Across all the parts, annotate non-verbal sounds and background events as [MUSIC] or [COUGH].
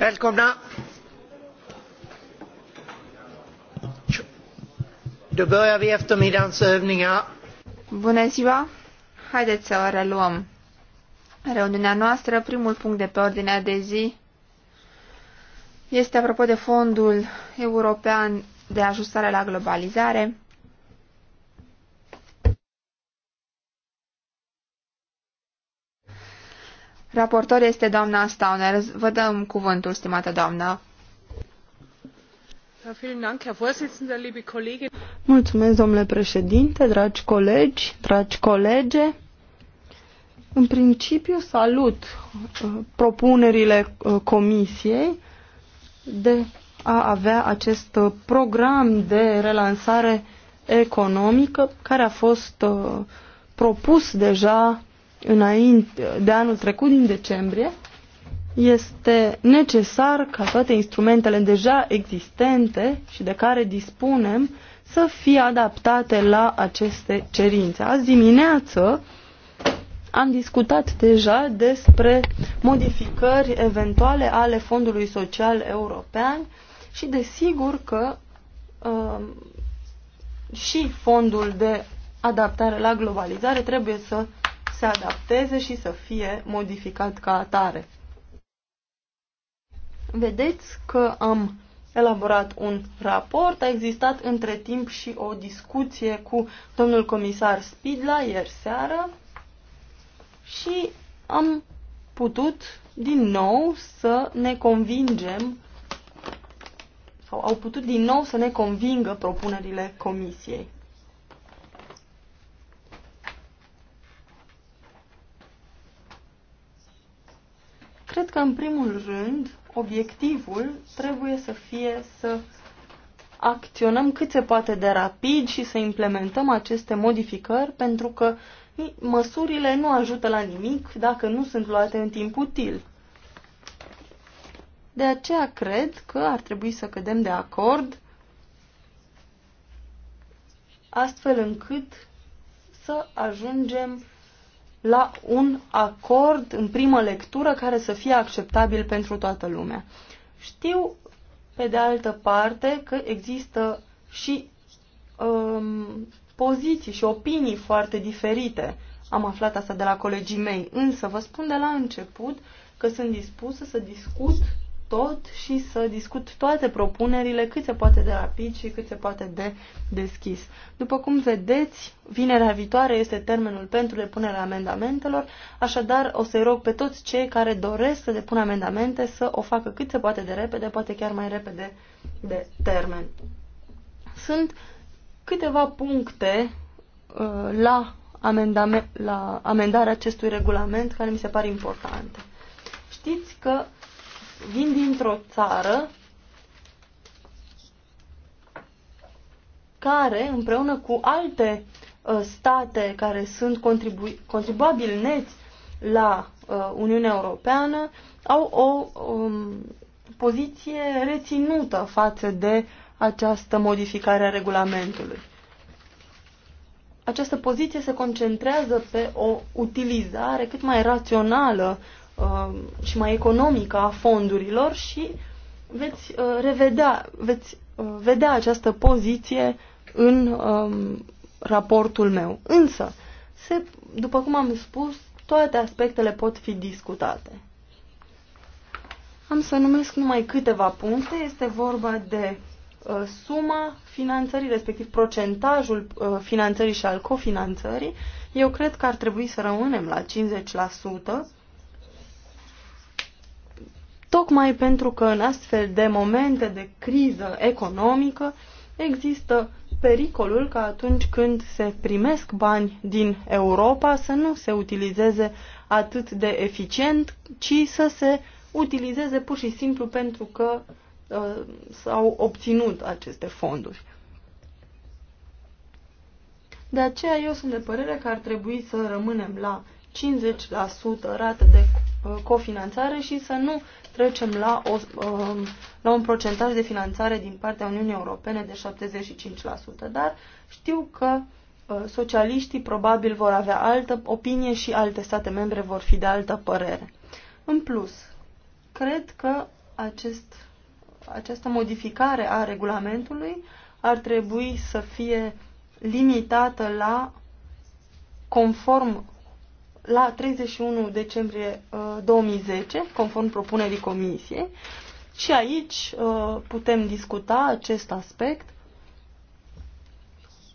Välkomna! Da? Då börjar vi eftermiddagens övningar. Bună ziua! Haideți să reluăm reuniunea noastră. Primul punct de pe ordinea de zi este apropo de Fondul European de Ajustare la Globalizare. Raportor este doamna Stauner. Vă dăm cuvântul, stimată doamnă. Mulțumesc, domnule președinte, dragi colegi, dragi colege. În principiu salut uh, propunerile uh, Comisiei de a avea acest uh, program de relansare economică care a fost propus deja înainte de anul trecut, din decembrie, este necesar ca toate instrumentele deja existente și de care dispunem să fie adaptate la aceste cerințe. Azi dimineață am discutat deja despre modificări eventuale ale Fondului Social European și desigur că uh, și fondul de adaptare la globalizare trebuie să se adapteze și să fie modificat ca atare. Vedeți că am elaborat un raport, a existat între timp și o discuție cu domnul comisar Spidla ieri seară și am putut din nou să ne convingem sau au putut din nou să ne convingă propunerile comisiei. Cred că, în primul rând, obiectivul trebuie să fie să acționăm cât se poate de rapid și să implementăm aceste modificări, pentru că măsurile nu ajută la nimic dacă nu sunt luate în timp util. De aceea cred că ar trebui să cădem de acord astfel încât să ajungem la un acord în primă lectură care să fie acceptabil pentru toată lumea. Știu, pe de altă parte, că există și um, poziții și opinii foarte diferite. Am aflat asta de la colegii mei, însă vă spun de la început că sunt dispusă să discut tot și să discut toate propunerile cât se poate de rapid și cât se poate de deschis. După cum vedeți, vinerea viitoare este termenul pentru depunerea amendamentelor, așadar o să-i rog pe toți cei care doresc să depună amendamente să o facă cât se poate de repede, poate chiar mai repede de termen. Sunt câteva puncte uh, la, amendame, la amendarea acestui regulament care mi se par importante. Știți că vin dintr-o țară care, împreună cu alte uh, state care sunt contribu- contribuabili neți la uh, Uniunea Europeană, au o um, poziție reținută față de această modificare a regulamentului. Această poziție se concentrează pe o utilizare cât mai rațională Um, și mai economică a fondurilor și veți uh, revedea, veți uh, vedea această poziție în um, raportul meu. Însă, se, după cum am spus, toate aspectele pot fi discutate. Am să numesc numai câteva puncte. Este vorba de uh, suma finanțării, respectiv procentajul uh, finanțării și al cofinanțării. Eu cred că ar trebui să rămânem la 50% tocmai pentru că în astfel de momente de criză economică există pericolul că atunci când se primesc bani din Europa să nu se utilizeze atât de eficient, ci să se utilizeze pur și simplu pentru că uh, s-au obținut aceste fonduri. De aceea eu sunt de părere că ar trebui să rămânem la 50% rată de uh, cofinanțare și să nu trecem la, o, um, la un procentaj de finanțare din partea Uniunii Europene de 75%. Dar știu că uh, socialiștii probabil vor avea altă opinie și alte state membre vor fi de altă părere. În plus, cred că acest, această modificare a regulamentului ar trebui să fie limitată la conform la 31 decembrie 2010, uh, conform propunerii comisiei. Și aici uh, putem discuta acest aspect.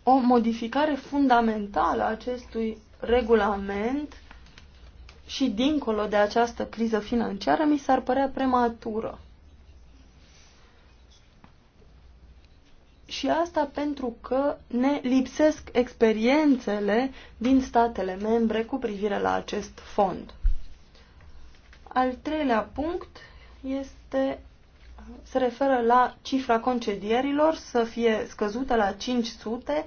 O modificare fundamentală a acestui regulament și dincolo de această criză financiară mi s-ar părea prematură. și asta pentru că ne lipsesc experiențele din statele membre cu privire la acest fond. Al treilea punct este se referă la cifra concedierilor să fie scăzută la 500.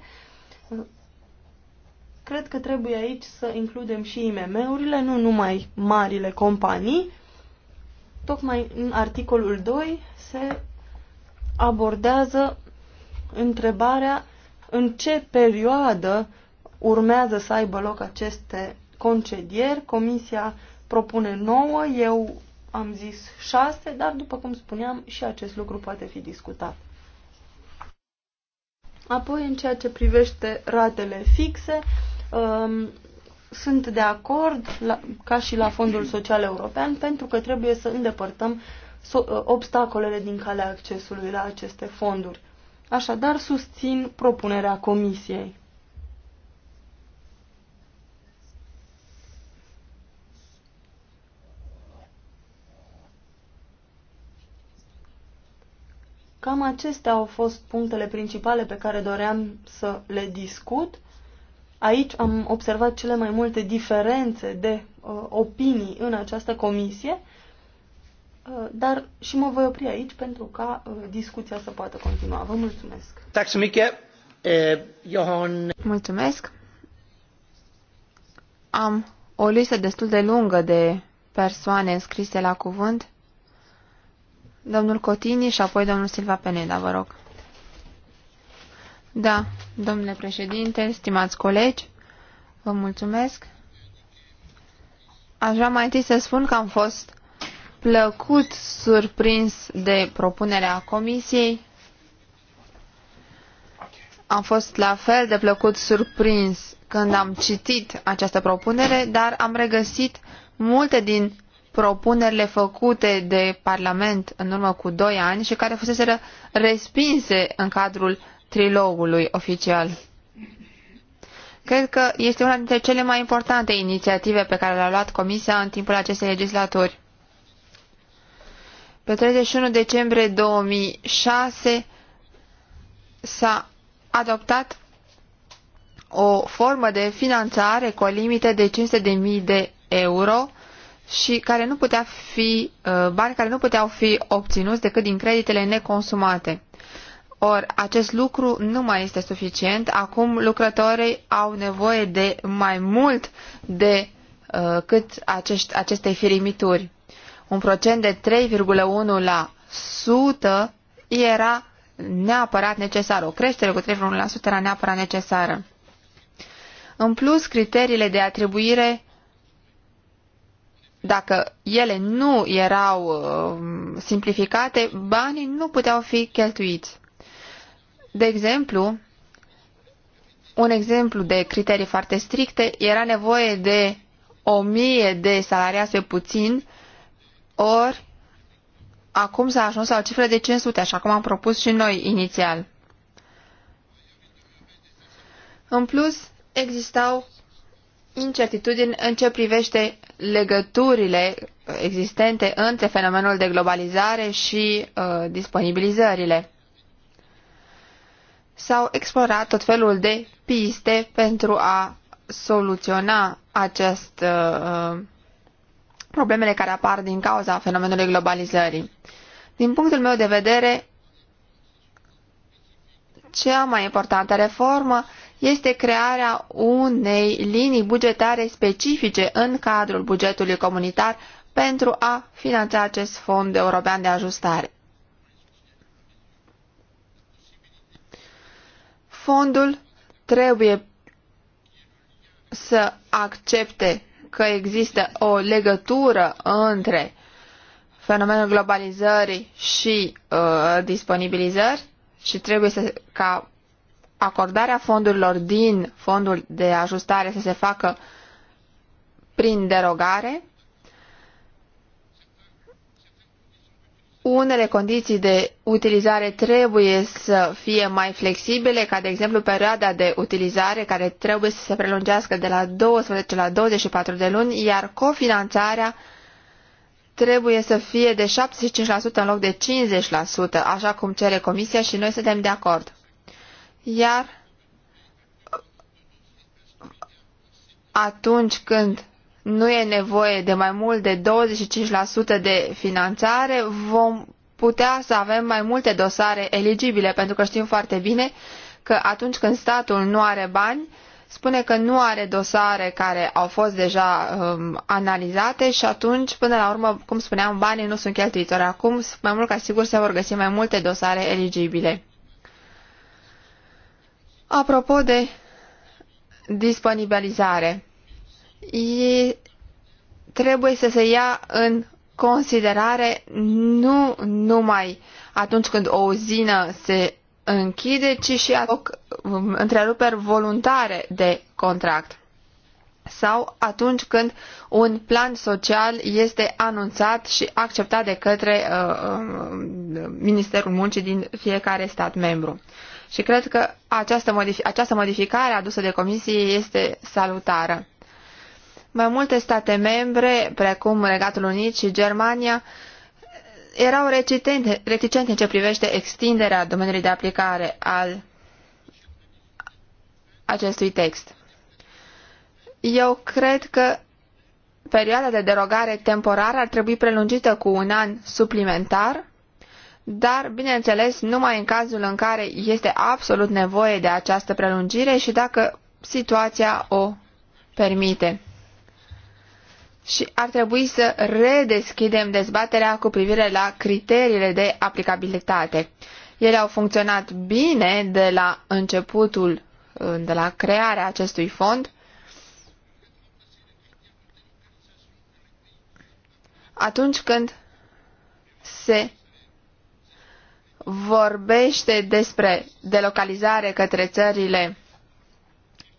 Cred că trebuie aici să includem și IMM-urile, nu numai marile companii. Tocmai în articolul 2 se abordează întrebarea în ce perioadă urmează să aibă loc aceste concedieri. Comisia propune 9, eu am zis 6, dar după cum spuneam și acest lucru poate fi discutat. Apoi, în ceea ce privește ratele fixe, um, sunt de acord, la, ca și la Fondul Social European, pentru că trebuie să îndepărtăm so uh, obstacolele din calea accesului la aceste fonduri. Așadar, susțin propunerea Comisiei. Cam acestea au fost punctele principale pe care doream să le discut. Aici am observat cele mai multe diferențe de uh, opinii în această comisie Uh, dar și mă voi opri aici pentru ca uh, discuția să poată continua. Vă mulțumesc! Eh, mulțumesc! Am o listă destul de lungă de persoane înscrise la cuvânt. Domnul Cotini și apoi domnul Silva Peneda, vă rog. Da, domnule președinte, stimați colegi, vă mulțumesc. Aș vrea mai întâi să spun că am fost plăcut surprins de propunerea comisiei. Am fost la fel de plăcut surprins când am citit această propunere, dar am regăsit multe din propunerile făcute de Parlament în urmă cu doi ani și care fusese respinse în cadrul trilogului oficial. Cred că este una dintre cele mai importante inițiative pe care le-a luat Comisia în timpul acestei legislaturi. Pe 31 decembrie 2006 s-a adoptat o formă de finanțare cu o limită de 500.000 de euro și care nu putea fi, uh, bani care nu puteau fi obținuți decât din creditele neconsumate. Or, acest lucru nu mai este suficient. Acum lucrătorii au nevoie de mai mult de uh, cât acești, aceste firimituri un procent de 3,1 la 100 era neapărat necesară. O creștere cu 3,1% era neapărat necesară. În plus, criteriile de atribuire, dacă ele nu erau uh, simplificate, banii nu puteau fi cheltuiți. De exemplu, un exemplu de criterii foarte stricte, era nevoie de o mie de salariați pe puțin ori, acum s-a ajuns la o cifră de 500, așa cum am propus și noi inițial. În plus, existau incertitudini în ce privește legăturile existente între fenomenul de globalizare și uh, disponibilizările. S-au explorat tot felul de piste pentru a soluționa acest uh, problemele care apar din cauza fenomenului globalizării. Din punctul meu de vedere, cea mai importantă reformă este crearea unei linii bugetare specifice în cadrul bugetului comunitar pentru a finanța acest fond european de ajustare. Fondul trebuie să accepte că există o legătură între fenomenul globalizării și uh, disponibilizări și trebuie să, ca acordarea fondurilor din fondul de ajustare să se facă prin derogare Unele condiții de utilizare trebuie să fie mai flexibile, ca de exemplu perioada de utilizare care trebuie să se prelungească de la 12 la 24 de luni, iar cofinanțarea trebuie să fie de 75% în loc de 50%, așa cum cere Comisia și noi suntem de acord. Iar atunci când nu e nevoie de mai mult de 25% de finanțare, vom putea să avem mai multe dosare eligibile, pentru că știm foarte bine că atunci când statul nu are bani, spune că nu are dosare care au fost deja um, analizate și atunci, până la urmă, cum spuneam, banii nu sunt cheltuiți. Ori acum, mai mult ca sigur, se vor găsi mai multe dosare eligibile. Apropo de disponibilizare, e, trebuie să se ia în considerare nu numai atunci când o uzină se închide, ci și întreruperi voluntare de contract sau atunci când un plan social este anunțat și acceptat de către uh, um, Ministerul Muncii din fiecare stat membru. Și cred că această, modifi această modificare adusă de comisie este salutară. Mai multe state membre, precum Regatul Unit și Germania, erau reticente, în ce privește extinderea domeniului de aplicare al acestui text. Eu cred că perioada de derogare temporară ar trebui prelungită cu un an suplimentar, dar, bineînțeles, numai în cazul în care este absolut nevoie de această prelungire și dacă situația o permite și ar trebui să redeschidem dezbaterea cu privire la criteriile de aplicabilitate. Ele au funcționat bine de la începutul, de la crearea acestui fond. Atunci când se vorbește despre delocalizare către țările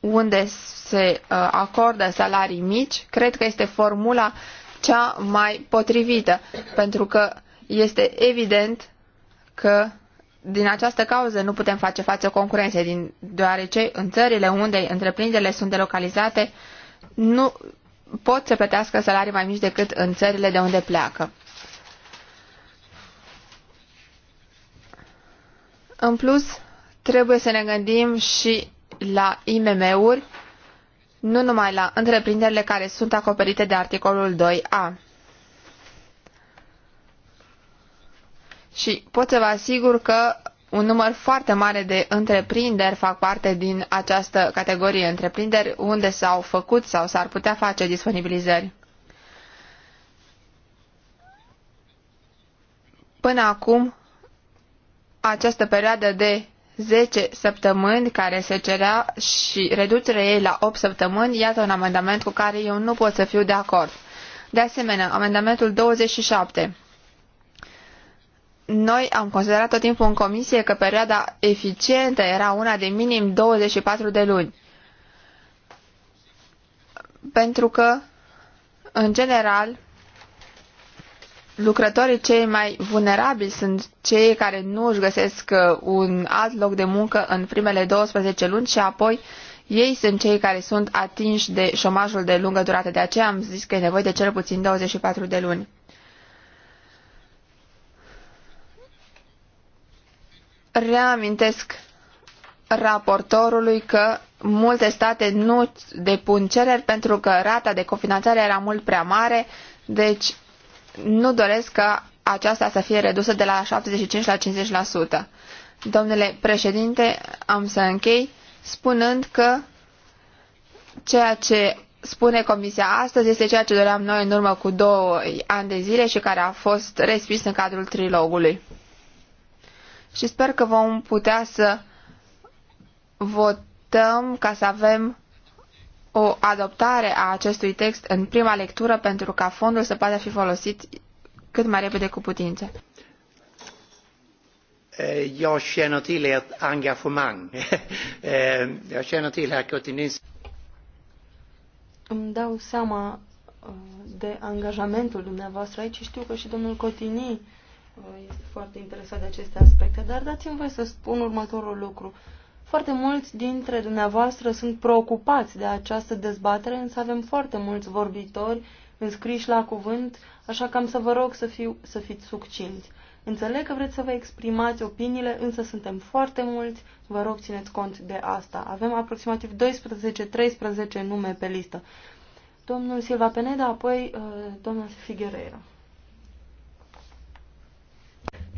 unde se uh, acordă salarii mici, cred că este formula cea mai potrivită, pentru că este evident că din această cauză nu putem face față concurenței, din, deoarece în țările unde întreprinderile sunt delocalizate nu pot să plătească salarii mai mici decât în țările de unde pleacă. În plus, trebuie să ne gândim și la IMM-uri, nu numai la întreprinderile care sunt acoperite de articolul 2a. Și pot să vă asigur că un număr foarte mare de întreprinderi fac parte din această categorie întreprinderi unde s-au făcut sau s-ar putea face disponibilizări. Până acum, această perioadă de 10 săptămâni care se cerea și reducerea ei la 8 săptămâni, iată un amendament cu care eu nu pot să fiu de acord. De asemenea, amendamentul 27. Noi am considerat tot timpul în comisie că perioada eficientă era una de minim 24 de luni. Pentru că, în general, lucrătorii cei mai vulnerabili sunt cei care nu își găsesc uh, un alt loc de muncă în primele 12 luni și apoi ei sunt cei care sunt atinși de șomajul de lungă durată. De aceea am zis că e nevoie de cel puțin 24 de luni. Reamintesc raportorului că multe state nu depun cereri pentru că rata de cofinanțare era mult prea mare, deci nu doresc ca aceasta să fie redusă de la 75 la 50%. Domnule președinte, am să închei spunând că ceea ce spune Comisia astăzi este ceea ce doream noi în urmă cu două ani de zile și care a fost respins în cadrul trilogului. Și sper că vom putea să votăm ca să avem o adoptare a acestui text în prima lectură pentru ca fondul să poată fi folosit cât mai repede cu putință. Eh, jag känner till ert engagemang. [LAUGHS] Eh, jag känner till herr Kurt Îmi dau seama eh, de angajamentul dumneavoastră aici și știu că și domnul Cotini este foarte interesat de aceste aspecte, dar dați-mi voi să spun următorul lucru. Foarte mulți dintre dumneavoastră sunt preocupați de această dezbatere, însă avem foarte mulți vorbitori înscriși la cuvânt, așa că am să vă rog să, fiu, să fiți succinți. Înțeleg că vreți să vă exprimați opiniile, însă suntem foarte mulți, vă rog țineți cont de asta. Avem aproximativ 12-13 nume pe listă. Domnul Silva Peneda, apoi uh, doamna Figuereira.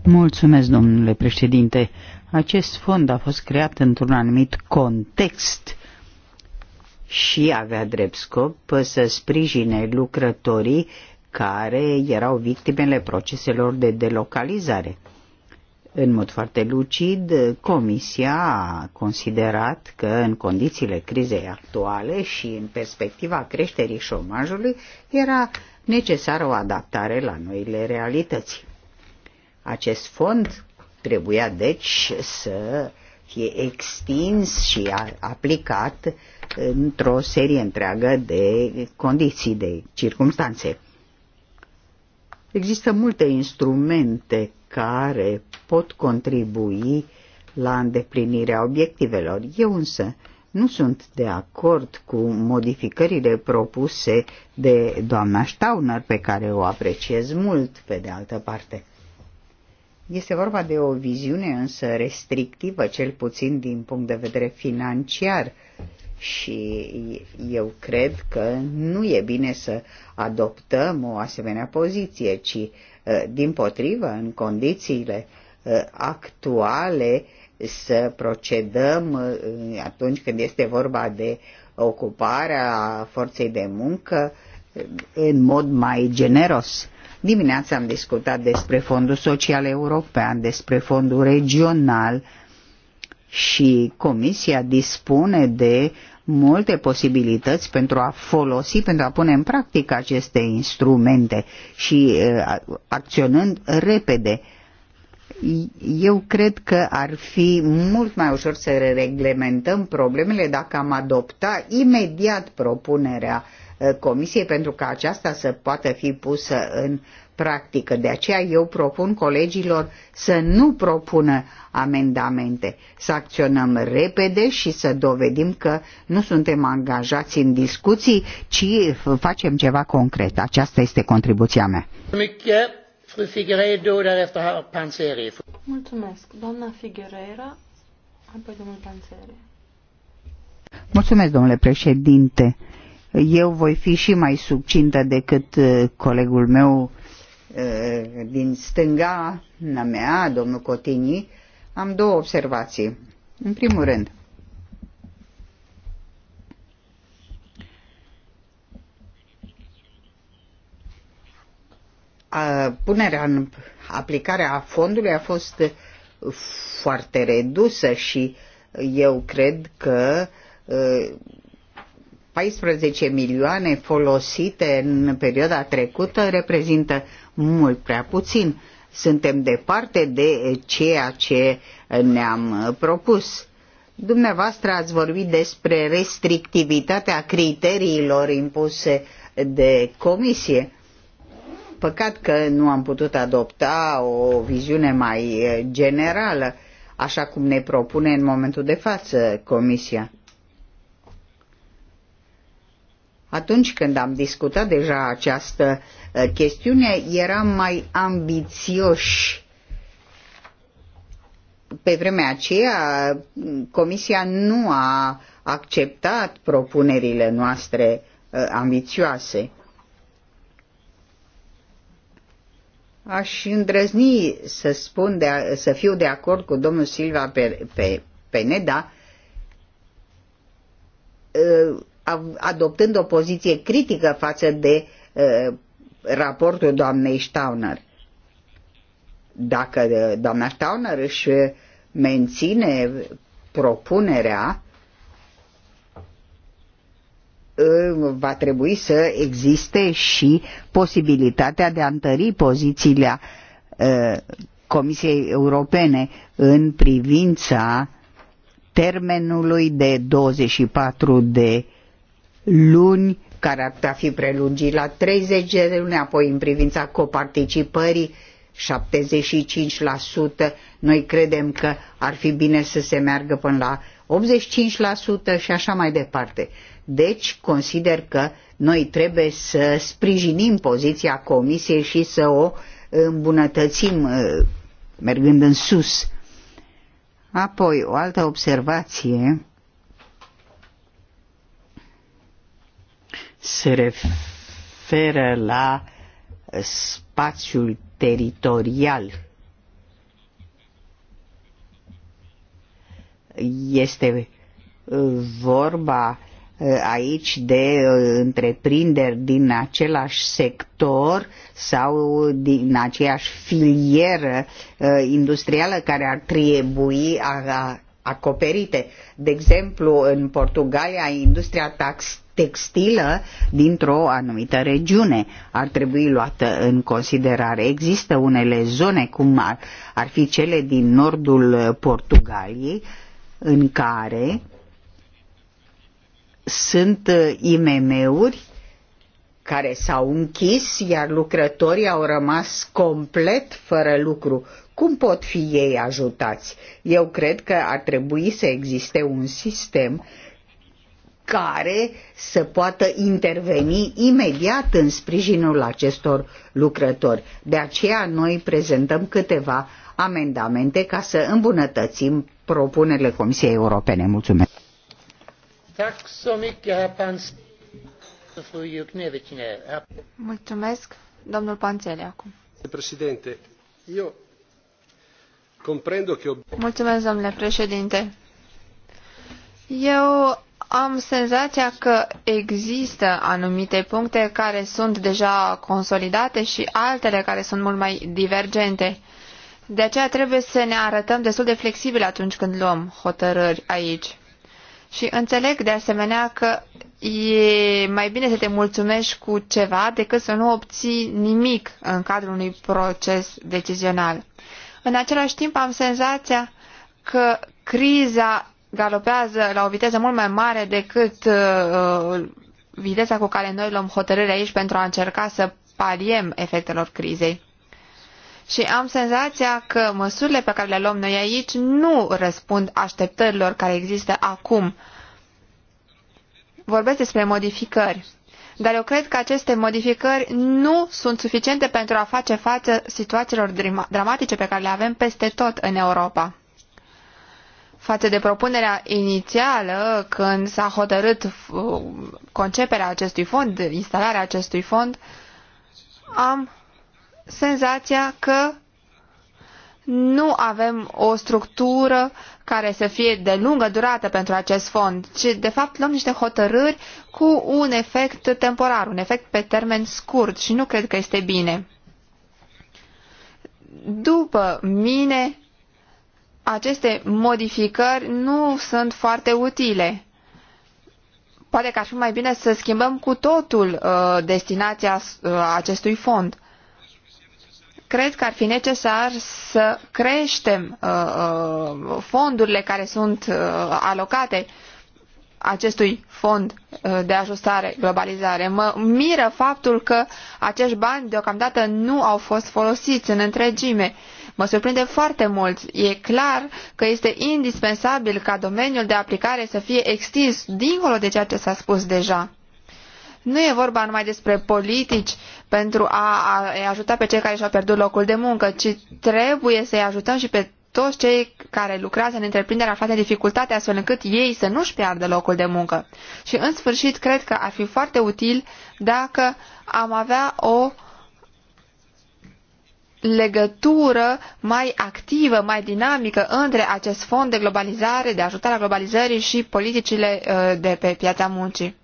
Mulțumesc, domnule președinte. Acest fond a fost creat într-un anumit context și avea drept scop să sprijine lucrătorii care erau victimele proceselor de delocalizare. În mod foarte lucid, Comisia a considerat că în condițiile crizei actuale și în perspectiva creșterii șomajului era necesară o adaptare la noile realități. Acest fond trebuia deci să fie extins și aplicat într-o serie întreagă de condiții, de circunstanțe. Există multe instrumente care pot contribui la îndeplinirea obiectivelor. Eu însă nu sunt de acord cu modificările propuse de doamna Stauner, pe care o apreciez mult, pe de altă parte. Este vorba de o viziune însă restrictivă, cel puțin din punct de vedere financiar. Și eu cred că nu e bine să adoptăm o asemenea poziție, ci uh, din potrivă, în condițiile uh, actuale, să procedăm uh, atunci când este vorba de ocuparea forței de muncă în mod mai generos. Dimineața am discutat despre Fondul Social European, despre Fondul Regional și Comisia dispune de multe posibilități pentru a folosi, pentru a pune în practică aceste instrumente și acționând repede eu cred că ar fi mult mai ușor să reglementăm problemele dacă am adopta imediat propunerea Eh, comisiei pentru ca aceasta să poată fi pusă în practică. De aceea eu propun colegilor să nu propună amendamente, să acționăm repede și să dovedim că nu suntem angajați în discuții, ci facem ceva concret. Aceasta este contribuția mea. Mulțumesc. Doamna Figuereira, apoi domnul Panzeri. Mulțumesc, domnule președinte. Eu voi fi și mai subcintă decât uh, colegul meu uh, din stânga na mea, domnul Cotini. Am două observații. În primul rând, punerea în aplicare a fondului a fost foarte redusă și eu cred că uh, 14 milioane folosite în perioada trecută reprezintă mult prea puțin. Suntem departe de ceea ce ne-am propus. Dumneavoastră ați vorbit despre restrictivitatea criteriilor impuse de comisie. Păcat că nu am putut adopta o viziune mai generală, așa cum ne propune în momentul de față comisia. Atunci când am discutat deja această ă, chestiune, eram mai ambițioși pe vremea aceea Comisia nu a acceptat propunerile noastre ă, ambițioase. Aș îndrăzni să spun, de a, să fiu de acord cu domnul Silva pe, pe, Neda. Ă, adoptând o poziție critică față de raportul doamnei Stauner. Dacă doamna Stauner își menține propunerea, va trebui să existe și posibilitatea de a întări pozițiile Comisiei Europene în privința termenului de 24 de luni, care ar putea fi prelungit la 30 de luni, apoi în privința coparticipării 75%, noi credem că ar fi bine să se meargă până la 85% și așa mai departe. Deci consider că noi trebuie să sprijinim poziția comisiei și să o îmbunătățim uh, mergând în sus. Apoi, o altă observație se referă la spațiul teritorial. Este uh, vorba uh, aici de uh, întreprinderi din același sector sau din aceeași filieră industrială care ar trebui a, acoperite. De exemplu, în Portugalia, industria taxi textilă dintr-o anumită regiune. Ar trebui luată în considerare. Există unele zone, cum ar, ar fi cele din nordul Portugaliei, în care sunt uh, IMM-uri care s-au închis, iar lucrătorii au rămas complet fără lucru. Cum pot fi ei ajutați? Eu cred că ar trebui să existe un sistem care să poată interveni imediat în sprijinul acestor lucrători. De aceea noi prezentăm câteva amendamente ca să îmbunătățim propunerile Comisiei Europene. Mulțumesc! Mulțumesc, domnul Panțele, acum. Președinte, eu comprendo că... Mulțumesc, domnule președinte. Eu am senzația că există anumite puncte care sunt deja consolidate și altele care sunt mult mai divergente. De aceea trebuie să ne arătăm destul de flexibil atunci când luăm hotărâri aici. Și înțeleg de asemenea că e mai bine să te mulțumești cu ceva decât să nu obții nimic în cadrul unui proces decizional. În același timp am senzația că criza galopează la o viteză mult mai mare decât uh, viteza cu care noi luăm hotărâri aici pentru a încerca să pariem efectelor crizei. Și am senzația că măsurile pe care le luăm noi aici nu răspund așteptărilor care există acum. Vorbesc despre modificări, dar eu cred că aceste modificări nu sunt suficiente pentru a face față situațiilor dramatice pe care le avem peste tot în Europa față de propunerea inițială când s-a hotărât uh, conceperea acestui fond, instalarea acestui fond, am senzația că nu avem o structură care să fie de lungă durată pentru acest fond, ci de fapt luăm niște hotărâri cu un efect temporar, un efect pe termen scurt și nu cred că este bine. După mine, aceste modificări nu sunt foarte utile. Poate că ar fi mai bine să schimbăm cu totul uh, destinația uh, acestui fond. Cred că ar fi necesar să creștem uh, uh fondurile care sunt uh, alocate acestui fond uh, de ajustare, globalizare. Mă miră faptul că acești bani deocamdată nu au fost folosiți în întregime. Uh, Mă surprinde foarte mult. E clar că este indispensabil ca domeniul de aplicare să fie extins dincolo de ceea ce s-a spus deja. Nu e vorba numai despre politici pentru a ajuta pe cei care și-au pierdut locul de muncă, ci trebuie să-i ajutăm și pe toți cei care lucrează în întreprindere aflate în dificultate, astfel încât ei să nu-și piardă locul de muncă. Și în sfârșit, cred că ar fi foarte util dacă am avea o uh, legătură mai activă, mai dinamică între acest fond de globalizare, de a globalizării și politicile uh, de pe piața muncii.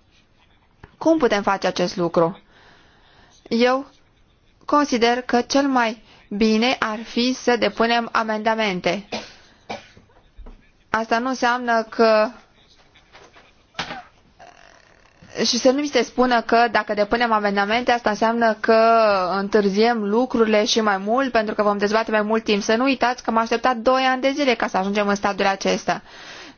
Cum putem face acest lucru? Eu consider că cel mai bine ar fi să depunem amendamente. Asta nu înseamnă că și să nu mi se spună că dacă depunem amendamente, asta înseamnă că întârziem lucrurile și mai mult, pentru că vom dezbate mai mult timp. Să nu uitați că m-am așteptat 2 ani de zile ca să ajungem în stadiul acesta.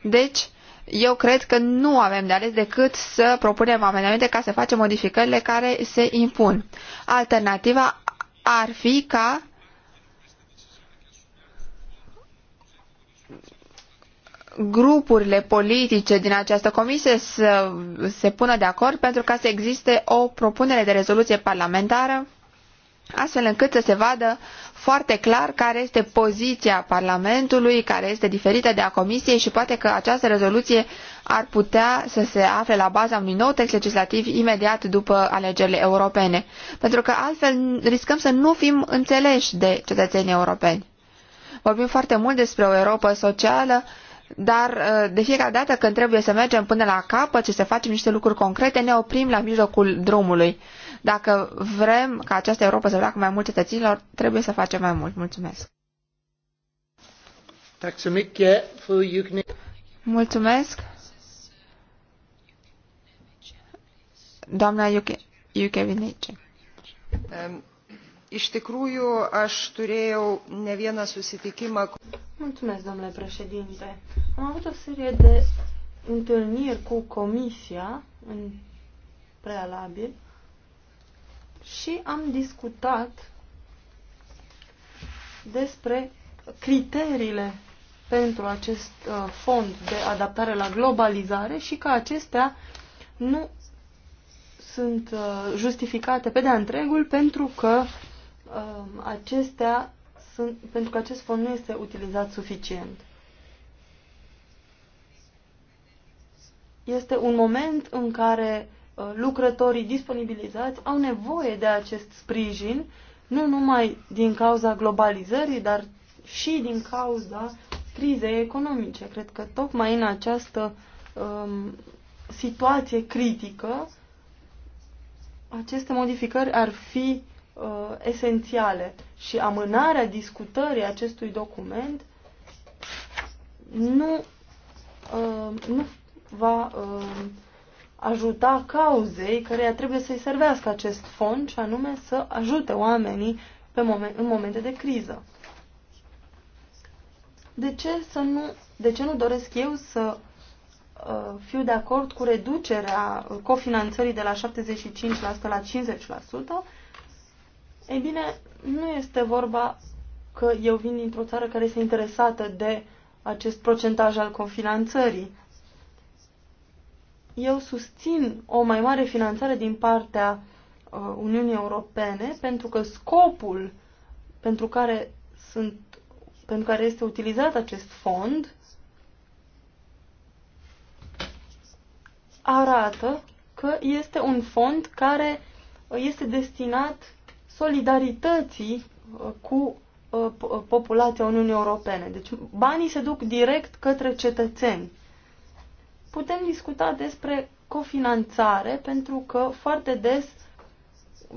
Deci, eu cred că nu avem de ales decât să propunem amendamente ca să facem modificările care se impun. Alternativa ar fi ca grupurile politice din această comisie să se pună de acord pentru ca să existe o propunere de rezoluție parlamentară astfel încât să se vadă foarte clar care este poziția Parlamentului, care este diferită de a Comisiei și poate că această rezoluție ar putea să se afle la baza unui nou text legislativ imediat după alegerile europene, pentru că altfel riscăm să nu fim înțeleși de cetățenii europeni. Vorbim foarte mult despre o Europa socială dar uh, de fiecare dată când trebuie să mergem până la capăt și să facem niște lucruri concrete, ne oprim la mijlocul drumului. Dacă vrem ca această Europa să placă mai mult cetățenilor, trebuie să facem mai mult. Mulțumesc! Mulțumesc! Doamna Iuchevinice. Um, Iš tikrųjų, aš turėjau ne vieną susitikimą. Mulțumesc, domnule președinte. Am avut o serie de întâlniri cu comisia în prealabil și am discutat despre criteriile pentru acest uh, fond de adaptare la globalizare și că acestea nu sunt uh, justificate pe de-a întregul pentru că Um, acestea sunt, pentru că acest fond nu este utilizat suficient. Este un moment în care uh, lucrătorii disponibilizați au nevoie de acest sprijin, nu numai din cauza globalizării, dar și din cauza crizei economice. Cred că tocmai în această um, situație critică, aceste modificări ar fi uh, esențiale și amânarea discutării acestui document nu, uh, nu va uh, ajuta cauzei care trebuie să-i servească acest fond și anume să ajute oamenii pe momen, în momente de criză. De ce, să nu, de ce nu doresc eu să uh, fiu de acord cu reducerea cofinanțării de la 75% la 50%? Ei bine, nu este vorba că eu vin dintr-o țară care este interesată de acest procentaj al cofinanțării. Eu susțin o mai mare finanțare din partea uh, Uniunii Europene pentru că scopul pentru care, sunt, pentru care este utilizat acest fond arată că este un fond care este destinat solidarității uh, cu uh, uh, populația Uniunii Europene. Deci banii se duc direct către cetățeni. Putem discuta despre cofinanțare pentru că foarte des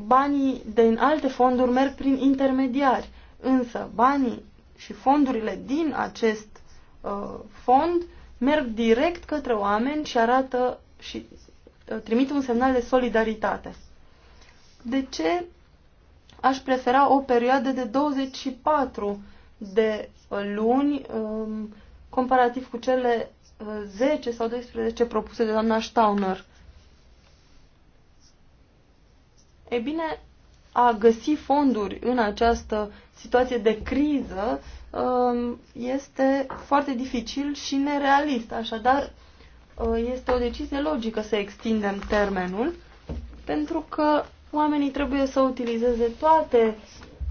banii din alte fonduri merg prin intermediari. Însă banii și fondurile din acest uh, fond merg direct către oameni și arată și uh, trimit un semnal de solidaritate. De ce aș prefera o perioadă de 24 de uh, luni um, comparativ cu cele 10 uh, sau 12 propuse de doamna Stauner. Ei bine, a găsi fonduri în această situație de criză um, este foarte dificil și nerealist. Așadar, uh, este o decizie logică să extindem termenul, pentru că Oamenii trebuie să utilizeze toate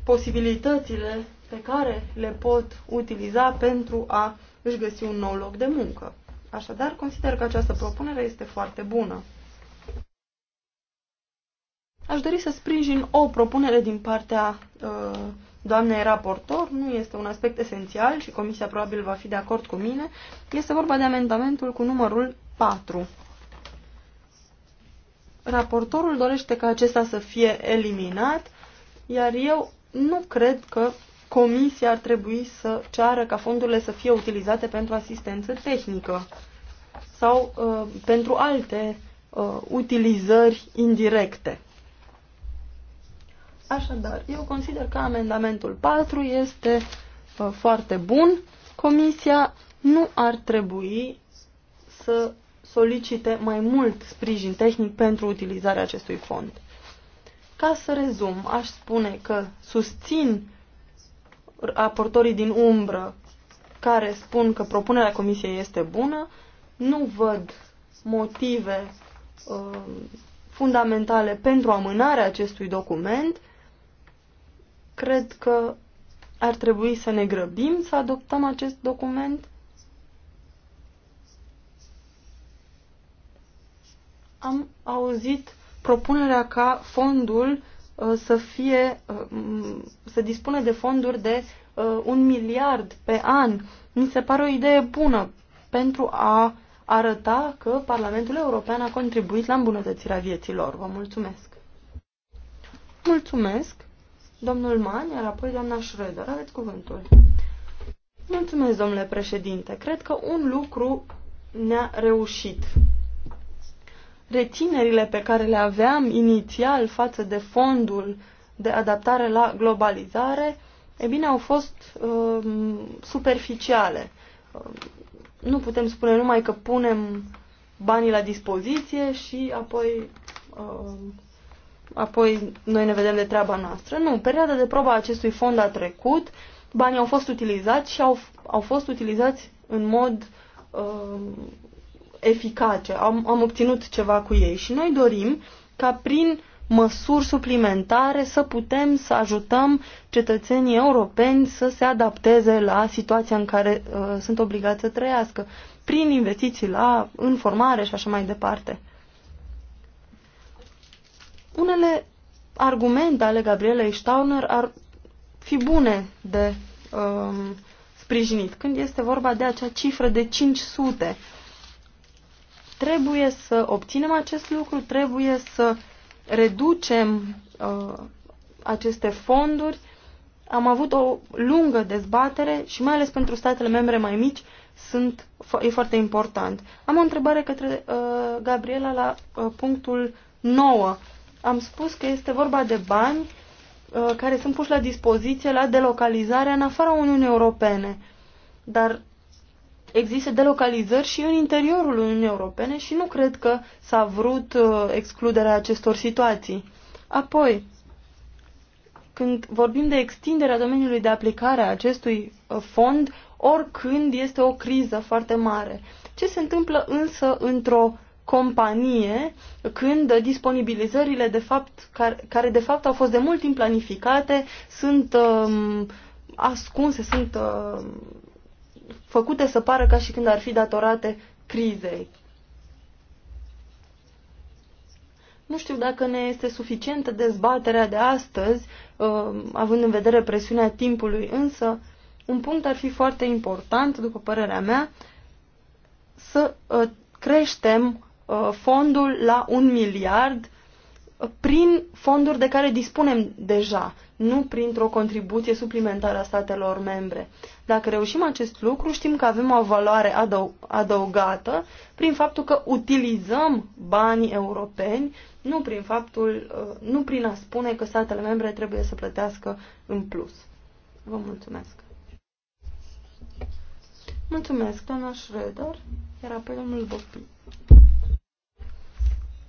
posibilitățile pe care le pot utiliza pentru a își găsi un nou loc de muncă. Așadar, consider că această propunere este foarte bună. Aș dori să sprijin o propunere din partea uh, doamnei raportor, nu este un aspect esențial și comisia probabil va fi de acord cu mine. Este vorba de amendamentul cu numărul 4. Raportorul dorește ca acesta să fie eliminat, iar eu nu cred că comisia ar trebui să ceară ca fondurile să fie utilizate pentru asistență tehnică sau uh, pentru alte uh, utilizări indirecte. Așadar, eu consider că amendamentul 4 este uh, foarte bun. Comisia nu ar trebui să solicite mai mult sprijin tehnic pentru utilizarea acestui fond. Ca să rezum, aș spune că susțin aportorii din umbră care spun că propunerea comisiei este bună, nu văd motive uh, fundamentale pentru amânarea acestui document. Cred că ar trebui să ne grăbim să adoptăm acest document am auzit propunerea ca fondul uh, să fie, uh, să dispună de fonduri de uh, un miliard pe an. Mi se pare o idee bună pentru a arăta că Parlamentul European a contribuit la îmbunătățirea vieților. Vă mulțumesc! Mulțumesc, domnul Mann, iar apoi doamna Schroeder. Aveți cuvântul. Mulțumesc, domnule președinte. Cred că un lucru ne-a reușit reținerile pe care le aveam inițial față de fondul de adaptare la globalizare, e bine, au fost uh, superficiale. Uh, nu putem spune numai că punem banii la dispoziție și apoi, uh, apoi noi ne vedem de treaba noastră. Nu, perioada de probă a acestui fond a trecut, banii au fost utilizați și au, au fost utilizați în mod uh, eficace, am, am obținut ceva cu ei și noi dorim ca prin măsuri suplimentare să putem să ajutăm cetățenii europeni să se adapteze la situația în care uh, sunt obligați să trăiască, prin investiții la informare și așa mai departe. Unele argumente ale Gabrielei Stauner ar fi bune de uh, sprijinit. Când este vorba de acea cifră de 500, Trebuie să obținem acest lucru, trebuie să reducem uh, aceste fonduri. Am avut o lungă dezbatere și mai ales pentru statele membre mai mici sunt, e foarte important. Am o întrebare către uh, Gabriela la uh, punctul 9. Am spus că este vorba de bani uh, care sunt puși la dispoziție la delocalizarea în afara Uniunii Europene. Dar existe delocalizări și în interiorul Uniunii Europene și nu cred că s-a vrut uh, excluderea acestor situații. Apoi, când vorbim de extinderea domeniului de aplicare a acestui uh, fond, oricând este o criză foarte mare. Ce se întâmplă însă într-o companie când disponibilizările de fapt, care, care de fapt au fost de mult timp planificate sunt um, ascunse, sunt um, făcute să pară ca și când ar fi datorate crizei. Nu știu dacă ne este suficientă dezbaterea de astăzi, um, având în vedere presiunea timpului, însă un punct ar fi foarte important, după părerea mea, să uh, creștem uh, fondul la un miliard prin fonduri de care dispunem deja, nu printr-o contribuție suplimentară a statelor membre. Dacă reușim acest lucru, știm că avem o valoare adăugată prin faptul că utilizăm banii europeni, nu prin, faptul, uh, nu prin a spune că statele membre trebuie să plătească în plus. Vă mulțumesc. Mulțumesc, doamna Schroeder, iar apoi domnul Bopi.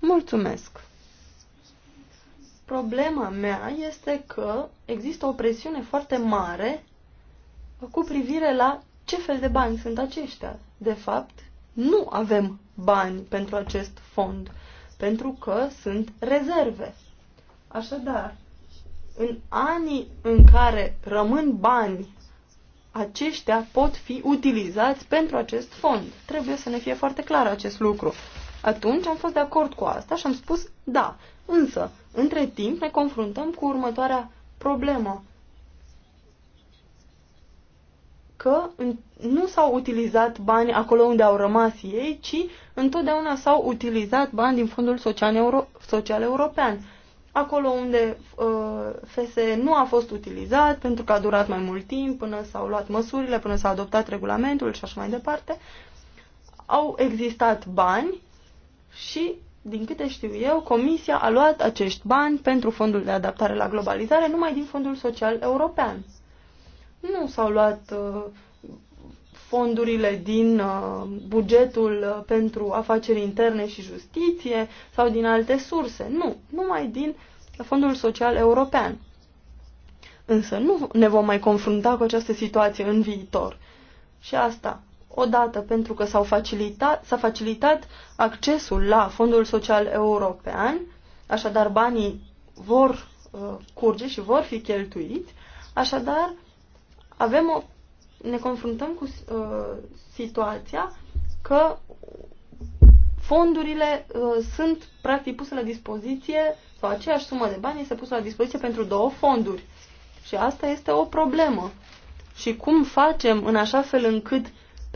Mulțumesc. Problema mea este că există o presiune foarte mare cu privire la ce fel de bani sunt aceștia. De fapt, nu avem bani pentru acest fond, pentru că sunt rezerve. Așadar, în anii în care rămân bani, aceștia pot fi utilizați pentru acest fond. Trebuie să ne fie foarte clar acest lucru. Atunci am fost de acord cu asta și am spus, da, Însă, între timp, ne confruntăm cu următoarea problemă. Că nu s-au utilizat bani acolo unde au rămas ei, ci întotdeauna s-au utilizat bani din Fondul Social, Euro Social European. Acolo unde uh, FSE nu a fost utilizat, pentru că a durat mai mult timp până s-au luat măsurile, până s-a adoptat regulamentul și așa mai departe, au existat bani și din câte știu eu, Comisia a luat acești bani pentru fondul de adaptare la globalizare numai din fondul social european. Nu s-au luat uh, fondurile din uh, bugetul uh, pentru afaceri interne și justiție sau din alte surse. Nu, numai din fondul social european. Însă nu ne vom mai confrunta cu această situație în viitor. Și asta odată pentru că s-a facilitat, facilitat accesul la Fondul Social European, așadar banii vor uh, curge și vor fi cheltuiți, așadar avem o, ne confruntăm cu uh, situația că fondurile uh, sunt practic puse la dispoziție sau aceeași sumă de bani este pusă la dispoziție pentru două fonduri. Și asta este o problemă. Și cum facem în așa fel încât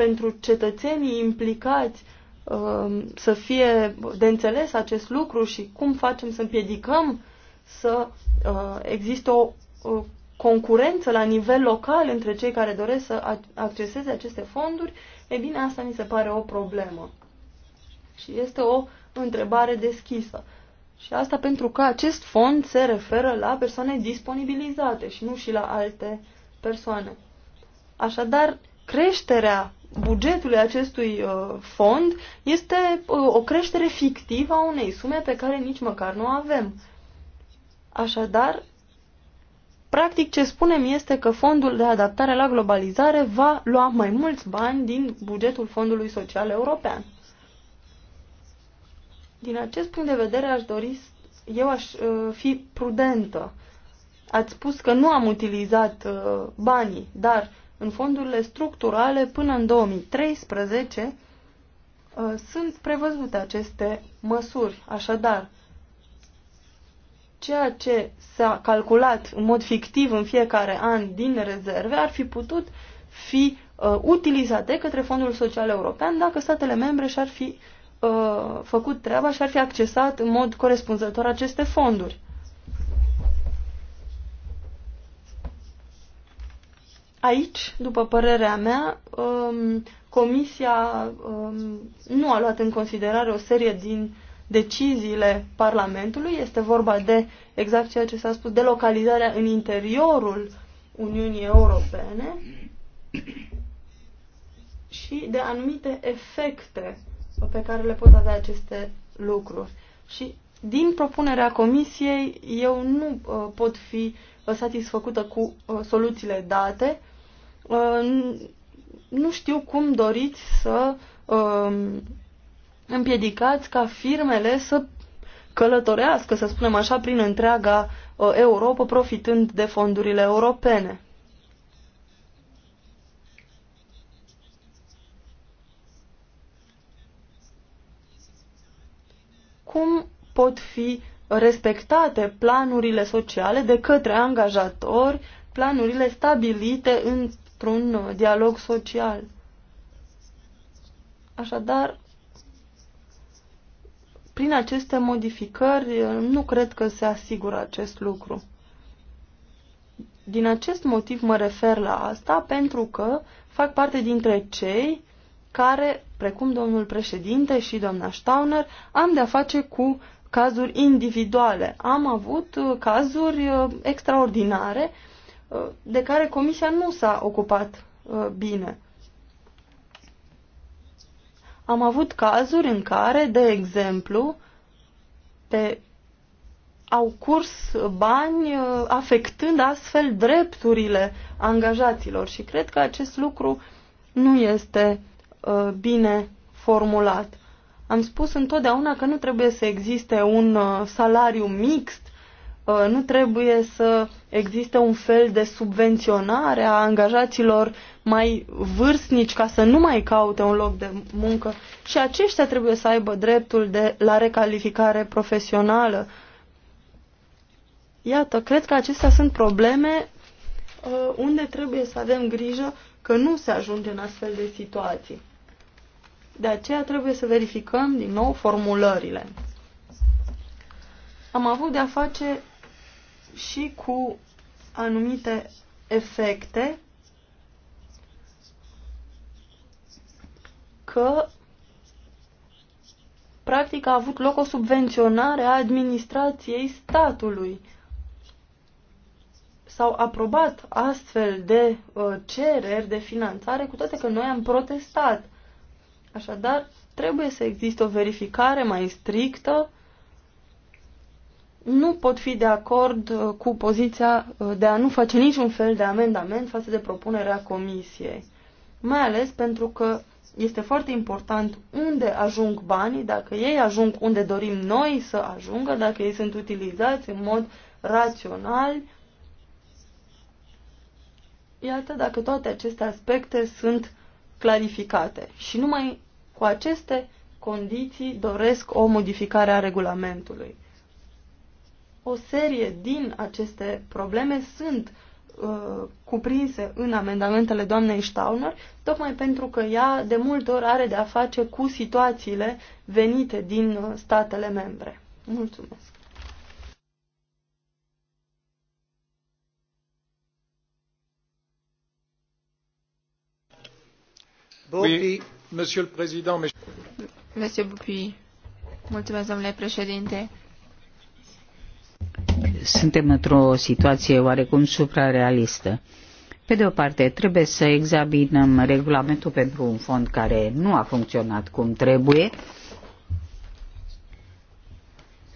pentru cetățenii implicați um, să fie de înțeles acest lucru și cum facem să împiedicăm să uh, există o concurență la nivel local între cei care doresc să acceseze aceste fonduri, e bine, asta mi se pare o problemă. Și este o întrebare deschisă. Și asta pentru că acest fond se referă la persoane disponibilizate și nu și la alte persoane. Așadar, creșterea bugetului acestui uh, fond este uh, o creștere fictivă a unei sume pe care nici măcar nu o avem. Așadar, practic ce spunem este că fondul de adaptare la globalizare va lua mai mulți bani din bugetul Fondului Social European. Din acest punct de vedere aș dori, eu aș uh, fi prudentă. Ați spus că nu am utilizat uh, banii, dar în fondurile structurale până în 2013 uh, sunt prevăzute aceste măsuri. Așadar, ceea ce s-a calculat în mod fictiv în fiecare an din rezerve ar fi putut fi uh, utilizate către Fondul Social European dacă statele membre și-ar fi uh, făcut treaba și ar fi accesat în mod corespunzător aceste fonduri. aici, după părerea mea, um, Comisia um, nu a luat în considerare o serie din deciziile Parlamentului. Este vorba de exact ceea ce s-a spus, de localizarea în interiorul Uniunii Europene și de anumite efecte pe care le pot avea aceste lucruri. Și din propunerea Comisiei, eu nu uh, pot fi uh, satisfăcută cu uh, soluțiile date Uh, nu știu cum doriți să uh, împiedicați ca firmele să călătorească, să spunem așa, prin întreaga uh, Europa, profitând de fondurile europene. Cum pot fi respectate planurile sociale de către angajatori, planurile stabilite în într-un dialog social. Așadar, prin aceste modificări nu cred că se asigură acest lucru. Din acest motiv mă refer la asta pentru că fac parte dintre cei care, precum domnul președinte și doamna Stauner, am de-a face cu cazuri individuale. Am avut cazuri uh, extraordinare Uh, de care Comisia nu s-a ocupat uh, bine. Am avut cazuri în care, de exemplu, pe, au curs bani uh, afectând astfel drepturile angajaților și cred că acest lucru nu este bine formulat. Am spus întotdeauna că nu trebuie să existe un salariu mixt Uh, nu trebuie să existe un fel de subvenționare a angajaților mai vârstnici ca să nu mai caute un loc de muncă și aceștia trebuie să aibă dreptul de la recalificare profesională. Iată, cred că acestea sunt probleme uh, unde trebuie să avem grijă că nu se ajunge în astfel de situații. De aceea trebuie să verificăm din nou formulările. Am avut de-a face și cu anumite efecte că practic a avut loc o subvenționare a administrației statului. S-au aprobat astfel de uh, cereri de finanțare, cu toate că noi am protestat. Așadar, trebuie să existe o verificare mai strictă nu pot fi de acord uh, cu poziția uh, de a nu face niciun fel de amendament față de propunerea comisiei. Mai ales pentru că este foarte important unde ajung banii, dacă ei ajung unde dorim noi să ajungă, dacă ei sunt utilizați în mod rațional. Iată, dacă toate aceste aspecte sunt clarificate și numai cu aceste condiții doresc o modificare a regulamentului. O serie din aceste probleme sunt uh, cuprinse în amendamentele doamnei Staunor, tocmai pentru că ea de multe ori are de-a face cu situațiile venite din uh, statele membre. Mulțumesc! Oui, monsieur le président mulțumesc domnule președinte suntem într-o situație oarecum suprarealistă. Pe de o parte, trebuie să examinăm regulamentul pentru un fond care nu a funcționat cum trebuie,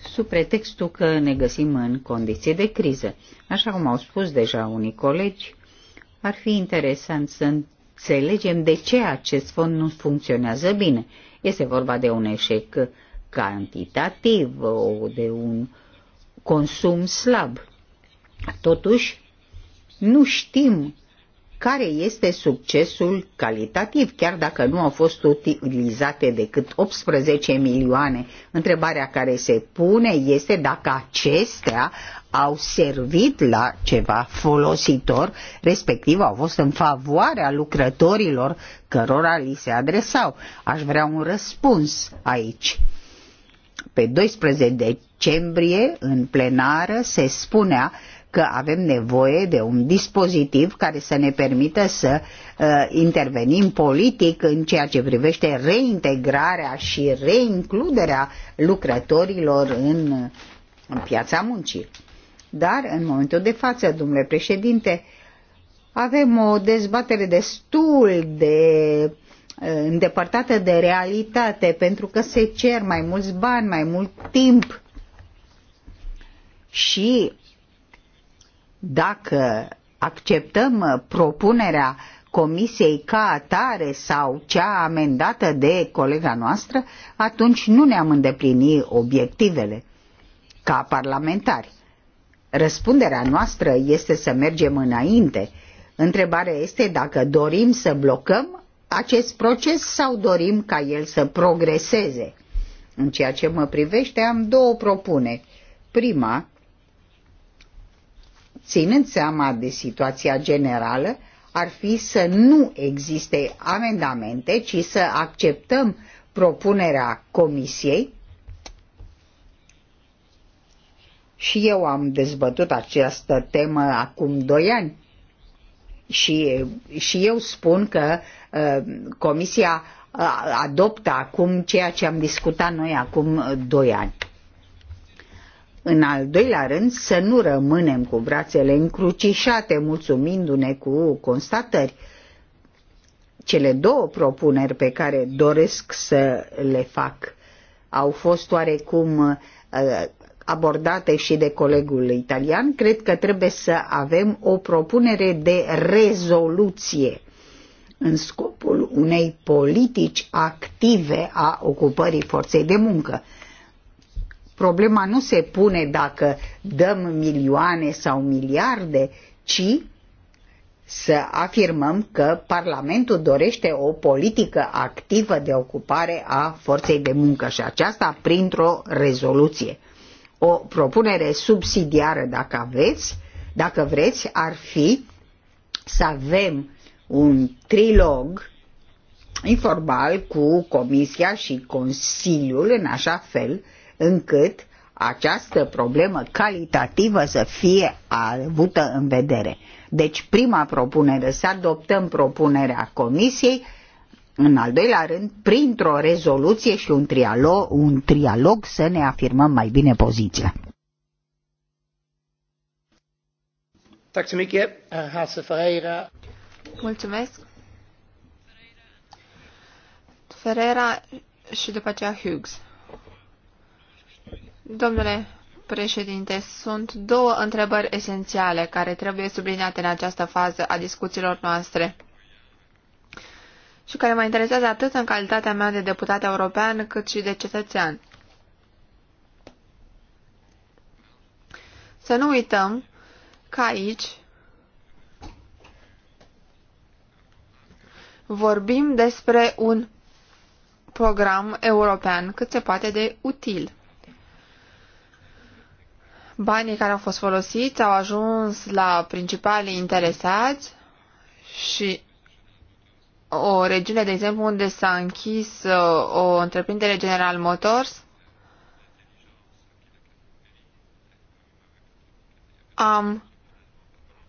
sub pretextul că ne găsim în condiții de criză. Așa cum au spus deja unii colegi, ar fi interesant să înțelegem de ce acest fond nu funcționează bine. Este vorba de un eșec cantitativ, de un consum slab. Totuși, nu știm care este succesul calitativ, chiar dacă nu au fost utilizate decât 18 milioane. Întrebarea care se pune este dacă acestea au servit la ceva folositor, respectiv au fost în favoarea lucrătorilor cărora li se adresau. Aș vrea un răspuns aici. Pe 12 decembrie, în plenară, se spunea că avem nevoie de un dispozitiv care să ne permită să uh, intervenim politic în ceea ce privește reintegrarea și reincluderea lucrătorilor în, în piața muncii. Dar, în momentul de față, domnule președinte, avem o dezbatere destul de uh, îndepărtată de realitate, pentru că se cer mai mulți bani, mai mult timp și dacă acceptăm uh, propunerea comisiei ca atare sau cea amendată de colega noastră, atunci nu ne-am îndeplinit obiectivele ca parlamentari. Răspunderea noastră este să mergem înainte. Întrebarea este dacă dorim să blocăm acest proces sau dorim ca el să progreseze. În ceea ce mă privește, am două propuneri. Prima ținând seama de situația generală, ar fi să nu existe amendamente, ci să acceptăm propunerea comisiei. Și eu am dezbătut această temă acum doi ani. Și, și eu spun că uh, comisia adoptă acum ceea ce am discutat noi acum doi ani. În al doilea rând, să nu rămânem cu brațele încrucișate, mulțumindu-ne cu constatări. Cele două propuneri pe care doresc să le fac au fost oarecum uh, abordate și de colegul italian, cred că trebuie să avem o propunere de rezoluție în scopul unei politici active a ocupării forței de muncă problema nu se pune dacă dăm milioane sau miliarde, ci să afirmăm că Parlamentul dorește o politică activă de ocupare a forței de muncă și aceasta printr-o rezoluție. O propunere subsidiară, dacă aveți, dacă vreți, ar fi să avem un trilog informal cu Comisia și Consiliul în așa fel încât această problemă calitativă să fie avută în vedere. Deci prima propunere, să adoptăm propunerea Comisiei, în al doilea rând, printr-o rezoluție și un trialog, un trialog să ne afirmăm mai bine poziția. Eh, Mulțumesc. Ferreira și după aceea Hughes. Domnule președinte, sunt două întrebări esențiale care trebuie subliniate în această fază a discuțiilor noastre și care mă interesează atât în calitatea mea de deputat european cât și de cetățean. Să nu uităm că aici vorbim despre un program european cât se poate de util. Banii care au fost folosiți au ajuns la principalii interesați și o regiune, de exemplu, unde s-a închis uh, o întreprindere General Motors, am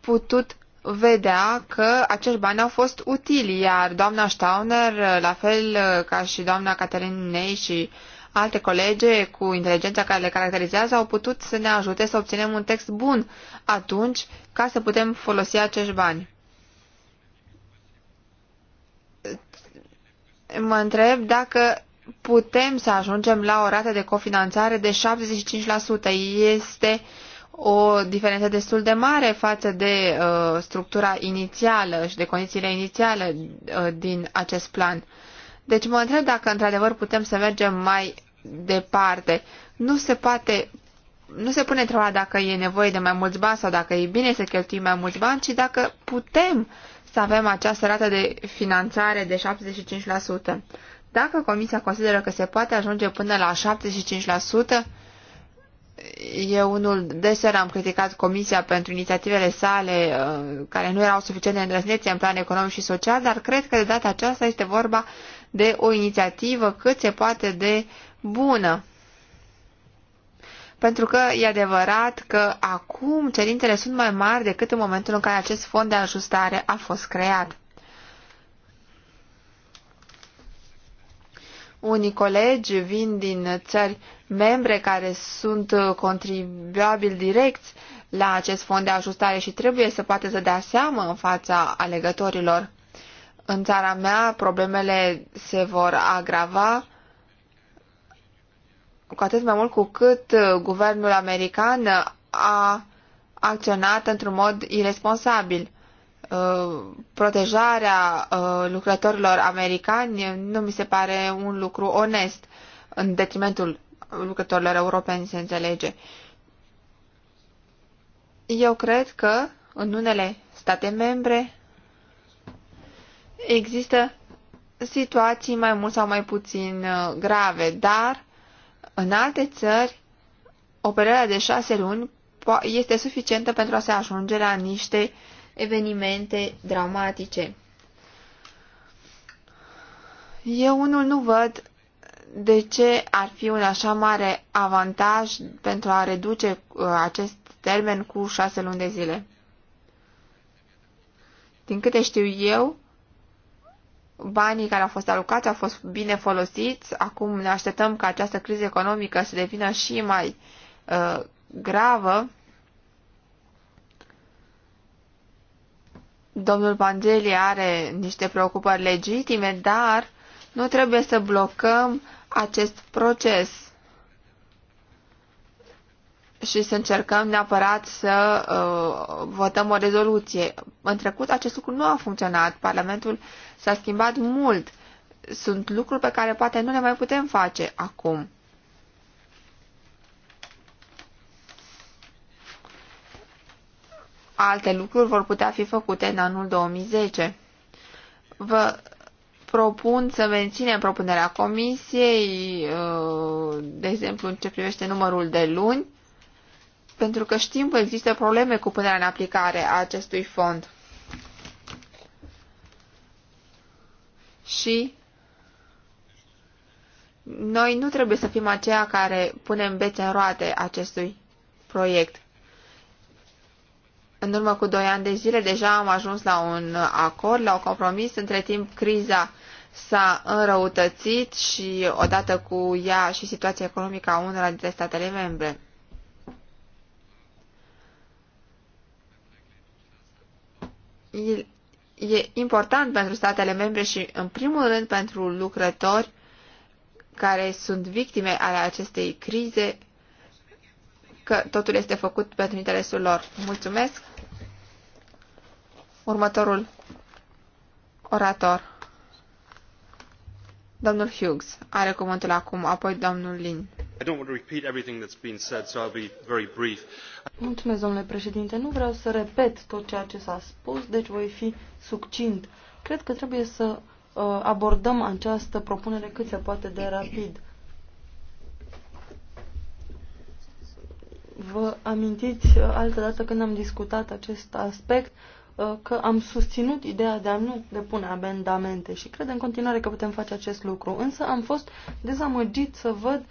putut vedea că acești bani au fost utili, iar doamna Stauner, la fel uh, ca și doamna Catherine Ney și uh, alte colege cu inteligența care le caracterizează au putut să ne ajute să obținem un text bun atunci ca să putem folosi acești bani. Mă întreb dacă putem să ajungem la o rată de cofinanțare de 75%. Este o diferență destul de mare față de uh, structura inițială și de condițiile inițiale uh, din acest plan. Uh, deci mă întreb dacă într-adevăr putem să mergem mai departe. Nu se poate, nu se pune întrebarea dacă e nevoie de mai mulți bani sau dacă e bine să cheltuim mai mulți bani, ci dacă putem să avem această rată de finanțare de 75%. Dacă Comisia consideră că se poate ajunge până la 75%, eu unul deseori am criticat Comisia pentru inițiativele sale uh, care nu erau suficient de îndrăznețe în plan economic și social, dar cred că de data aceasta este vorba de o inițiativă cât se poate de bună. Pentru că e adevărat că acum cerințele sunt mai mari decât în momentul în care acest fond de ajustare a fost creat. Unii colegi vin din țări membre care sunt contribuabili direct la acest fond de ajustare și trebuie să poată să dea seamă în fața alegătorilor. În țara mea problemele se vor agrava cu atât mai mult cu cât uh, guvernul american uh, a acționat într-un mod irresponsabil. Uh, protejarea lucrătorilor americani nu mi se pare un lucru onest, în detrimentul lucrătorilor europeni, se înțelege. Eu cred că în unele state membre Există situații mai mult sau mai puțin uh, grave, dar în alte țări o perioadă de șase luni este suficientă pentru a se ajunge la niște evenimente dramatice. Eu unul nu văd de ce ar fi un așa mare avantaj pentru a reduce uh, acest termen cu șase luni de zile. Din câte știu eu, banii care au fost alocați au fost bine folosiți. Acum ne așteptăm ca această criză economică să devină și mai uh, gravă. Domnul Vangeli are niște preocupări legitime, dar nu trebuie să blocăm acest proces și să încercăm neapărat să uh, votăm o rezoluție. În trecut acest lucru nu a funcționat. Parlamentul s-a schimbat mult. Sunt lucruri pe care poate nu le mai putem face acum. Alte lucruri vor putea fi făcute în anul 2010. Vă propun să menținem propunerea comisiei, uh, de exemplu în ce privește numărul de luni, pentru că știm că există probleme cu punerea în aplicare a acestui fond. Și noi nu trebuie să fim aceia care punem bețe în roate acestui proiect. În urmă cu doi ani de zile deja am ajuns la un acord, la un compromis. Între timp, criza s-a înrăutățit și odată cu ea și situația economică a unora dintre statele membre. e important pentru statele membre și, în primul rând, pentru lucrători care sunt victime ale acestei crize, că totul este făcut pentru interesul lor. Mulțumesc! Următorul orator, domnul Hughes, are cuvântul acum, apoi domnul Lin. Mulțumesc, domnule președinte. Nu vreau să repet tot ceea ce s-a spus, deci voi fi succint. Cred că trebuie să uh, abordăm această propunere cât se poate de rapid. Vă amintiți uh, altă dată când am discutat acest aspect uh, că am susținut ideea de a nu depune amendamente și cred în continuare că putem face acest lucru. Însă am fost dezamăgit să văd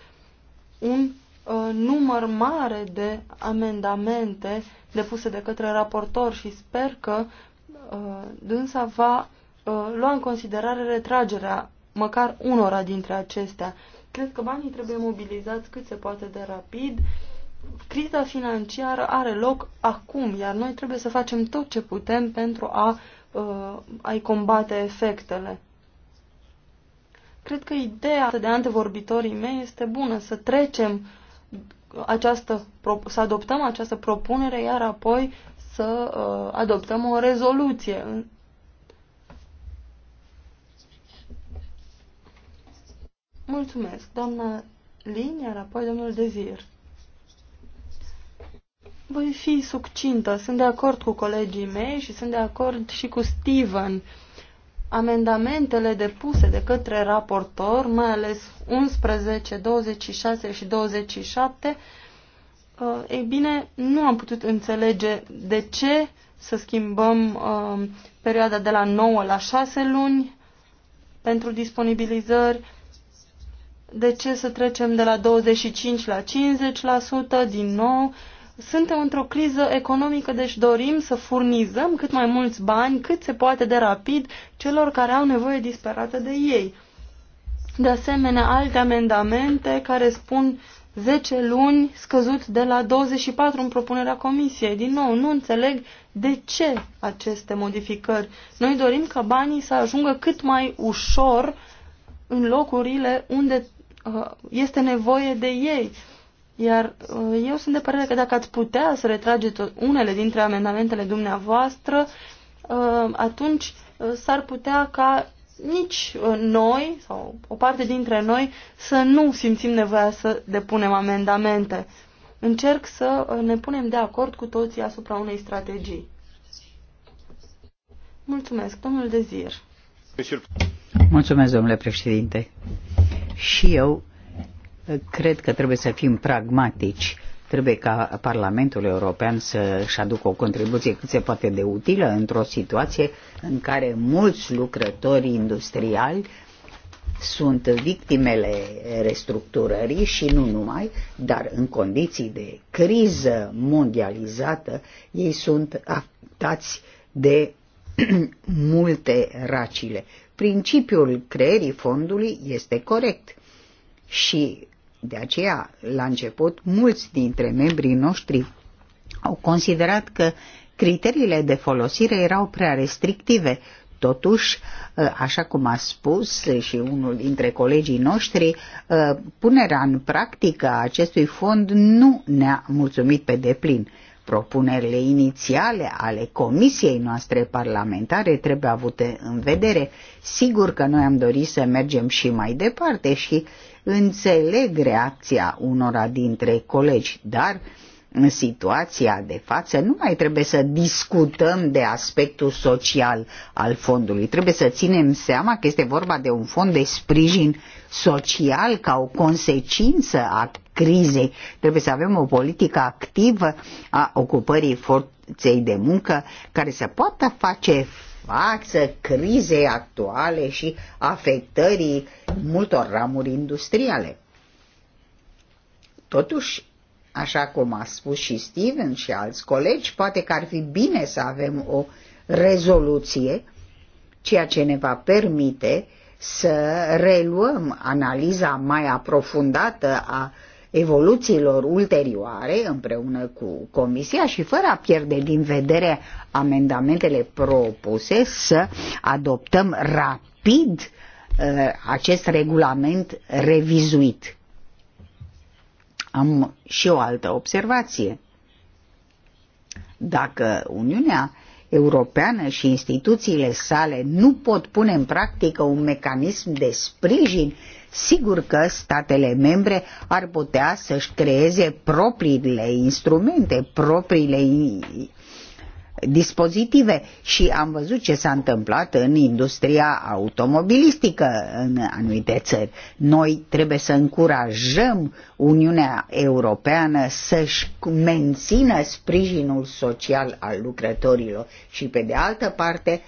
un uh, număr mare de amendamente depuse de către raportor și sper că uh, dânsa va uh, lua în considerare retragerea măcar unora dintre acestea. Cred că banii trebuie mobilizați cât se poate de rapid. Criza financiară are loc acum, iar noi trebuie să facem tot ce putem pentru a, a-i combate efectele. Cred că ideea de antevorbitorii mei este bună, să trecem această, să adoptăm această propunere, iar apoi să uh, adoptăm o rezoluție. Mulțumesc, doamna Lin, iar apoi domnul Dezir. Voi fi succintă, sunt de acord cu colegii mei și sunt de acord și cu Steven. Uh, Amendamentele depuse de către raportor, mai ales 11, 26 și 27, uh, ei bine, nu am putut înțelege de ce să schimbăm uh, perioada de la 9 la 6 luni pentru disponibilizări, de ce să trecem de la 25 la 50% din nou, suntem într-o criză economică, deci dorim să furnizăm cât mai mulți bani, cât se poate de rapid, celor care au nevoie disperată de ei. De asemenea, alte amendamente care spun 10 luni scăzut de la 24 în propunerea comisiei. Din nou, nu înțeleg de ce aceste modificări. Noi dorim ca banii să ajungă cât mai ușor în locurile unde uh, este nevoie de ei. Iar uh, eu sunt de părere că dacă ați putea să retrageți unele dintre amendamentele dumneavoastră, uh, atunci uh, s-ar putea ca nici noi sau o parte dintre noi să nu simțim nevoia să depunem amendamente. Încerc să ne punem de acord cu toții asupra unei strategii. Mulțumesc, domnul Dezir. Mulțumesc, domnule președinte. Și eu Cred că trebuie să fim pragmatici. Trebuie ca Parlamentul European să-și aducă o contribuție cât se poate de utilă într-o situație în care mulți lucrători industriali sunt victimele restructurării și nu numai, dar în condiții de criză mondializată, ei sunt afectați de [CLEARS THROAT] multe racile. Principiul creierii fondului este corect și de aceea, la început, mulți dintre membrii noștri au considerat că criteriile de folosire erau prea restrictive. Totuși, ă, așa cum a spus și unul dintre colegii noștri, ă, punerea în practică a acestui fond nu ne-a mulțumit pe deplin. Propunerile inițiale ale comisiei noastre parlamentare trebuie avute în vedere. Sigur că noi am dorit să mergem și mai departe și Înțeleg reacția unora dintre colegi, dar în situația de față nu mai trebuie să discutăm de aspectul social al fondului. Trebuie să ținem seama că este vorba de un fond de sprijin social ca o consecință a crizei. Trebuie să avem o politică activă a ocupării forței de muncă care să poată face față crizei actuale și afectării multor ramuri industriale. Totuși, așa cum a spus și Steven și alți colegi, poate că ar fi bine să avem o rezoluție, ceea ce ne va permite să reluăm analiza mai aprofundată a evoluțiilor ulterioare împreună cu Comisia și fără a pierde din vedere amendamentele propuse să adoptăm rapid uh, acest regulament revizuit. Am și o altă observație. Dacă Uniunea europeană și instituțiile sale nu pot pune în practică un mecanism de sprijin Sigur că statele membre ar putea să-și creeze propriile instrumente, propriile dispozitive și am văzut ce s-a întâmplat în industria automobilistică în anumite țări. Noi trebuie să încurajăm Uniunea Europeană să-și mențină sprijinul social al lucrătorilor și pe de altă parte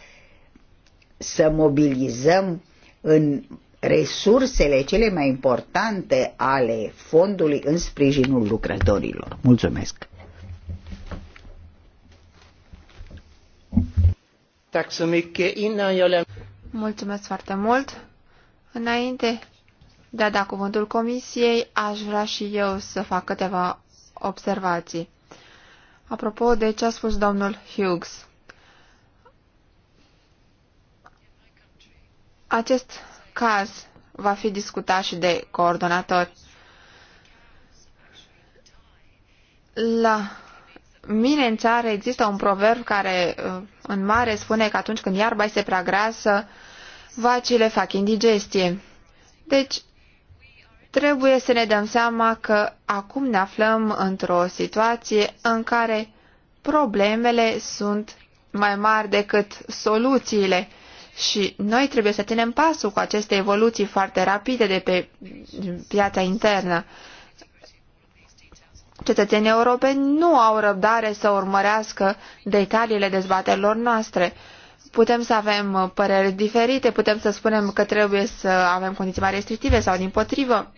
să mobilizăm în resursele cele mai importante ale fondului în sprijinul lucrătorilor. Mulțumesc! Mulțumesc foarte mult! Înainte de a da cuvântul comisiei, aș vrea și eu să fac câteva observații. Apropo de ce a spus domnul Hughes, acest caz va fi discutat și de coordonatori. La mine în țară există un proverb care uh, în mare spune că atunci când iarba este prea grasă, vacile fac indigestie. Deci, trebuie să ne dăm seama că acum ne aflăm într-o situație în care problemele sunt mai mari decât soluțiile și noi trebuie să ținem pasul cu aceste evoluții foarte rapide de pe piața internă. Cetățenii europeni nu au răbdare să urmărească detaliile dezbaterilor noastre. Putem să avem păreri diferite, putem să spunem că trebuie să avem condiții mai restrictive sau din potrivă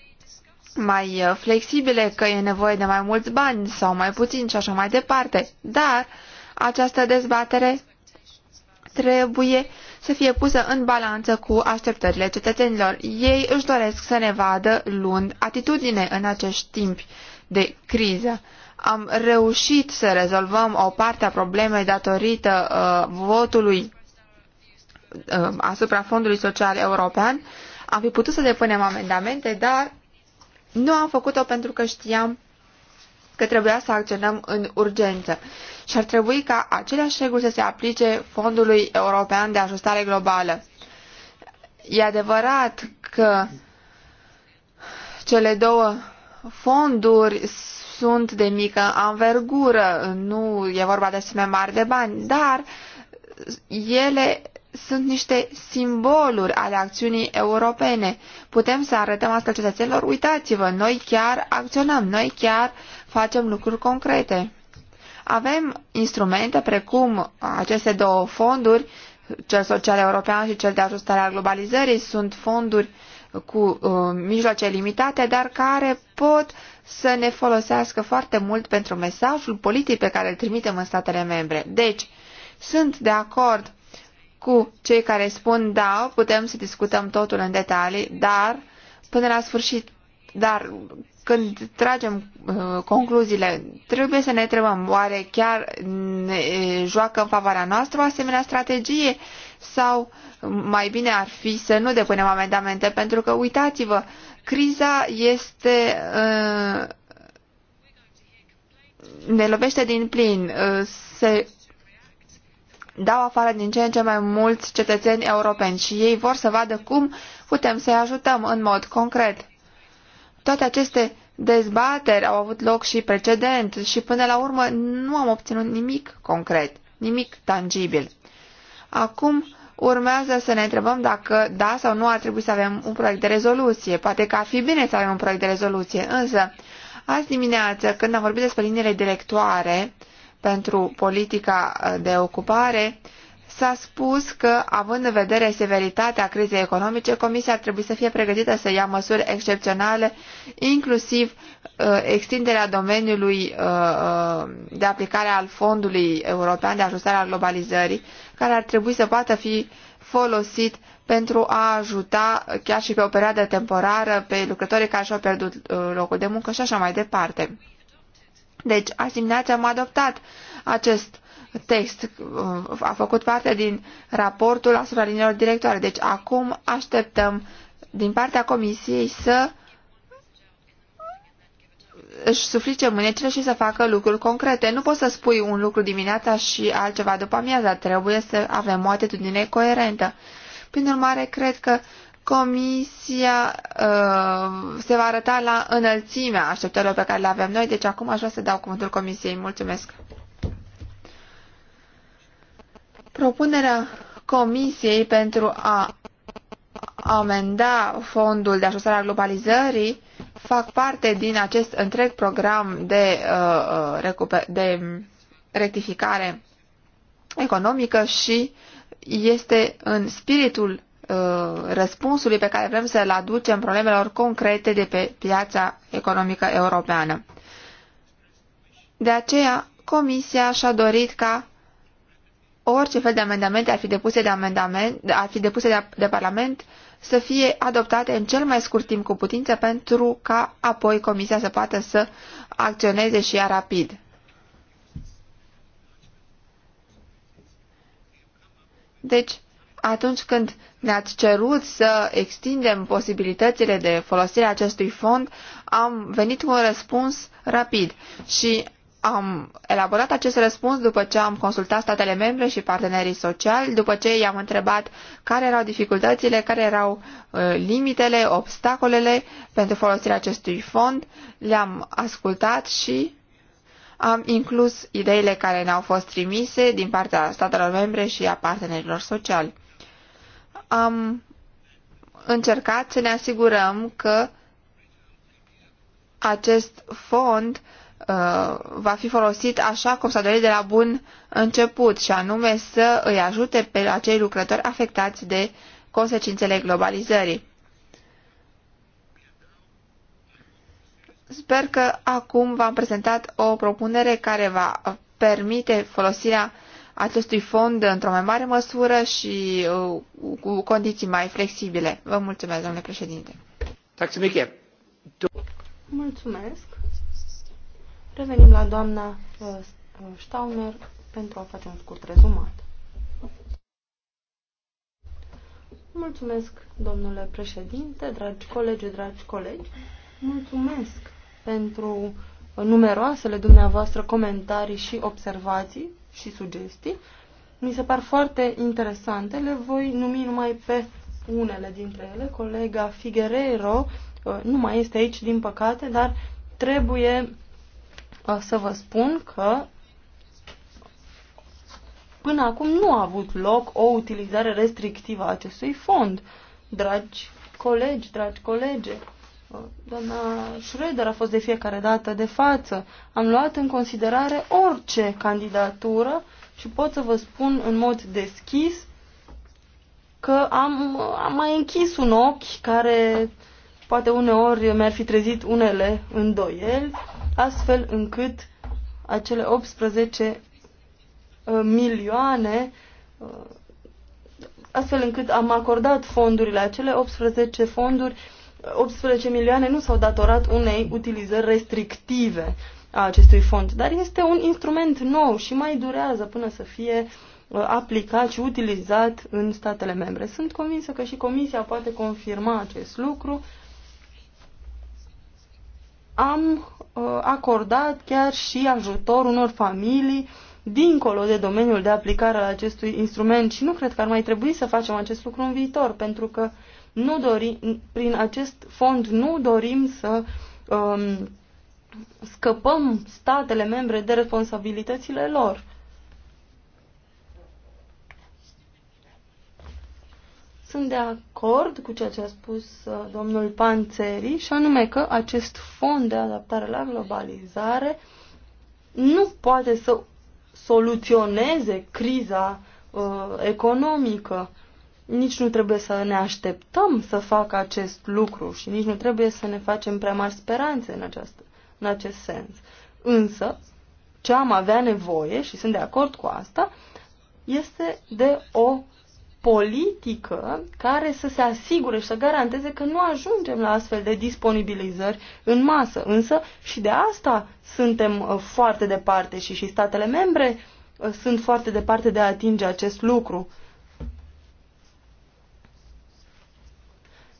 mai flexibile, că e nevoie de mai mulți bani sau mai puțin și așa mai departe. Dar această dezbatere trebuie să fie pusă în balanță cu așteptările cetățenilor. Ei își doresc să ne vadă luând atitudine în acești timpi de criză. Am reușit să rezolvăm o parte a problemei datorită uh, votului uh, asupra Fondului Social European. Am fi putut să depunem amendamente, dar nu am făcut-o pentru că știam că trebuia să acționăm în urgență și ar trebui ca aceleași reguli să se aplice Fondului European de Ajustare Globală. E adevărat că cele două fonduri sunt de mică anvergură, nu e vorba de sume mari de bani, dar ele sunt niște simboluri ale acțiunii europene. Putem să arătăm asta cetățenilor, uitați-vă, noi chiar acționăm, noi chiar facem lucruri concrete. Avem instrumente precum aceste două fonduri, cel social european și cel de ajustare a globalizării, sunt fonduri cu uh, mijloace limitate, dar care pot să ne folosească foarte mult pentru mesajul politic pe care îl trimitem în statele membre. Deci, sunt de acord cu cei care spun da, putem să discutăm totul în detalii, dar până la sfârșit, dar când tragem uh, concluziile, trebuie să ne întrebăm, oare chiar ne joacă în favoarea noastră o asemenea strategie sau mai bine ar fi să nu depunem amendamente, pentru că uitați-vă, criza este uh, ne lovește din plin, uh, se dau afară din ce în ce mai mulți cetățeni europeni și ei vor să vadă cum putem să-i ajutăm în mod concret. Toate aceste dezbateri au avut loc și precedent și până la urmă nu am obținut nimic concret, nimic tangibil. Acum urmează să ne întrebăm dacă da sau nu ar trebui să avem un proiect de rezoluție. Poate că ar fi bine să avem un proiect de rezoluție, însă azi dimineață când am vorbit despre liniile directoare pentru politica de ocupare, S-a spus că, având în vedere severitatea crizei economice, Comisia ar trebui să fie pregătită să ia măsuri excepționale, inclusiv uh, extinderea domeniului uh, uh de aplicare al Fondului European de Ajustare la Globalizării, care ar trebui să poată fi folosit pentru a ajuta chiar și pe o perioadă temporară pe lucrătorii care și-au pierdut uh, locul de muncă și așa mai departe. Deci, asimilația am adoptat acest text uh, a făcut parte din raportul asupra liniilor directoare. Deci acum așteptăm din partea Comisiei să își suflice mânecile și să facă lucruri concrete. Nu poți să spui un lucru dimineața și altceva după amiaza. Trebuie să avem o atitudine coerentă. Prin urmare, cred că Comisia uh, se va arăta la înălțimea așteptărilor pe care le avem noi, deci acum aș vrea să dau cuvântul Comisiei. Mulțumesc! Propunerea Comisiei pentru a amenda fondul de ajustare a globalizării fac parte din acest întreg program de, uh, uh de rectificare economică și este în spiritul uh, răspunsului pe care vrem să-l aducem problemelor concrete de pe piața economică europeană. De aceea, Comisia și-a dorit ca orice fel de amendamente ar fi depuse de, amendament, ar fi depuse de, de Parlament să fie adoptate în cel mai scurt timp cu putință pentru ca apoi Comisia să poată să acționeze și ea rapid. Deci, atunci când ne-ați cerut să extindem posibilitățile de folosire a acestui fond, am venit cu un răspuns rapid și am elaborat acest răspuns după ce am consultat statele membre și partenerii sociali, după ce i-am întrebat care erau dificultățile, care erau ă, limitele, obstacolele pentru folosirea acestui fond, le-am ascultat și am inclus ideile care ne-au fost trimise din partea statelor membre și a partenerilor sociali. Am încercat să ne asigurăm că acest fond uh, Uh, va fi folosit așa cum s-a dorit de la bun început, și anume să îi ajute pe acei lucrători afectați de consecințele globalizării. Sper că acum v-am prezentat o propunere care va permite folosirea acestui fond într-o mai mare măsură și uh, cu condiții mai flexibile. Vă mulțumesc, domnule președinte. Mulțumesc. Revenim la doamna uh, uh, Staumer pentru a face un scurt rezumat. Mulțumesc, domnule președinte, dragi colegi, dragi colegi. Mulțumesc pentru numeroasele dumneavoastră comentarii și observații și sugestii. Mi se par foarte interesante. Le voi numi numai pe unele dintre ele. Colega Figuerero uh, nu mai este aici, din păcate, dar trebuie să vă spun că până acum nu a avut loc o utilizare restrictivă a acestui fond. Dragi colegi, dragi colege, doamna Schroeder a fost de fiecare dată de față. Am luat în considerare orice candidatură și pot să vă spun în mod deschis că am, am mai închis un ochi care poate uneori mi-ar fi trezit unele îndoieli astfel încât acele 18 uh, milioane, uh, astfel încât am acordat fondurile, acele 18 fonduri, 18 uh, milioane nu s-au datorat unei utilizări restrictive a acestui fond, dar este un instrument nou și mai durează până să fie aplicat și utilizat în statele membre. Sunt convinsă că și Comisia poate confirma acest lucru am uh, acordat chiar și ajutor unor familii dincolo de domeniul de aplicare al acestui instrument și nu cred că ar mai trebui să facem acest lucru în viitor, pentru că nu dorim, prin acest fond nu dorim să um, scăpăm statele membre de responsabilitățile lor. Sunt de acord cu ceea ce a spus uh, domnul Panțeri și anume că acest fond de adaptare la globalizare nu poate să soluționeze criza uh, economică. Nici nu trebuie să ne așteptăm să facă acest lucru și nici nu trebuie să ne facem prea mari speranțe în, această, în acest sens. Însă, ce am avea nevoie, și sunt de acord cu asta, este de o politică care să se asigure și să garanteze că nu ajungem la astfel de disponibilizări în masă. Însă și de asta suntem uh, foarte departe și și statele membre uh, sunt foarte departe de a atinge acest lucru.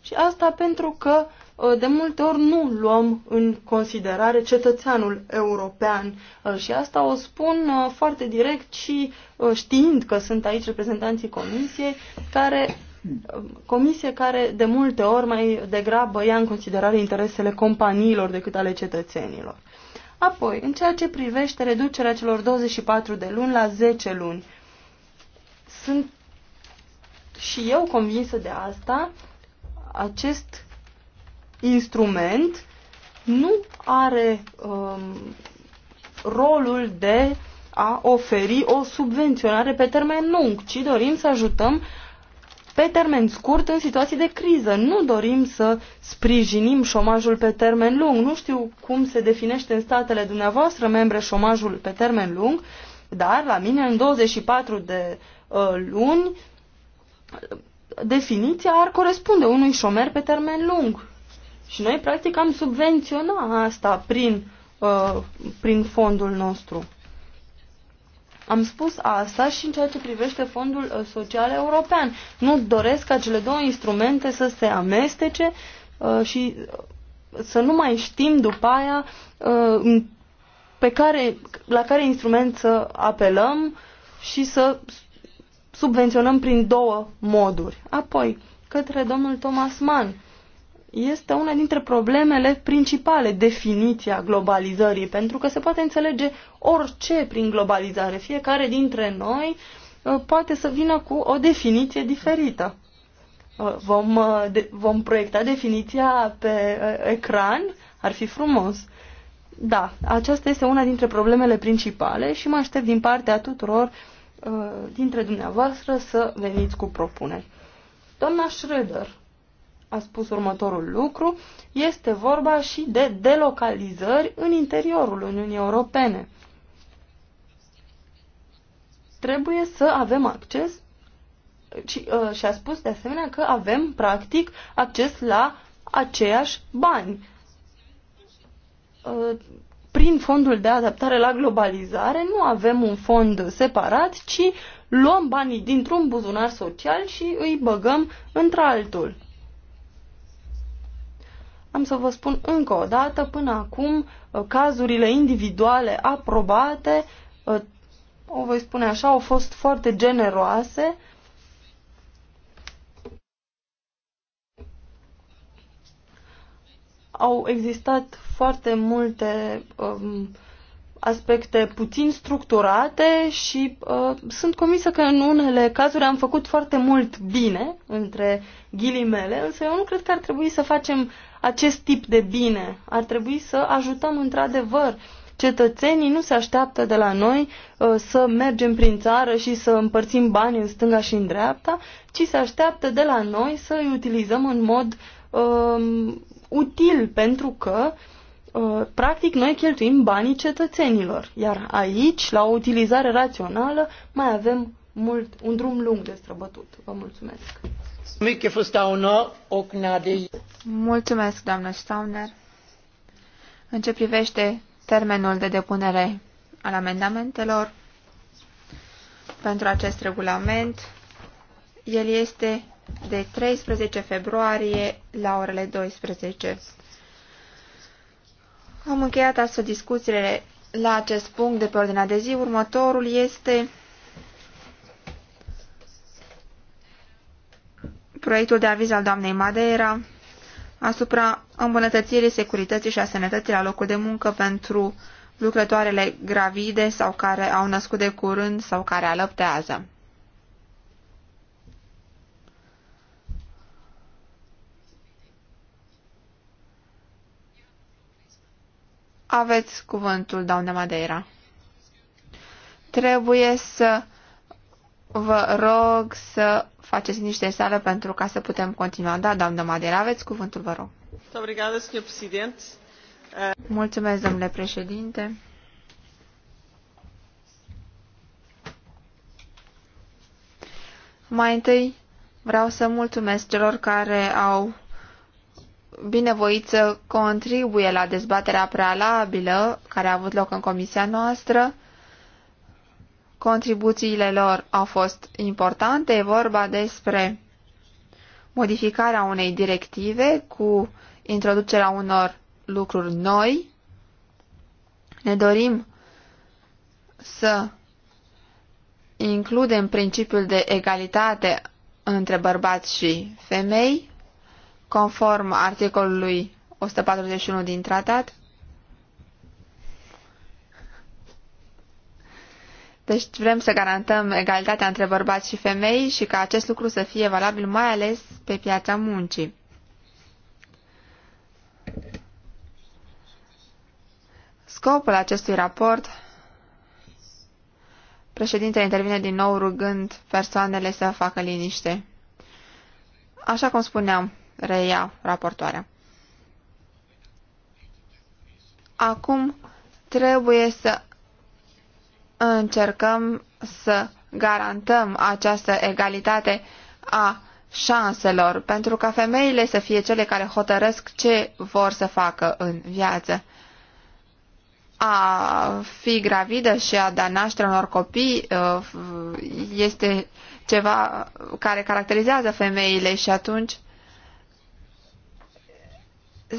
Și asta pentru că uh, Uh, de multe ori nu luăm în considerare cetățeanul european uh, și asta o spun uh, foarte direct și știind că sunt aici reprezentanții comisiei care comisie care de multe ori mai degrabă ia în considerare interesele companiilor decât ale cetățenilor. Apoi, în ceea ce privește reducerea celor 24 de luni la 10 luni, sunt și eu convinsă de asta, acest instrument nu are um, rolul de a oferi o subvenționare pe termen lung, ci dorim să ajutăm pe termen scurt în situații de criză. Nu dorim să sprijinim șomajul pe termen lung. Nu știu cum se definește în statele dumneavoastră, membre, șomajul pe termen lung, dar la mine în 24 de uh, luni definiția ar corespunde unui șomer pe termen lung. Și noi, practic, am subvenționat asta prin, uh, prin fondul nostru. Am spus asta și în ceea ce privește fondul uh, social european. Nu doresc ca cele două instrumente să se amestece uh, și uh, să nu mai știm după aia uh, pe care, la care instrument să apelăm și să subvenționăm prin două moduri. Apoi, către domnul Thomas Mann este una dintre problemele principale, definiția globalizării, pentru că se poate înțelege orice prin globalizare. Fiecare dintre noi uh, poate să vină cu o definiție diferită. Uh, vom, uh, vom proiecta definiția pe ecran, ar fi frumos. Da, aceasta este una dintre problemele principale și mă aștept din partea tuturor dintre dumneavoastră să veniți cu propuneri. Doamna Schröder, a spus următorul lucru, este vorba și de delocalizări în interiorul Uniunii Europene. Trebuie să avem acces și, uh, și a spus de asemenea că avem practic acces la aceiași bani. Uh, prin fondul de adaptare la globalizare nu avem un fond separat, ci luăm banii dintr-un buzunar social și îi băgăm într-altul. Am să vă spun încă o dată, până acum, uh, cazurile individuale aprobate, uh, o voi spune așa, au fost foarte generoase. Au existat foarte multe um, aspecte puțin structurate și uh, sunt convinsă că în unele cazuri am făcut foarte mult bine, între ghilimele, însă eu nu cred că ar trebui să facem acest tip de bine. Ar trebui să ajutăm într-adevăr. Cetățenii nu se așteaptă de la noi uh, să mergem prin țară și să împărțim bani în stânga și în dreapta, ci se așteaptă de la noi să îi utilizăm în mod uh, util, pentru că uh, practic noi cheltuim banii cetățenilor. Iar aici, la o utilizare rațională, mai avem mult, un drum lung de străbătut. Vă mulțumesc! Mulțumesc, doamnă Stauner. În ce privește termenul de depunere al amendamentelor pentru acest regulament, el este de 13 februarie la orele 12. Am încheiat astfel discuțiile la acest punct de pe ordinea de zi. Următorul este proiectul de aviz al doamnei Madeira asupra îmbunătățirii securității și a sănătății la locul de muncă pentru lucrătoarele gravide sau care au născut de curând sau care alăptează. Aveți cuvântul, doamne Madeira. Trebuie să vă rog să faceți niște sală pentru ca să putem continua. Da, doamnă Madera, aveți cuvântul, vă rog. Mulțumesc, domnule președinte. Mai întâi vreau să mulțumesc celor care au binevoit să contribuie la dezbaterea prealabilă care a avut loc în comisia noastră Contribuțiile lor au fost importante, e vorba despre modificarea unei directive cu introducerea unor lucruri noi. Ne dorim să includem principiul de egalitate între bărbați și femei, conform articolului 141 din tratat. Deci vrem să garantăm egalitatea între bărbați și femei și ca acest lucru să fie valabil mai ales pe piața muncii. Scopul acestui raport Președintele intervine din nou rugând persoanele să facă liniște. Așa cum spuneam, reia raportoarea. Acum trebuie să încercăm să garantăm această egalitate a șanselor, pentru ca femeile să fie cele care hotărăsc ce vor să facă în viață. A fi gravidă și a da naștere unor copii uh, este ceva care caracterizează femeile și atunci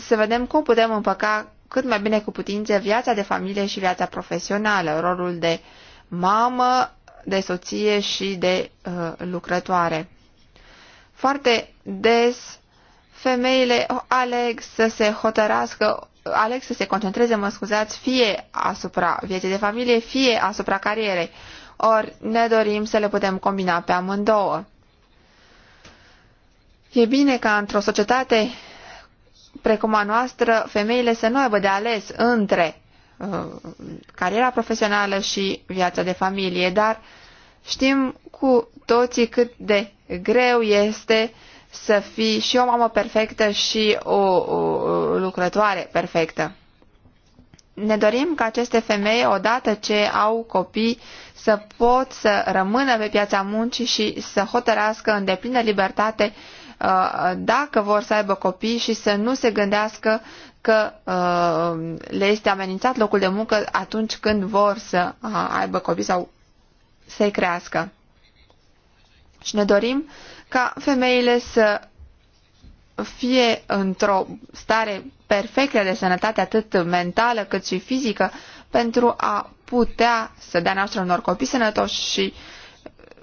să vedem cum putem împăca cât mai bine cu putință viața de familie și viața profesională, rolul de mamă, de soție și de uh, lucrătoare. Foarte des femeile aleg să se hotărască, aleg să se concentreze, mă scuzați, fie asupra vieții de familie, fie asupra carierei. Ori ne dorim să le putem combina pe amândouă. E bine ca într-o societate precum a noastră, femeile să nu aibă de ales între uh, cariera profesională și viața de familie, dar știm cu toții cât de greu este să fii și o mamă perfectă și o, o lucrătoare perfectă. Ne dorim ca aceste femei, odată ce au copii, să pot să rămână pe piața muncii și să hotărască în deplină libertate uh, Uh, dacă vor să aibă copii și să nu se gândească că uh, le este amenințat locul de muncă atunci când vor să uh, aibă copii sau să-i crească. Și ne dorim ca femeile să fie într-o stare perfectă de sănătate, atât mentală cât și fizică, pentru a putea să dea naștere unor copii sănătoși și,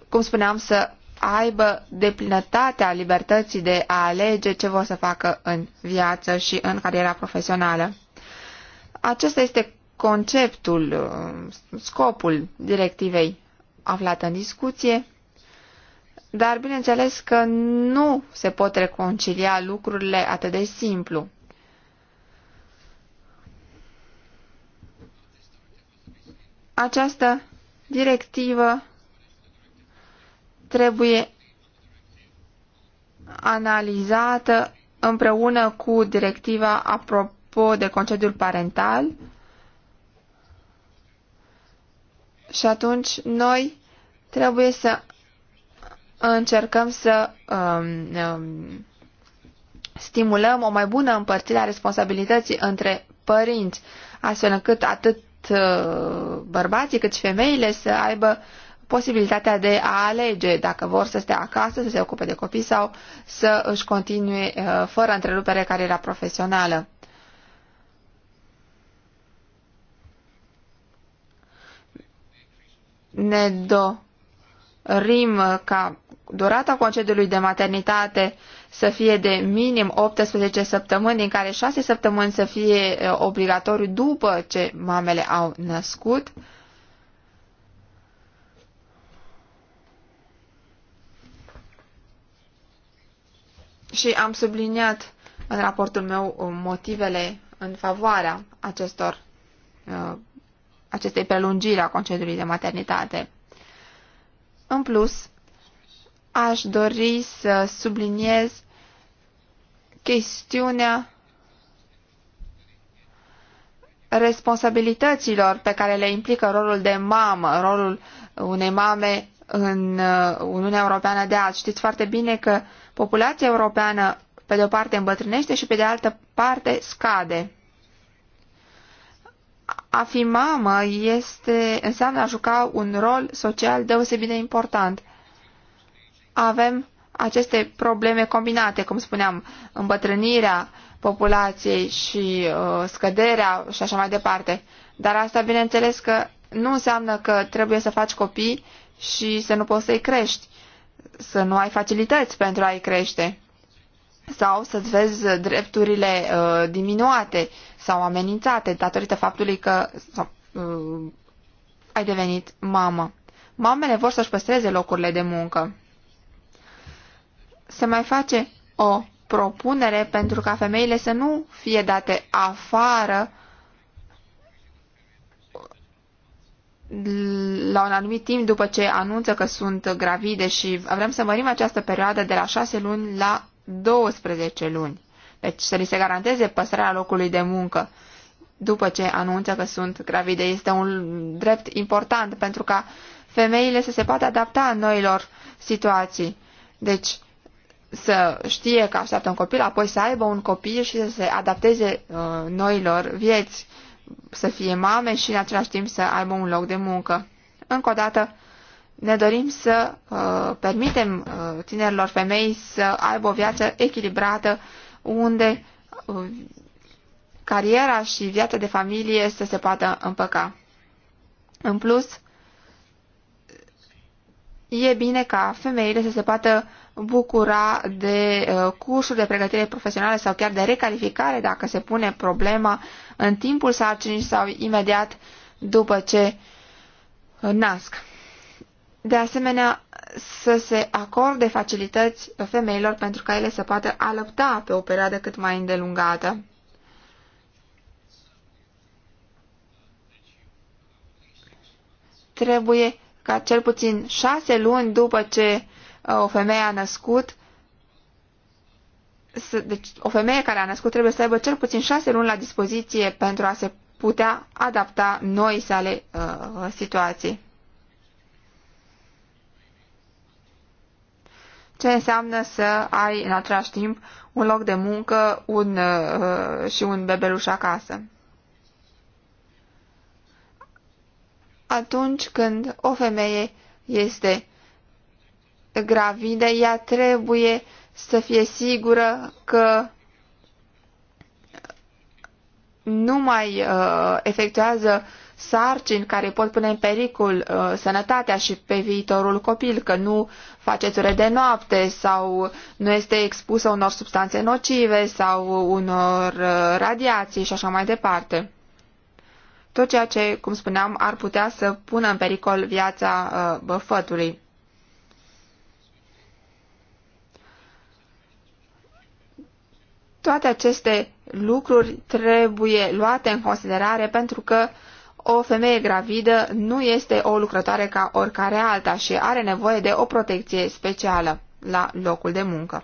cum spuneam, să aibă deplinătatea libertății de a alege ce vor să facă în viață și în cariera profesională. Acesta este conceptul, uh, scopul directivei aflată în discuție, dar bineînțeles că nu se pot reconcilia lucrurile atât de simplu. Această directivă trebuie analizată împreună cu directiva apropo de concediul parental și atunci noi trebuie să încercăm să um, um, stimulăm o mai bună împărțire a responsabilității între părinți, astfel încât atât uh, bărbații cât și femeile să aibă posibilitatea de a alege dacă vor să stea acasă, să se ocupe de copii sau să își continue uh, fără întrerupere cariera profesională. Ne dorim ca durata concediului de maternitate să fie de minim 18 săptămâni, din care 6 săptămâni să fie uh, obligatoriu după ce mamele au născut. și am subliniat în raportul meu uh, motivele în favoarea acestor, uh, acestei prelungiri a concediului de maternitate. În plus, aș dori să subliniez chestiunea responsabilităților pe care le implică rolul de mamă, rolul unei mame în uh, Uniunea Europeană de azi. Știți foarte bine că uh, populația europeană pe de o parte îmbătrânește și pe de altă parte scade. A fi mamă este, înseamnă a juca un rol social deosebit de important. Avem aceste probleme combinate, cum spuneam, îmbătrânirea populației și uh, scăderea și așa mai departe. Dar asta, bineînțeles, că nu înseamnă că trebuie să faci copii și să nu poți să-i crești să nu ai facilități pentru a-i crește sau să-ți vezi drepturile uh, diminuate sau amenințate datorită faptului că sau, uh, ai devenit mamă. Mamele vor să-și păstreze locurile de muncă. Se mai face o propunere pentru ca femeile să nu fie date afară la un anumit timp după ce anunță că sunt gravide și vrem să mărim această perioadă de la 6 luni la 12 luni. Deci să li se garanteze păstrarea locului de muncă după ce anunță că sunt gravide. Este un drept important pentru ca femeile să se poată adapta noilor situații. Deci să știe că așteaptă un copil, apoi să aibă un copil și să se adapteze uh, noilor vieți să fie mame și în același timp să aibă un loc de muncă. Încă o dată, ne dorim să uh, permitem uh, tinerilor femei să aibă o viață echilibrată unde uh, cariera și viața de familie să se poată împăca. În plus, e bine ca femeile să se poată bucura de uh, cursuri de pregătire profesională sau chiar de recalificare dacă se pune problema în timpul sarcinii sau imediat după ce uh, nasc. De asemenea, să se acorde facilități femeilor pentru ca ele să poată alăpta pe o perioadă cât mai îndelungată. Trebuie ca cel puțin șase luni după ce uh, o femeie a născut, deci o femeie care a născut trebuie să aibă cel puțin șase luni la dispoziție pentru a se putea adapta noi sale uh, situații. Ce înseamnă să ai în același timp un loc de muncă un, uh, și un bebeluș acasă. atunci când o femeie este gravidă, ea trebuie să fie sigură că nu mai uh, efectuează sarcini care pot pune în pericol uh, sănătatea și pe viitorul copil, că nu face ture de noapte sau nu este expusă unor substanțe nocive sau unor uh, radiații și așa mai departe tot ceea ce, cum spuneam, ar putea să pună în pericol viața uh, băfătului. Toate aceste lucruri trebuie luate în considerare pentru că o femeie gravidă nu este o lucrătoare ca oricare alta și are nevoie de o protecție specială la locul de muncă.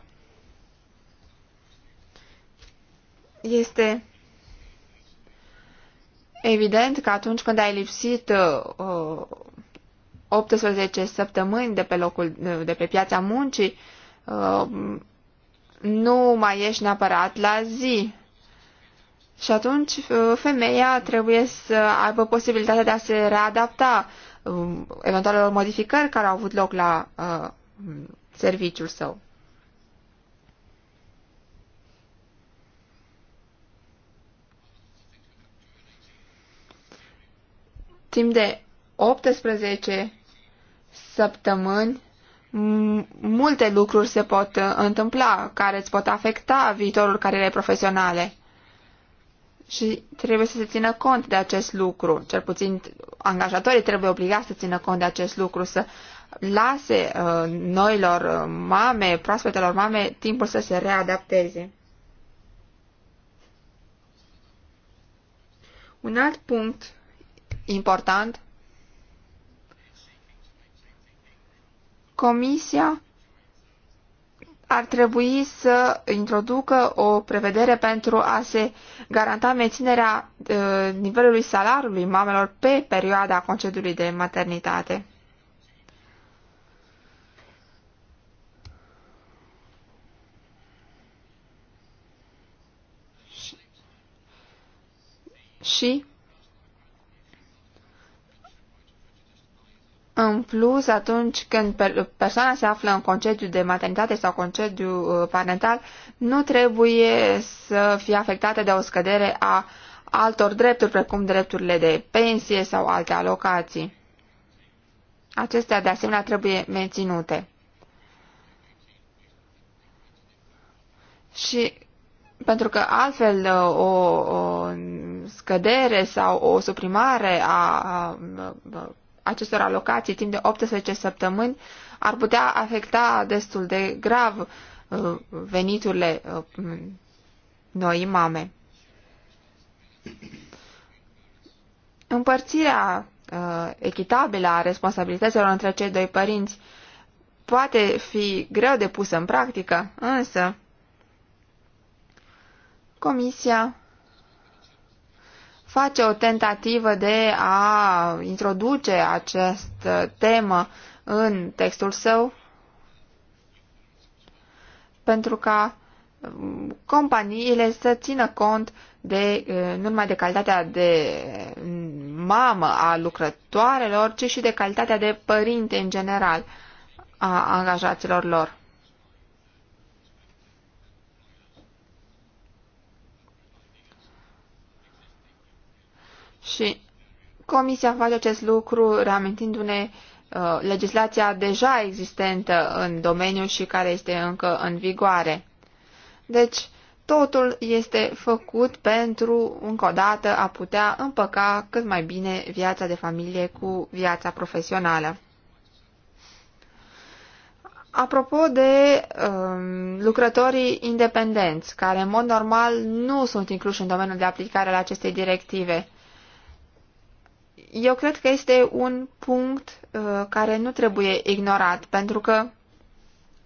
Este Evident că atunci când ai lipsit uh, 18 săptămâni de pe, locul, uh, de pe piața muncii, uh, nu mai ești neapărat la zi. Și atunci uh, femeia trebuie să aibă posibilitatea de a se readapta uh, eventualelor modificări care au avut loc la uh, serviciul său. Timp de 18 săptămâni, multe lucruri se pot uh, întâmpla care îți pot afecta viitorul carierei profesionale. Și trebuie să se țină cont de acest lucru. Cel puțin angajatorii trebuie obligați să țină cont de acest lucru, să lase uh, noilor uh, mame, proaspetelor mame, timpul să se readapteze. Un alt punct important, Comisia ar trebui să introducă o prevedere pentru a se garanta menținerea ă, nivelului salariului mamelor pe perioada concediului de maternitate. Și În plus, atunci când persoana se află în concediu de maternitate sau concediu uh, parental, nu trebuie să fie afectată de o scădere a altor drepturi, precum drepturile de pensie sau alte alocații. Acestea, de asemenea, trebuie menținute. Și pentru că altfel uh, o, o scădere sau o suprimare a acestor alocații timp de 18 săptămâni ar putea afecta destul de grav uh, veniturile uh, noi mame. Împărțirea uh, echitabilă a responsabilităților între cei doi părinți poate fi greu de pusă în practică, însă Comisia face o tentativă de a introduce această uh, temă în textul său pentru ca um, companiile să țină cont de, uh, nu numai de calitatea de um, mamă a lucrătoarelor, ci și de calitatea de părinte în general a angajaților lor. Și Comisia face acest lucru reamintindu-ne uh, legislația deja existentă în domeniu și care este încă în vigoare. Deci, totul este făcut pentru, încă o dată, a putea împăca cât mai bine viața de familie cu viața profesională. Apropo de um, lucrătorii independenți, care în mod normal nu sunt incluși în domeniul de aplicare al acestei directive, eu cred că este un punct uh, care nu trebuie ignorat, pentru că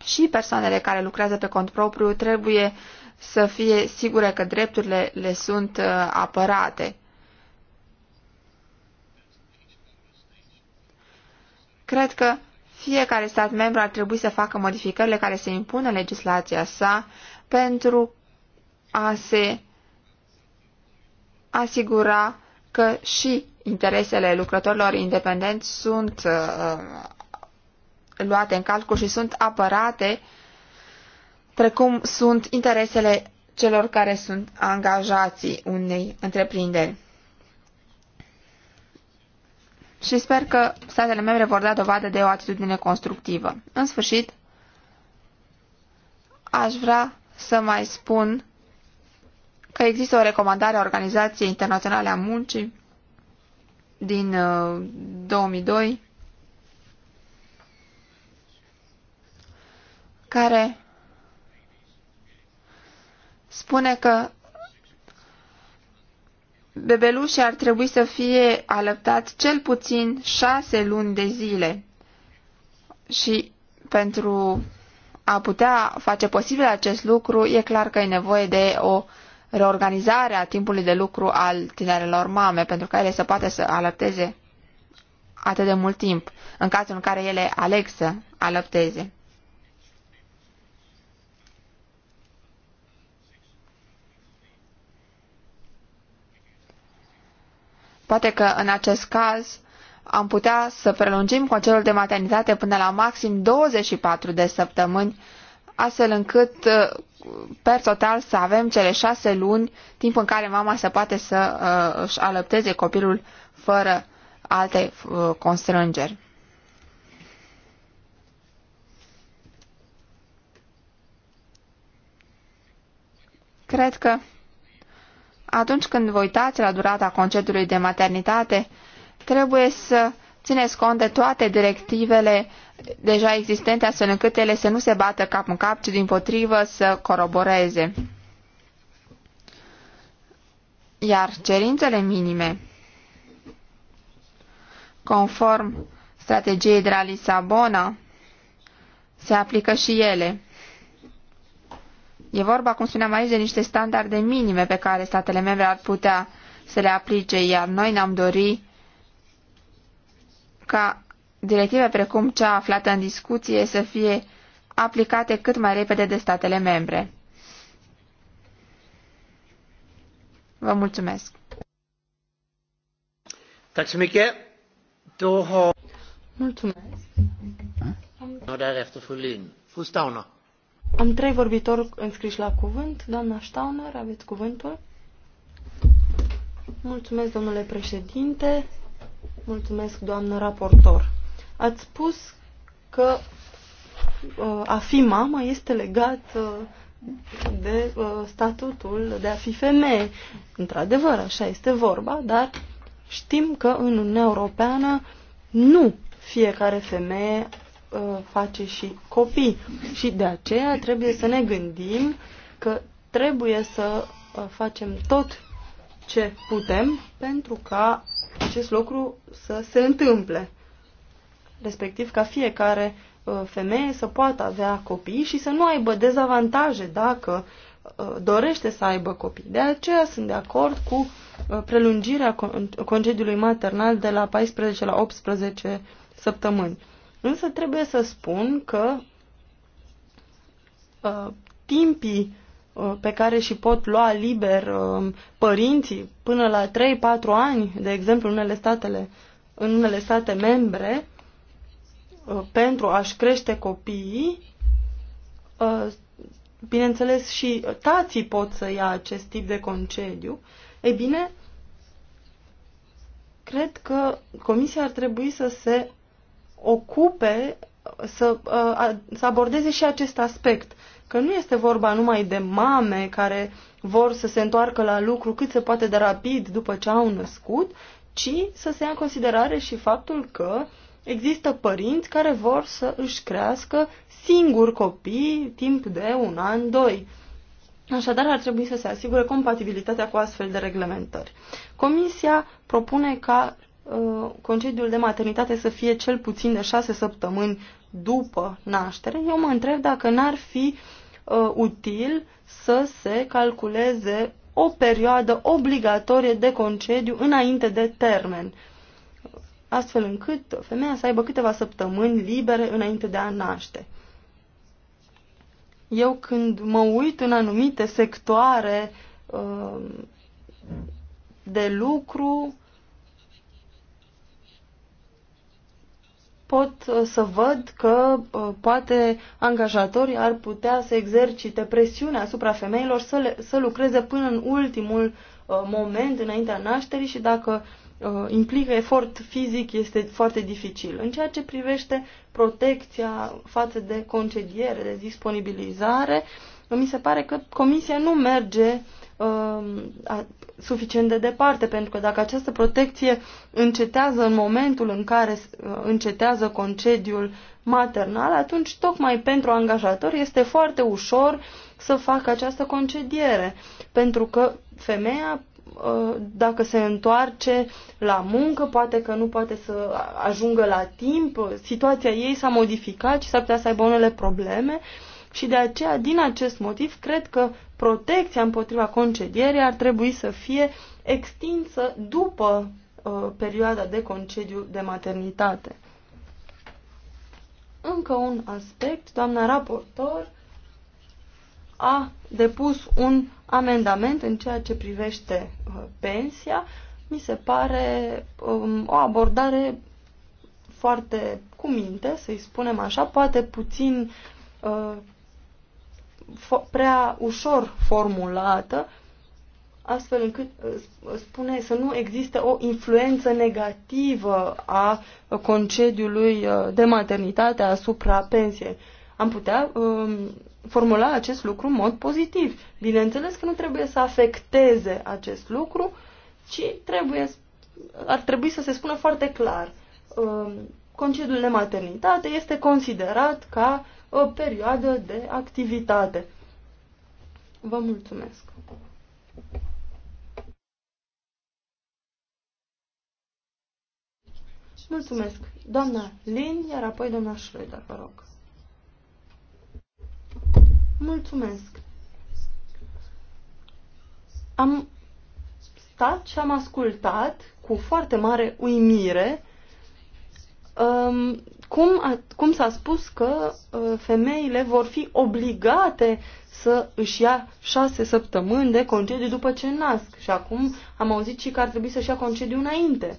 și persoanele care lucrează pe cont propriu trebuie să fie sigure că drepturile le sunt uh, apărate. Cred că fiecare stat membru ar trebui să facă modificările care se impun în legislația sa pentru a se asigura că și interesele lucrătorilor independenți sunt uh, luate în calcul și sunt apărate, precum sunt interesele celor care sunt angajații unei întreprinderi. Și sper că statele membre vor da dovadă de o atitudine constructivă. În sfârșit, aș vrea să mai spun că există o recomandare a Organizației Internaționale a Muncii din 2002 uh, care spune că bebelușii ar trebui să fie alăptați cel puțin șase luni de zile și pentru a putea face posibil acest lucru, e clar că e nevoie de o reorganizarea timpului de lucru al tinerelor mame, pentru ca ele să poată să alăpteze atât de mult timp, în cazul în care ele aleg să alăpteze. Poate că în acest caz am putea să prelungim concediul de maternitate până la maxim 24 de săptămâni astfel încât uh, per total să avem cele șase luni, timp în care mama se poate să uh, își alăpteze copilul fără alte uh, constrângeri. Cred că atunci când vă uitați la durata concediului de maternitate, trebuie să țineți cont de toate directivele uh, deja existente, astfel încât ele să nu se bată cap în cap, ci din potrivă să coroboreze. Iar cerințele minime, conform strategiei de la Lisabona, se aplică și ele. E vorba, cum spuneam aici, de niște standarde minime pe care statele membre ar putea să le aplice, iar noi ne-am dorit ca directive precum cea aflată în discuție să fie aplicate cât mai repede de statele membre. Vă mulțumesc! Mulțumesc! Er Am... Am trei vorbitori înscriși la cuvânt. Doamna Stauner, aveți cuvântul. Mulțumesc, domnule președinte. Mulțumesc, doamnă raportor. Ați spus că uh, a fi mamă este legat uh, de uh, statutul de a fi femeie. Într-adevăr, așa este vorba, dar știm că în Uniunea Europeană nu fiecare femeie face și copii și de aceea trebuie să ne gândim că trebuie să facem tot ce putem pentru ca acest lucru să se întâmple respectiv ca fiecare uh, femeie să poată avea copii și să nu aibă dezavantaje dacă uh, dorește să aibă copii. De aceea sunt de acord cu uh, prelungirea concediului maternal de la 14 la 18 săptămâni. Însă trebuie să spun că timpii pe care și pot lua liber um, părinții până la 3-4 ani, de exemplu, în unele, statele, în unele state membre, Uh, pentru a-și crește copiii, uh, bineînțeles și tații pot să ia acest tip de concediu, e bine, cred că comisia ar trebui să se ocupe, să, uh, să abordeze și acest aspect, că nu este vorba numai de mame care vor să se întoarcă la lucru cât se poate de rapid după ce au născut, ci să se ia în considerare și faptul că uh, există părinți care vor să își crească singuri copii timp de un an, doi. Așadar, ar trebui să se asigure compatibilitatea cu astfel de reglementări. Comisia propune ca uh, concediul de maternitate să fie cel puțin de șase săptămâni după naștere. Eu mă întreb dacă n-ar fi uh, util să se calculeze o perioadă obligatorie de concediu înainte de termen. Uh, astfel încât femeia să aibă câteva săptămâni libere înainte de a naște. Eu când mă uit în anumite sectoare uh, de lucru, pot uh, să văd că uh, poate angajatorii ar putea să exercite presiune asupra femeilor să, le, să lucreze până în ultimul uh, moment înaintea nașterii și dacă uh, Uh, implică efort fizic este foarte dificil. În ceea ce privește protecția față de concediere, de disponibilizare, mi se pare că Comisia nu merge uh, suficient de departe, pentru că dacă această protecție încetează în momentul în care uh, încetează concediul maternal, atunci tocmai pentru angajator este foarte ușor să facă această concediere, pentru că femeia Uh, dacă se întoarce la muncă, poate că nu poate să ajungă la timp, situația ei s-a modificat și s-ar putea să aibă unele probleme și de aceea, din acest motiv, cred că protecția împotriva concedierii ar trebui să fie extinsă după uh, perioada de concediu de maternitate. Încă un aspect, doamna raportor a depus un amendament în ceea ce privește uh, pensia, mi se pare um, o abordare foarte cu minte, să-i spunem așa, poate puțin uh, prea ușor formulată, astfel încât uh, spune să nu existe o influență negativă a concediului uh, de maternitate asupra pensiei. Am putea uh, formula acest lucru în mod pozitiv. Bineînțeles că nu trebuie să afecteze acest lucru, ci trebuie, ar trebui să se spună foarte clar. Um, concediul de maternitate este considerat ca o perioadă de activitate. Vă mulțumesc! Mulțumesc, doamna Lin, iar apoi doamna Schroeder, vă rog. Mulțumesc. Am stat și am ascultat cu foarte mare uimire um, cum, a, cum s-a spus că uh, femeile vor fi obligate să își ia șase săptămâni de concediu după ce nasc. Și acum am auzit și că ar trebui să-și ia concediu înainte.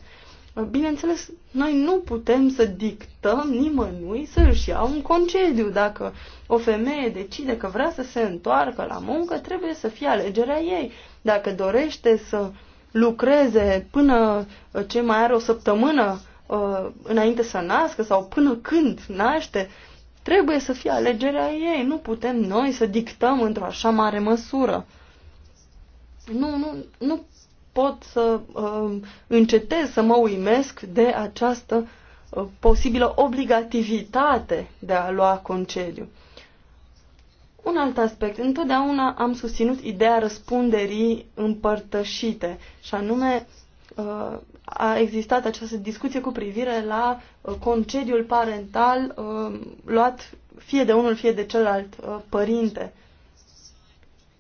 Bineînțeles, noi nu putem să dictăm nimănui să își ia un concediu. Dacă o femeie decide că vrea să se întoarcă la muncă, trebuie să fie alegerea ei. Dacă dorește să lucreze până uh, ce mai are o săptămână uh, înainte să nască sau până când naște, trebuie să fie alegerea ei. Nu putem noi să dictăm într-o așa mare măsură. Nu, nu, nu pot să uh, încetez să mă uimesc de această uh, posibilă obligativitate de a lua concediu. Un alt aspect. Întotdeauna am susținut ideea răspunderii împărtășite și anume uh, a existat această discuție cu privire la uh, concediul parental uh, luat fie de unul, fie de celălalt uh, părinte. Uh,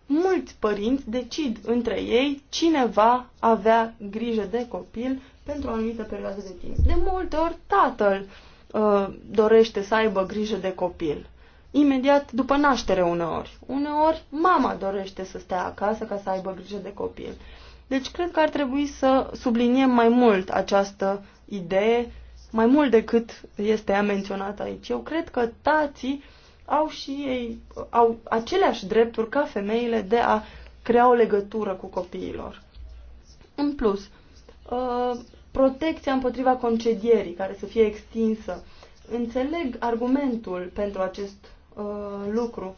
mulți părinți decid între ei cine va avea grijă de copil pentru o anumită perioadă de timp. De multe ori tatăl uh, dorește să aibă grijă de copil. Imediat după naștere uneori. Uneori mama dorește să stea acasă ca să aibă grijă de copil. Deci cred că ar trebui să subliniem mai mult această idee, mai mult decât este ea menționată aici. Eu cred că tații au și ei au aceleași drepturi ca femeile de a crea o legătură cu copiilor. În plus, uh, protecția împotriva concedierii, care să fie extinsă. Înțeleg argumentul pentru acest uh, lucru,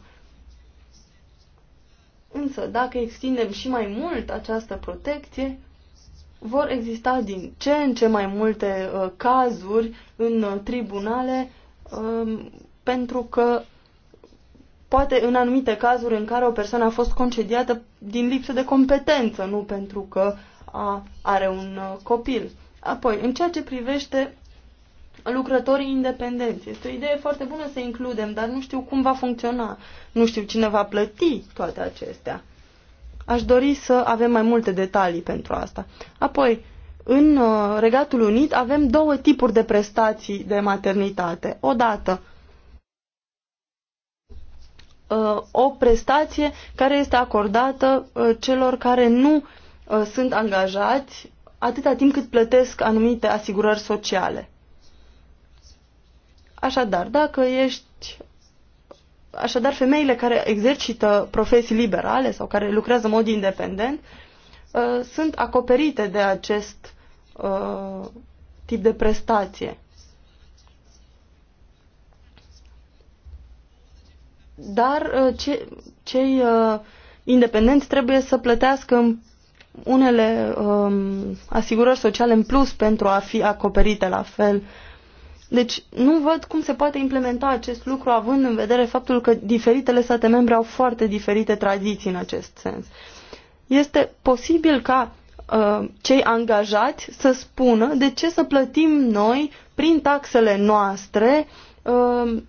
însă dacă extindem și mai mult această protecție, vor exista din ce în ce mai multe uh, cazuri în uh, tribunale um, pentru că poate în anumite cazuri în care o persoană a fost concediată din lipsă de competență, nu pentru că a, are un uh, copil. Apoi, în ceea ce privește lucrătorii independenți, este o idee foarte bună să includem, dar nu știu cum va funcționa, nu știu cine va plăti toate acestea. Aș dori să avem mai multe detalii pentru asta. Apoi, în uh, Regatul Unit avem două tipuri de prestații de maternitate. Odată, o prestație care este acordată uh, celor care nu uh, sunt angajați atâta timp cât plătesc anumite asigurări sociale. Așadar, dacă ești Așadar, femeile care exercită profesii liberale sau care lucrează în mod independent uh, sunt acoperite de acest tip de prestație. dar uh, ce, cei uh, independenți trebuie să plătească unele um, asigurări sociale în plus pentru a fi acoperite la fel. Deci nu văd cum se poate implementa acest lucru având în vedere faptul că diferitele state membre au foarte diferite tradiții în acest sens. Este posibil ca uh, cei angajați să spună de ce să plătim noi prin taxele noastre uh,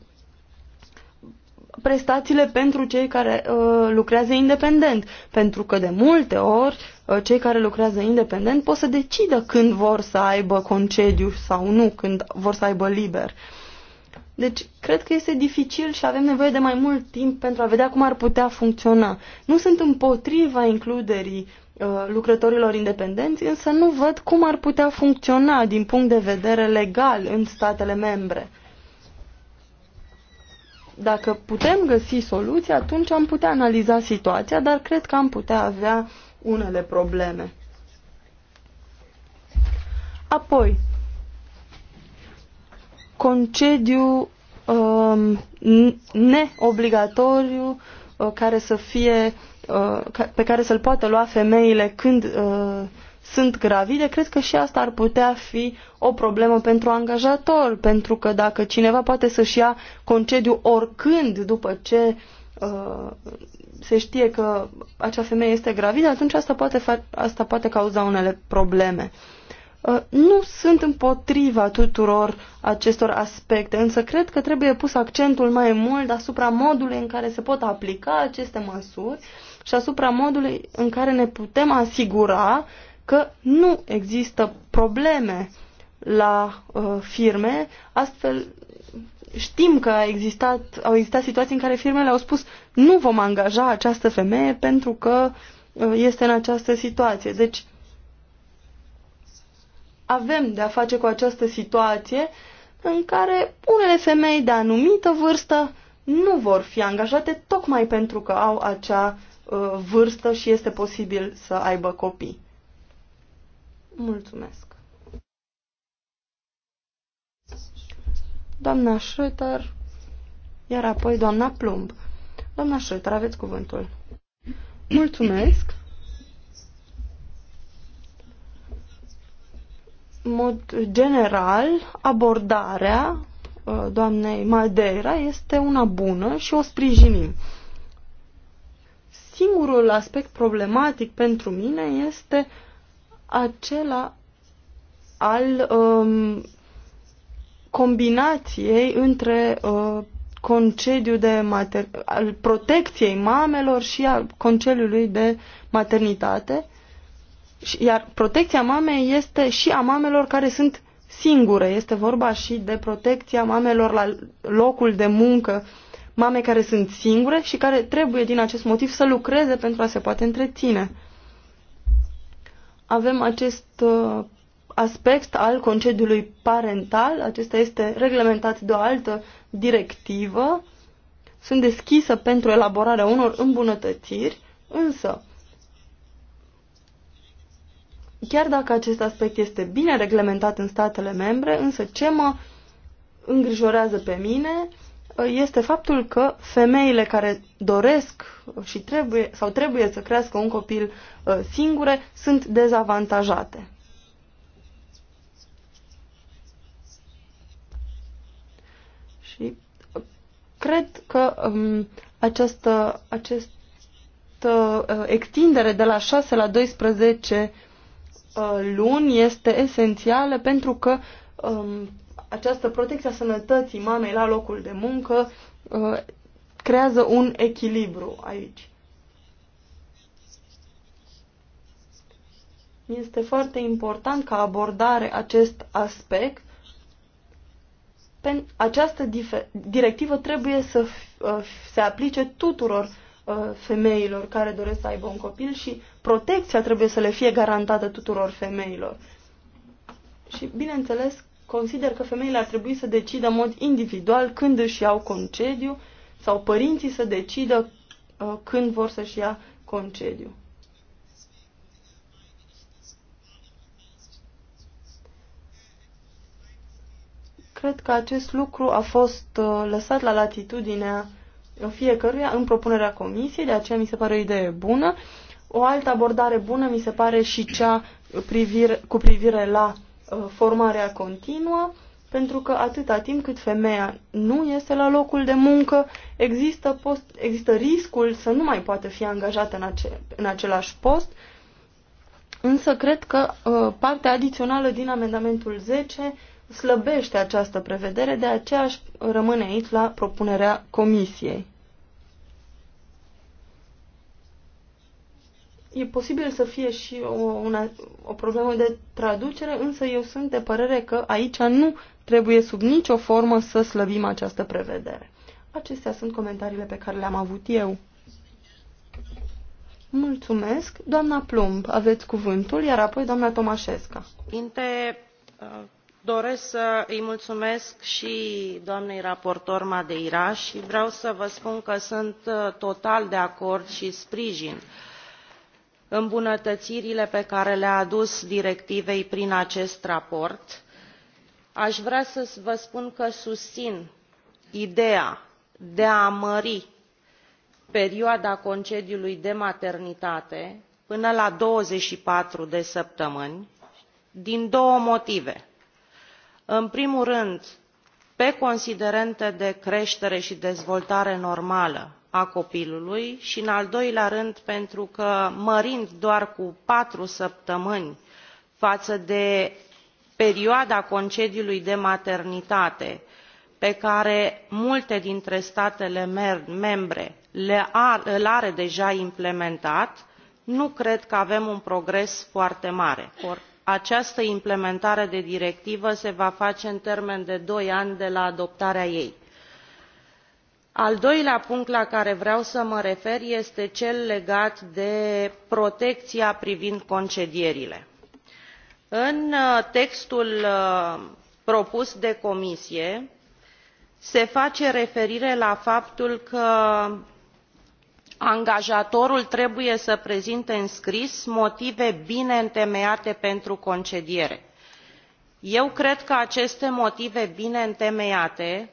prestațiile pentru cei care uh, lucrează independent. Pentru că de multe ori uh, cei care lucrează independent pot să decidă când vor să aibă concediu sau nu, când vor să aibă liber. Deci, cred că este dificil și avem nevoie de mai mult timp pentru a vedea cum ar putea funcționa. Nu sunt împotriva includerii uh, lucrătorilor independenți, însă nu văd cum ar putea funcționa din punct de vedere legal în statele membre. Dacă putem găsi soluții, atunci am putea analiza situația, dar cred că am putea avea unele probleme. Apoi, concediu um, neobligatoriu uh, care să fie, uh, pe care să-l poată lua femeile când uh, sunt gravide, cred că și asta ar putea fi o problemă pentru angajator, pentru că dacă cineva poate să-și ia concediu oricând după ce uh, se știe că acea femeie este gravidă, atunci asta poate, asta poate cauza unele probleme. Uh, nu sunt împotriva tuturor acestor aspecte, însă cred că trebuie pus accentul mai mult asupra modului în care se pot aplica aceste măsuri și asupra modului în care ne putem asigura că nu există probleme la uh, firme, astfel știm că a existat, au existat situații în care firmele au spus nu vom angaja această femeie pentru că uh, este în această situație. Deci avem de a face cu această situație în care unele femei de anumită vârstă nu vor fi angajate tocmai pentru că au acea uh, vârstă și este posibil să aibă copii. Mulțumesc. Doamna Schröter, iar apoi doamna Plumb. Doamna Schröter, aveți cuvântul. Mulțumesc. mod general, abordarea uh, doamnei Madeira este una bună și o sprijinim. Singurul aspect problematic pentru mine este uh, acela al um, combinației între uh, concediu de mater al protecției mamelor și al concediului de maternitate. Iar protecția mamei este și a mamelor care sunt singure. Este vorba și de protecția mamelor la locul de muncă, mame care sunt singure și care trebuie din acest motiv să lucreze pentru a se poate întreține avem acest uh, aspect al concediului parental. Acesta este reglementat de o altă directivă. Sunt deschisă pentru elaborarea unor îmbunătățiri, însă chiar dacă acest aspect este bine reglementat în statele membre, însă ce mă îngrijorează pe mine este faptul că femeile care doresc și trebuie sau trebuie să crească un copil uh, singure sunt dezavantajate. Și uh, cred că um, această, această uh, extindere de la 6 la 12 uh, luni este esențială pentru că um, această protecție a sănătății mamei la locul de muncă uh, creează un echilibru aici. Este foarte important ca abordare acest aspect. Această directivă trebuie să uh, se aplice tuturor uh, femeilor care doresc să aibă un copil și protecția trebuie să le fie garantată tuturor femeilor. Și, bineînțeles, Consider că femeile ar trebui să decidă în mod individual când își iau concediu sau părinții să decidă uh, când vor să-și ia concediu. Cred că acest lucru a fost uh, lăsat la latitudinea fiecăruia în propunerea comisiei, de aceea mi se pare o idee bună. O altă abordare bună mi se pare și cea privire, cu privire la formarea continuă, pentru că atâta timp cât femeia nu este la locul de muncă, există, post, există riscul să nu mai poată fi angajată în, ace, în același post, însă cred că uh, partea adițională din amendamentul 10 slăbește această prevedere, de aceea aș rămâne aici la propunerea comisiei. E posibil să fie și o, una, o problemă de traducere, însă eu sunt de părere că aici nu trebuie sub nicio formă să slăbim această prevedere. Acestea sunt comentariile pe care le-am avut eu. Mulțumesc. Doamna Plumb, aveți cuvântul, iar apoi doamna Tomașesca. Inte, doresc să îi mulțumesc și doamnei raportor Madeira și vreau să vă spun că sunt total de acord și sprijin uh, îmbunătățirile pe care le a adus directivei prin acest raport aș vrea să vă spun că susțin ideea de a mări perioada concediului de maternitate până la douăzeci și patru de săptămâni din două motive în primul rând pe considerente de creștere și dezvoltare normală a copilului și în al doilea rând pentru că mărind doar cu patru săptămâni față de perioada concediului de maternitate pe care multe dintre statele membre îl are deja implementat nu cred că avem un progres foarte mare. această implementare de directivă se va face în termen de doi ani de la adoptarea ei al doilea punct la care vreau să mă refer este cel legat de protecia privind concedierile. în uh, textul uh, propus de comisie se face referire la faptul că angajatorul trebuie să prezinte în scris motive bine întemeiate pentru concediere. eu cred că aceste motive bine întemeiate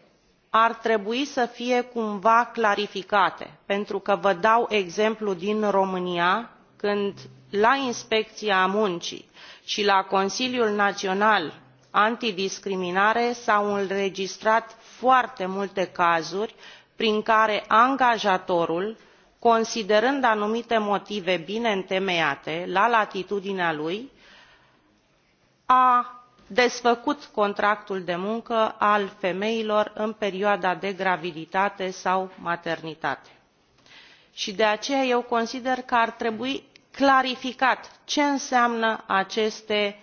ar trebui să fie cumva clarificate pentru că vă dau exemplu din românia când la inspecția muncii și la consiliul național antidiscriminare s au înregistrat foarte multe cazuri prin care angajatorul considerând anumite motive bine întemeiate la latitudinea lui a desfăcut contractul de muncă al femeilor în perioada de graviditate sau maternitate și de aceea eu consider că ar trebui clarificat ce înseamnă aceste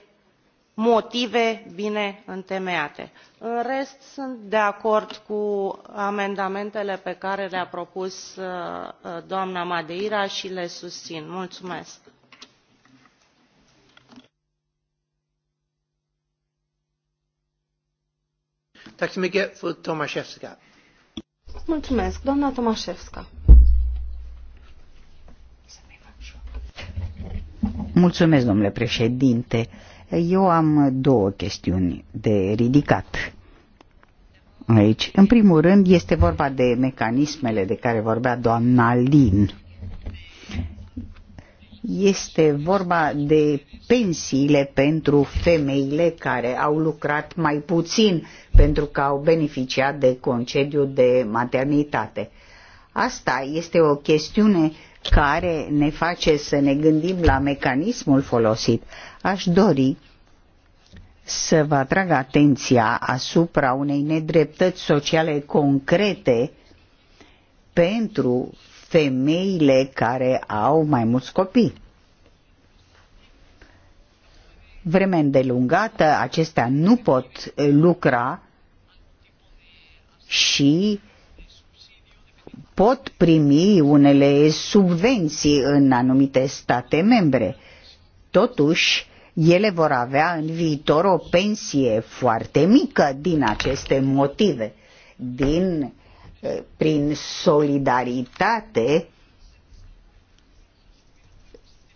motive bine întemeiate. în rest sunt de acord cu amendamentele pe care le a propus uh, uh, doamna madeira și le susțin. mulțumesc. Tack så mycket, fru Tomaszewska. Mulțumesc, doamna Tomaszewska. Mulțumesc, domnule președinte. Eu am două chestiuni de ridicat aici. În primul rând, este vorba de mecanismele de care vorbea doamna Lin. Este vorba de pensiile pentru femeile care au lucrat mai puțin pentru că au beneficiat de concediu de maternitate. Asta este o chestiune care ne face să ne gândim la mecanismul folosit. Aș dori să vă atrag atenția asupra unei nedreptăți sociale concrete pentru femeile care au mai mulți copii. Vreme îndelungată acestea nu pot eh, lucra și pot primi unele subvenții în anumite state membre. Totuși, ele vor avea în viitor o pensie foarte mică din aceste motive, din prin solidaritate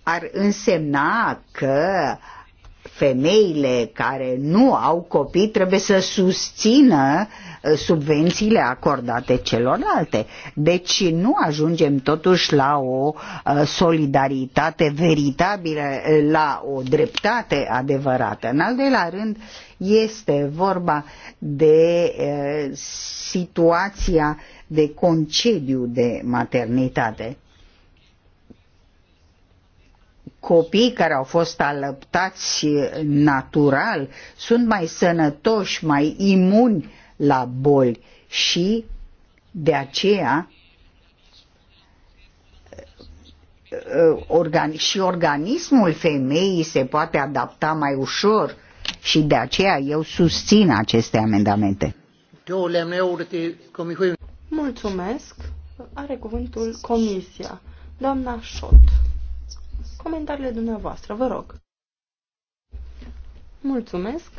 ar însemna că femeile care nu au copii trebuie să susțină uh, subvențiile acordate celorlalte. Deci nu ajungem totuși la o uh, solidaritate veritabilă, uh, la o dreptate adevărată. În al doilea rând, este vorba de situația de concediu de maternitate copiii care au fost alăptați natural sunt mai sănătoși, mai imuni la boli și de aceea uh, și organismul femeii se poate adapta mai ușor și de aceea eu susțin aceste amendamente. Mulțumesc. Are cuvântul Comisia. Doamna Șot comentariile dumneavoastră. Vă rog. Mulțumesc.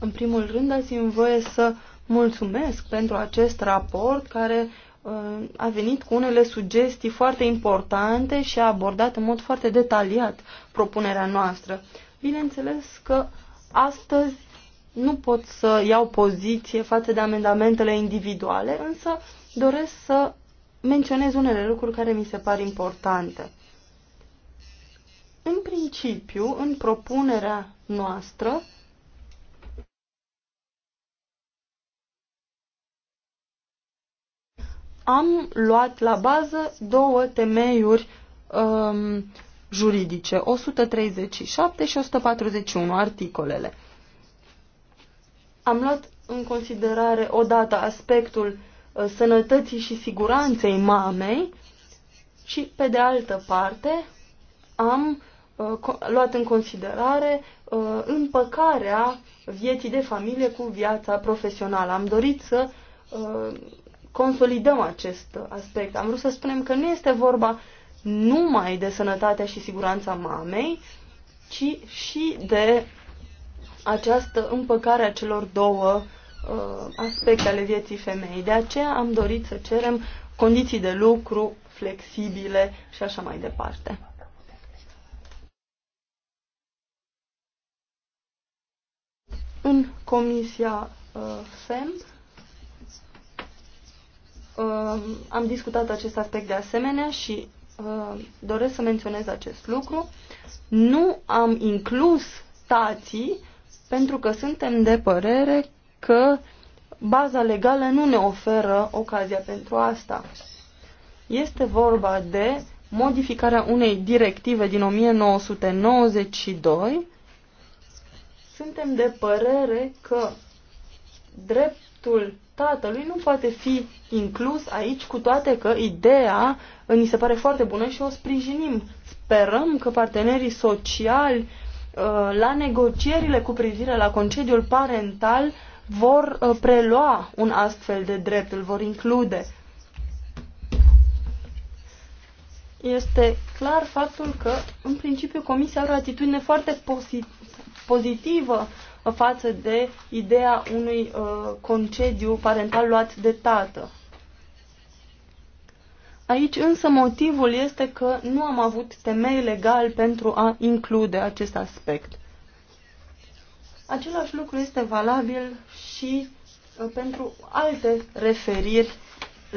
În primul rând, dați-mi voie să mulțumesc pentru acest raport care uh, a venit cu unele sugestii foarte importante și a abordat în mod foarte detaliat propunerea noastră. Bineînțeles că astăzi nu pot să iau poziție față de amendamentele individuale, însă doresc să menționez unele lucruri care mi se par importante. În principiu, în propunerea noastră, am luat la bază două temeiuri um, juridice, 137 și 141 articolele. Am luat în considerare odată aspectul uh, sănătății și siguranței mamei și, pe de altă parte, am Uh, luat în considerare uh, împăcarea vieții de familie cu viața profesională. Am dorit să uh, consolidăm acest aspect. Am vrut să spunem că nu este vorba numai de sănătatea și siguranța mamei, ci și de această împăcare a celor două aspecte ale vieții femeii. De aceea am dorit să cerem condiții de lucru flexibile și așa mai departe. în Comisia uh, FEM uh, am discutat acest aspect de asemenea și uh, doresc să menționez acest lucru. Nu am inclus tații pentru că suntem de părere că baza legală nu ne oferă ocazia pentru asta. Este vorba de modificarea unei directive din 1992 suntem de părere că dreptul tatălui nu poate fi inclus aici, cu toate că ideea ni se pare foarte bună și o sprijinim. Sperăm că partenerii sociali uh, la negocierile cu privire la concediul parental vor uh, prelua un astfel de drept, îl vor include. Este clar faptul că, în principiu, Comisia are o atitudine foarte pozitivă față de ideea unui uh, concediu parental luat de tată. Aici însă motivul este că nu am avut temei legal pentru a include acest aspect. Același lucru este valabil și uh, pentru alte referiri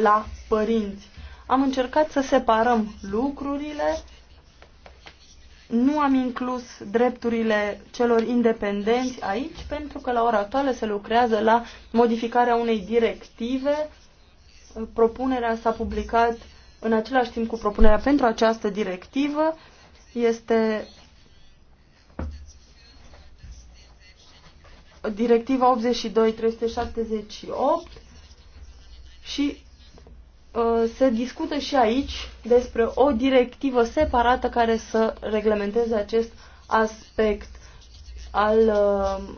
la părinți. Am încercat să separăm lucrurile nu am inclus drepturile celor independenți aici pentru că la ora actuală se lucrează la modificarea unei directive. Propunerea s-a publicat în același timp cu propunerea pentru această directivă. Este directiva 82.378 și Uh, se discută și aici despre o directivă separată care să reglementeze acest aspect al uh,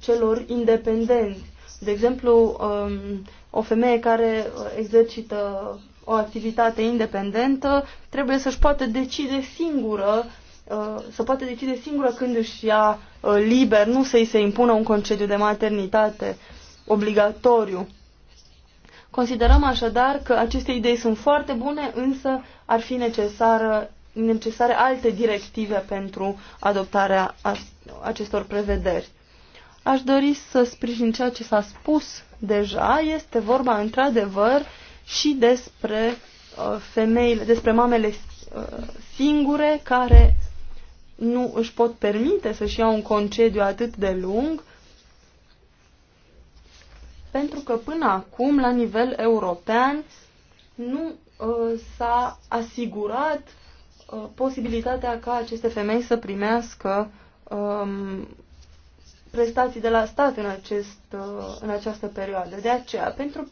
celor independenți. De exemplu, um, o femeie care exercită o activitate independentă trebuie să-și poată decide singură uh, să poată decide singură când își ia liber, nu să-i se impună un concediu de maternitate obligatoriu. Considerăm așadar că aceste idei sunt foarte bune, însă ar fi necesară, necesare alte directive pentru adoptarea acestor prevederi. Aș dori să sprijin ceea ce s-a spus deja. Este vorba într-adevăr și despre uh, femeile, despre mamele uh, singure care nu își pot permite să-și iau un concediu atât de lung pentru că până acum, la nivel european, nu uh, s-a asigurat uh, posibilitatea ca aceste femei să primească um, prestații de la stat în, acest, uh, în această perioadă. De aceea, pentru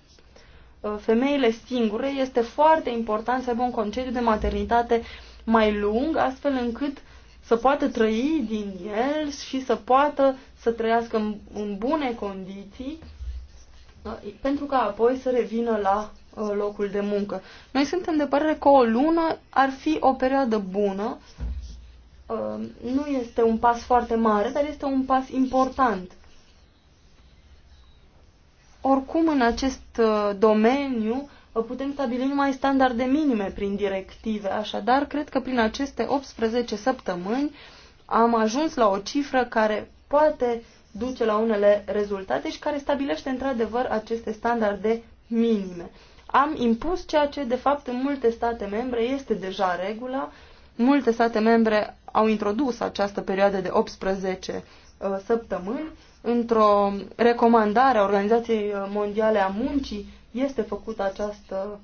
uh, femeile singure este foarte important să aibă un concediu de maternitate mai lung, astfel încât să poată trăi din el și să poată să trăiască în, în bune condiții pentru ca apoi să revină la uh, locul de muncă. Noi suntem de părere că o lună ar fi o perioadă bună. Uh, nu este un pas foarte mare, dar este un pas important. Oricum, în acest uh, domeniu putem stabili numai standarde minime prin directive, așadar cred că prin aceste 18 săptămâni am ajuns la o cifră care poate duce la unele rezultate și care stabilește într-adevăr aceste standarde minime. Am impus ceea ce, de fapt, în multe state membre este deja regula. Multe state membre au introdus această perioadă de 18 uh, săptămâni. Într-o recomandare a Organizației uh, Mondiale a Muncii este făcută această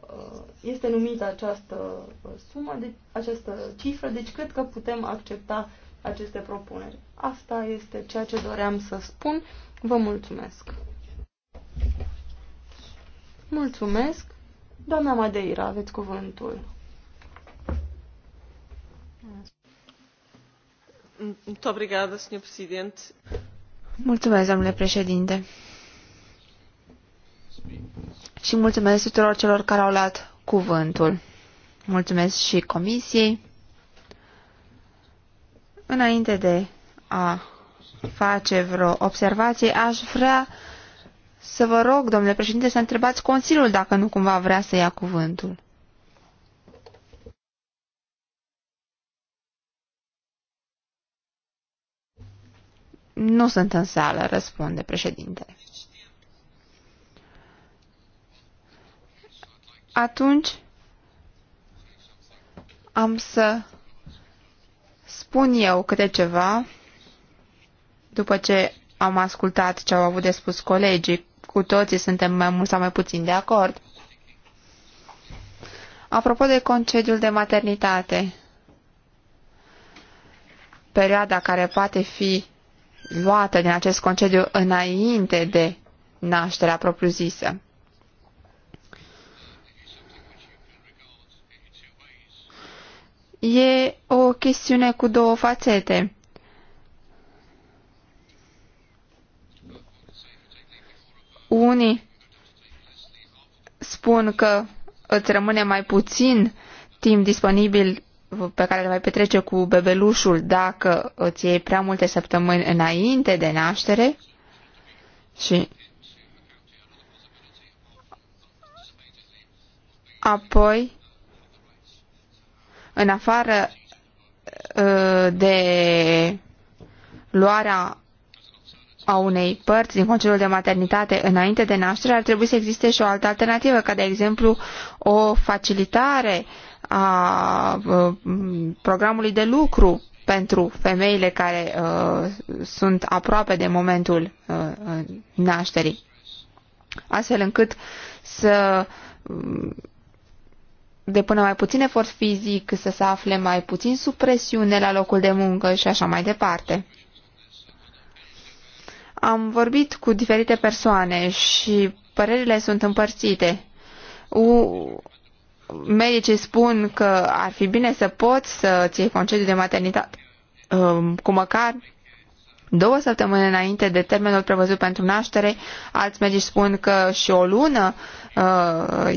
uh, este numită această uh, sumă, de, această cifră, deci cred că putem accepta aceste propuneri. Asta este ceea ce doream să spun. Vă mulțumesc! Mulțumesc! Doamna Madeira, aveți cuvântul. Mulțumesc, domnule președinte. Și mulțumesc tuturor celor care au luat cuvântul. Mulțumesc și comisiei Înainte de a face vreo observație, aș vrea să vă rog, domnule președinte, să întrebați Consiliul dacă nu cumva vrea să ia cuvântul. Nu sunt în sală, răspunde președintele. Atunci am să spun eu câte ceva după ce am ascultat ce au avut de spus colegii. Cu toții suntem mai mult sau mai puțin de acord. Apropo de concediul de maternitate, perioada care poate fi luată din acest concediu înainte de nașterea propriu-zisă. E o chestiune cu două fațete. Unii spun că îți rămâne mai puțin timp disponibil pe care le mai petrece cu bebelușul dacă îți iei prea multe săptămâni înainte de naștere și apoi în afară uh, de luarea a unei părți din concediul de maternitate înainte de naștere, ar trebui să existe și o altă alternativă, ca de exemplu o facilitare a uh, programului de lucru pentru femeile care uh, sunt aproape de momentul uh, nașterii, astfel încât să um, depună mai puțin efort fizic, să se afle mai puțin sub presiune la locul de muncă și așa mai departe. Am vorbit cu diferite persoane și părerile sunt împărțite. U Medicii spun că ar fi bine să poți să ți iei concediu de maternitate um, cu măcar două săptămâni înainte de termenul prevăzut pentru naștere, alți medici spun că și o lună uh,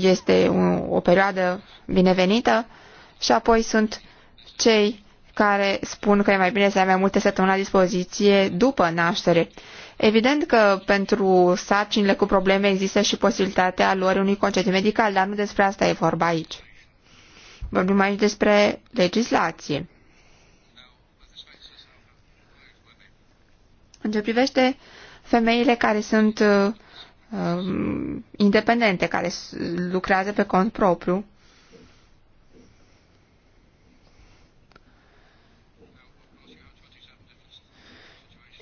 este o perioadă binevenită și apoi sunt cei care spun că e mai bine să ai mai multe săptămâni la dispoziție după naștere. Evident că pentru sarcinile cu probleme există și posibilitatea luării unui concediu medical, dar nu despre asta e vorba aici. Vorbim aici despre legislație. În ce privește femeile care sunt uh, um, independente, care lucrează pe cont propriu,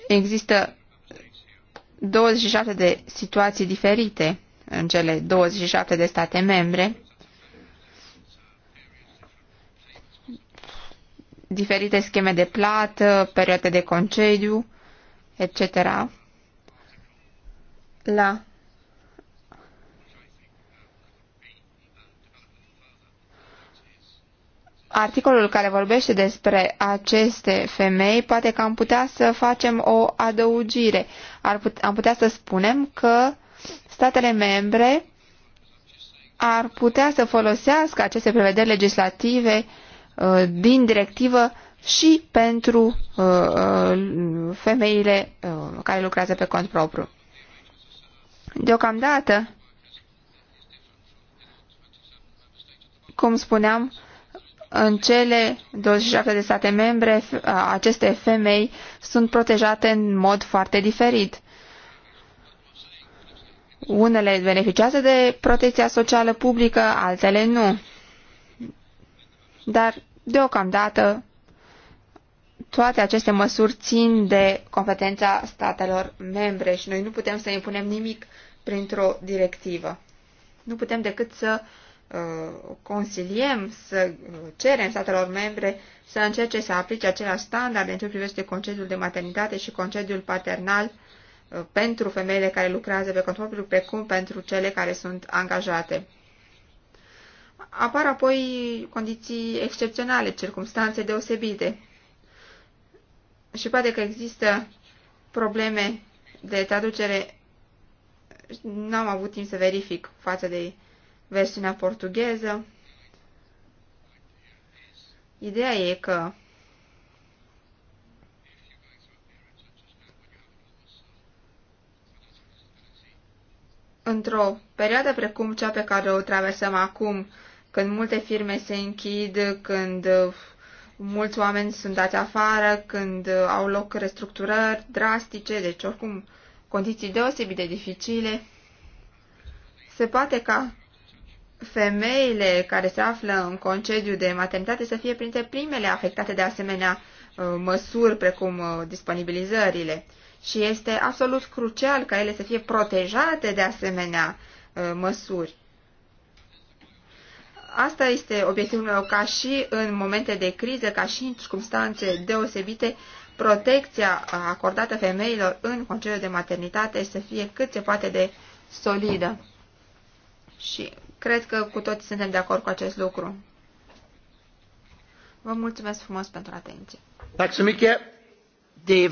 există 27 de situații diferite în cele 27 de state membre, diferite scheme de plată, perioade de concediu, etc. la articolul care vorbește despre aceste femei, poate că am putea să facem o adăugire. Ar put, am putea să spunem că statele membre ar putea să folosească aceste prevederi legislative uh, din directivă și pentru uh, uh, femeile uh, care lucrează pe cont propriu. Deocamdată, cum spuneam, în cele 27 de state membre, aceste femei sunt protejate în mod foarte diferit. Unele beneficiază de protecția socială publică, altele nu. Dar, deocamdată, toate aceste măsuri țin de competența statelor membre și noi nu putem să impunem nimic printr-o directivă. Nu putem decât să uh, consiliem, să uh, cerem statelor membre să încerce să aplice același standard în ce privește concediul de maternitate și concediul paternal uh, pentru femeile care lucrează pe cont propriu, precum pentru cele care sunt angajate. Apar apoi condiții excepționale, circumstanțe deosebite și poate că există probleme de traducere. N-am avut timp să verific față de versiunea portugheză. Ideea e că într-o perioadă precum cea pe care o traversăm acum, când multe firme se închid, când mulți oameni sunt dați afară când au loc restructurări drastice, deci oricum condiții deosebit de dificile. Se poate ca femeile care se află în concediu de maternitate să fie printre primele afectate de asemenea uh, măsuri precum uh, disponibilizările și este absolut crucial ca ele să fie protejate de asemenea uh, măsuri. Asta este obiectivul meu, ca și în momente de criză, ca și în circunstanțe deosebite, protecția acordată femeilor în concediu de maternitate să fie cât se poate de solidă. Și cred că cu toții suntem de acord cu acest lucru. Vă mulțumesc frumos pentru atenție. Eh,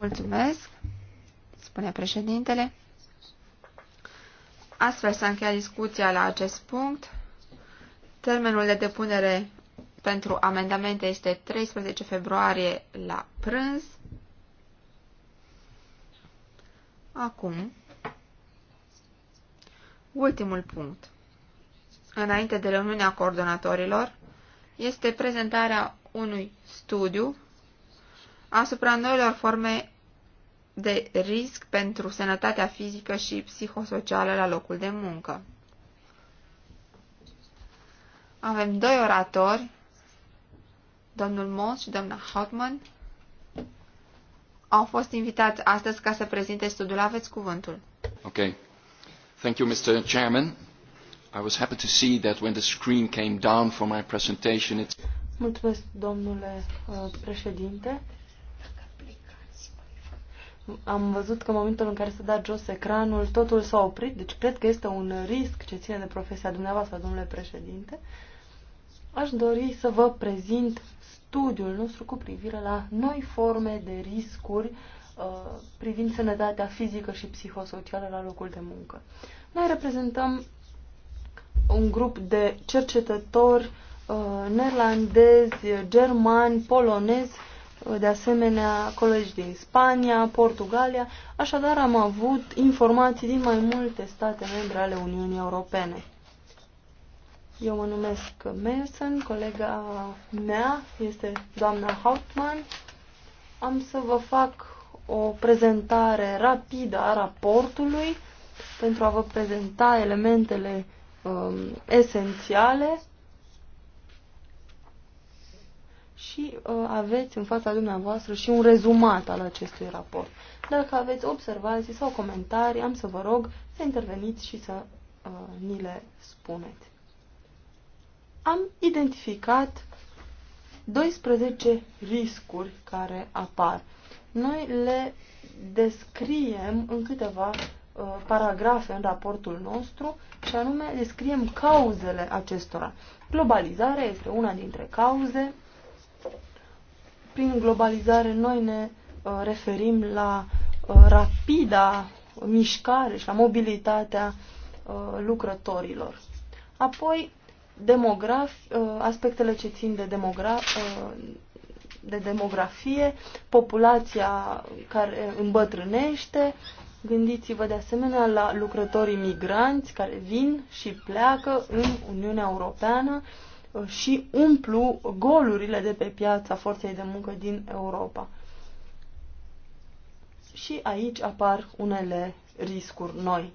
mulțumesc, spune președintele. Astfel s-a încheiat discuția la acest punct. Termenul de depunere pentru amendamente este 13 februarie la prânz. Acum, ultimul punct. Înainte de reuniunea coordonatorilor, este prezentarea unui studiu asupra noilor forme de risc pentru sănătatea fizică și psihosocială la locul de muncă. Avem doi oratori, domnul Moss și doamna Hotman. Au fost invitați astăzi ca să prezinte studiul. Aveți cuvântul. Ok. Thank you, Mr. Chairman. I was happy to see that when the screen came down for my presentation, it's... Mulțumesc, domnule uh, președinte. Am văzut că în momentul în care se da jos ecranul, totul s-a oprit, deci cred că este un risc ce ține de profesia dumneavoastră, domnule președinte. Uh, aș dori să vă prezint studiul nostru cu privire la noi forme de riscuri uh, privind sănătatea fizică și psihosocială la locul de muncă. Noi reprezentăm un grup de cercetători uh, neerlandezi, germani, polonezi, uh, de asemenea colegi din Spania, Portugalia, așadar am avut informații din mai multe state membre ale Uniunii Europene. Eu mă numesc Manson, colega mea este doamna Hauptmann. Am să vă fac o prezentare rapidă a raportului pentru a vă prezenta elementele um, esențiale și uh, aveți în fața dumneavoastră și un rezumat al acestui raport. Dacă aveți observații sau comentarii, am să vă rog să interveniți și să uh, ni le spuneți am identificat 12 riscuri care apar. Noi le descriem în câteva uh, paragrafe în raportul nostru și anume descriem cauzele acestora. Globalizarea este una dintre cauze. Prin globalizare noi ne uh, referim la uh, rapida mișcare și la mobilitatea uh, lucrătorilor. Apoi, demograf, uh, aspectele ce țin de, demogra uh, de demografie, populația care îmbătrânește, Gândiți-vă de asemenea la lucrătorii migranți care vin și pleacă în Uniunea Europeană uh, și umplu golurile de pe piața forței de muncă din Europa. Și aici apar unele riscuri noi.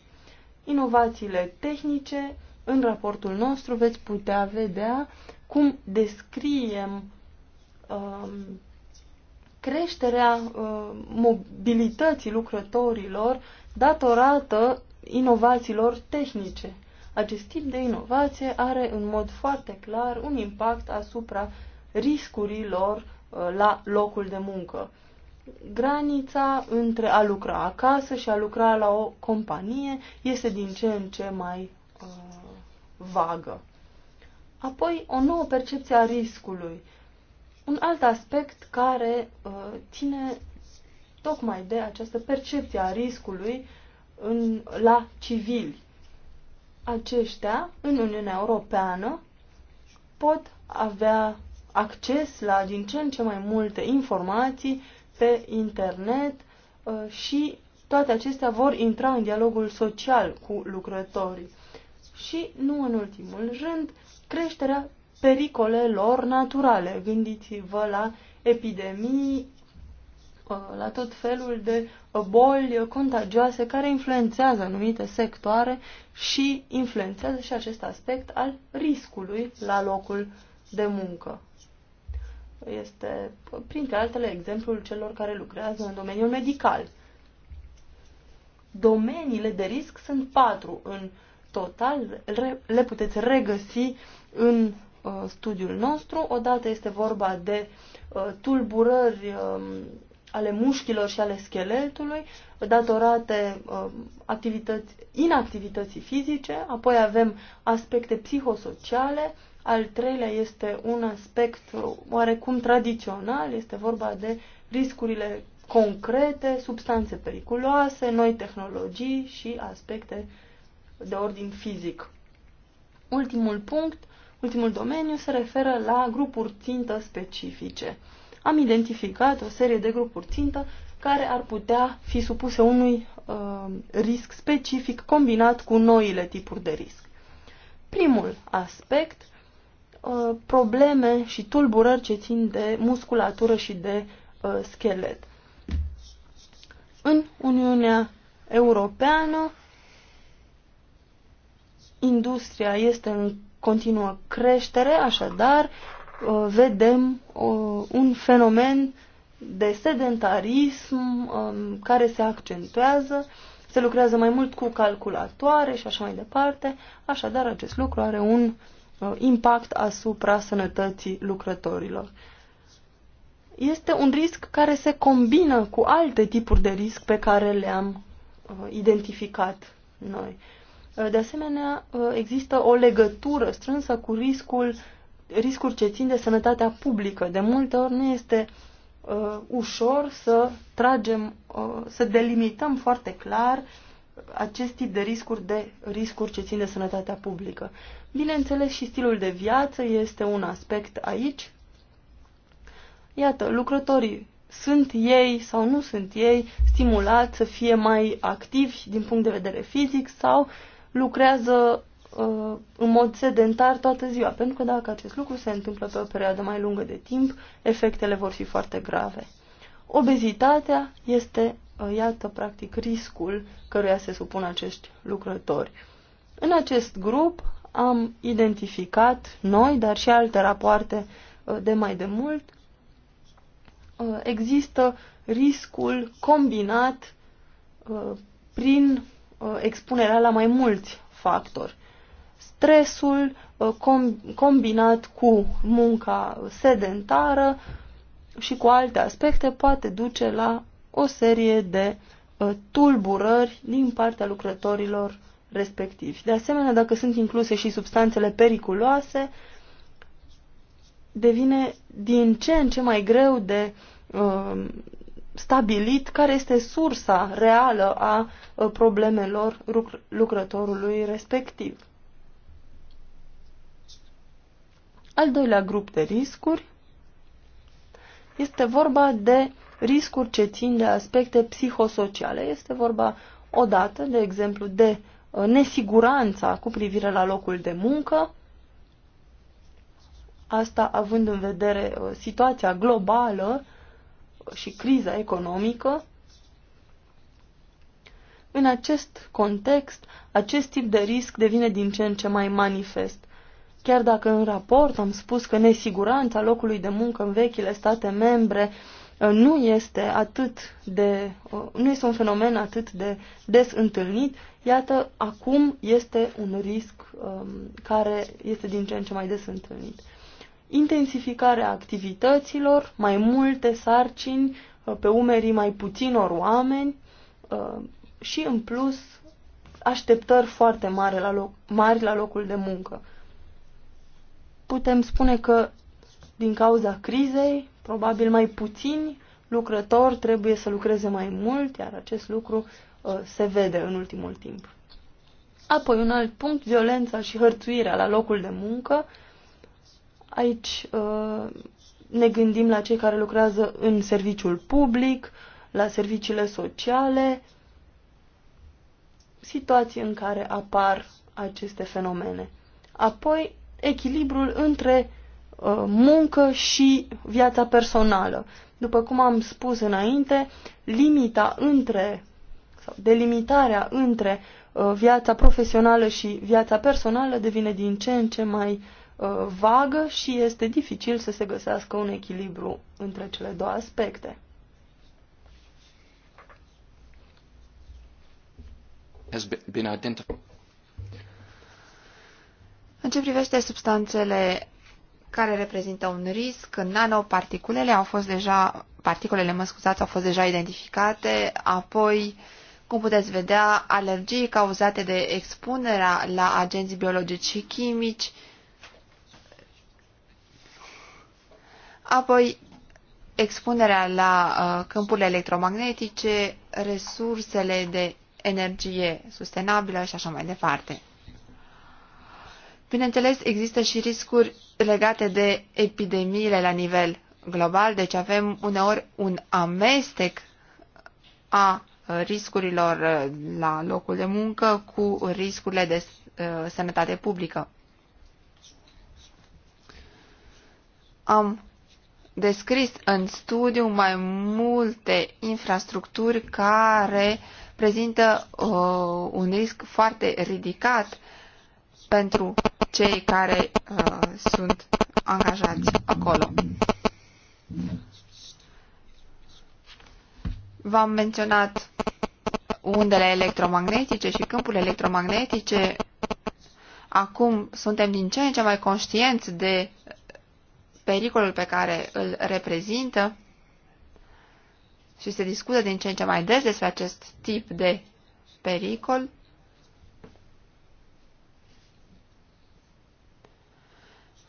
Inovațiile tehnice în raportul nostru veți putea vedea cum descriem um, creșterea um, mobilității lucrătorilor datorată inovațiilor tehnice. Acest tip de inovație are în mod foarte clar un impact asupra riscurilor uh, la locul de muncă. Granița între a lucra acasă și a lucra la o companie este din ce în ce mai uh, vagă. Apoi, o nouă percepție a riscului. Un alt aspect care uh, ține tocmai de această percepție a riscului în, la civili. Aceștia, în Uniunea Europeană, pot avea acces la din ce în ce mai multe informații pe internet uh, și toate acestea vor intra în dialogul social cu lucrătorii și, nu în ultimul rând, creșterea pericolelor naturale. Gândiți-vă la epidemii, ă, la tot felul de boli contagioase care influențează anumite sectoare și influențează și acest aspect al riscului la locul de muncă. Este, printre altele, exemplul celor care lucrează în domeniul medical. Domeniile de risc sunt patru în uh, total le puteți regăsi în uh, studiul nostru. Odată este vorba de uh, tulburări um, ale mușchilor și ale scheletului, datorate um, activități, inactivității fizice, apoi avem aspecte psihosociale, al treilea este un aspect uh, oarecum tradițional, este vorba de riscurile concrete, substanțe periculoase, noi tehnologii și aspecte de ordin fizic. Ultimul punct, ultimul domeniu se referă la grupuri țintă specifice. Am identificat o serie de grupuri țintă care ar putea fi supuse unui uh, risc specific combinat cu noile tipuri de risc. Primul aspect, uh, probleme și tulburări ce țin de musculatură și de uh, schelet. În Uniunea Europeană Industria este în continuă creștere, așadar uh, vedem uh, un fenomen de sedentarism um, care se accentuează, se lucrează mai mult cu calculatoare și așa mai departe, așadar acest lucru are un uh, impact asupra sănătății lucrătorilor. Este un risc care se combină cu alte tipuri de risc pe care le-am identificat noi. De asemenea, există o legătură strânsă cu riscul, riscuri ce țin de sănătatea publică. De multe ori nu este uh, ușor să tragem, uh, să delimităm foarte clar acest tip de riscuri de riscuri ce țin de sănătatea publică. Bineînțeles, și stilul de viață este un aspect aici. Iată, lucrătorii sunt ei sau nu sunt ei stimulați să fie mai activi din punct de vedere fizic sau uh, lucrează uh, în mod sedentar toată ziua, pentru că dacă acest lucru se întâmplă pe o perioadă mai lungă de timp, efectele vor fi foarte grave. Obezitatea este, uh, iată, practic, riscul căruia se supun acești lucrători. În acest grup am identificat noi, dar și alte rapoarte uh, de mai de mult, uh, există riscul combinat uh, prin Uh, expunerea la mai mulți factori. Stresul uh, combinat cu munca sedentară și cu alte aspecte poate duce la o serie de uh, tulburări din partea lucrătorilor respectivi. De asemenea, dacă sunt incluse și substanțele periculoase, devine din ce în ce mai greu de stabilit care este sursa reală a uh, problemelor lucrătorului respectiv. Al doilea grup de riscuri este vorba de riscuri ce țin de aspecte psihosociale. Este vorba odată, de exemplu, de uh, nesiguranța cu privire la locul de muncă, asta având în vedere uh, situația globală și criza economică, în acest context, acest tip de risc devine din ce în ce mai manifest. Chiar dacă în raport am spus că nesiguranța locului de muncă în vechile state membre uh, nu este, atât de, uh, nu este un fenomen atât de des întâlnit, iată, acum este un risc um, care este din ce în ce mai des întâlnit intensificarea activităților, mai multe sarcini uh, pe umerii mai puținor oameni uh, și, în plus, așteptări foarte mari la, loc, mari la locul de muncă. Putem spune că, din cauza crizei, probabil mai puțini lucrători trebuie să lucreze mai mult, iar acest lucru uh, se vede în ultimul timp. Apoi, un alt punct, violența și hărțuirea la locul de muncă, Aici uh, ne gândim la cei care lucrează în serviciul public, la serviciile sociale, situații în care apar aceste fenomene. Apoi, echilibrul între uh, muncă și viața personală. După cum am spus înainte, limita între sau delimitarea între uh, viața profesională și viața personală devine din ce în ce mai Uh, vagă și este dificil să se găsească un echilibru între cele două aspecte. Has been În ce privește substanțele care reprezintă un risc, nanoparticulele au fost deja, particulele, mă scuzați, au fost deja identificate, apoi, cum puteți vedea, alergii cauzate de expunerea la agenți biologici și chimici, Apoi, expunerea la uh, câmpurile electromagnetice, resursele de energie sustenabilă și așa mai departe. Bineînțeles, există și riscuri legate de epidemiile la nivel global, deci avem uneori un amestec a uh, riscurilor uh, la locul de muncă cu riscurile de uh, sănătate publică. Am descris în studiu mai multe infrastructuri care prezintă uh, un risc foarte ridicat pentru cei care uh, sunt angajați acolo. V-am menționat undele electromagnetice și câmpurile electromagnetice. Acum suntem din ce în ce mai conștienți de pericolul pe care îl reprezintă și se discută din ce în ce mai des despre acest tip de pericol,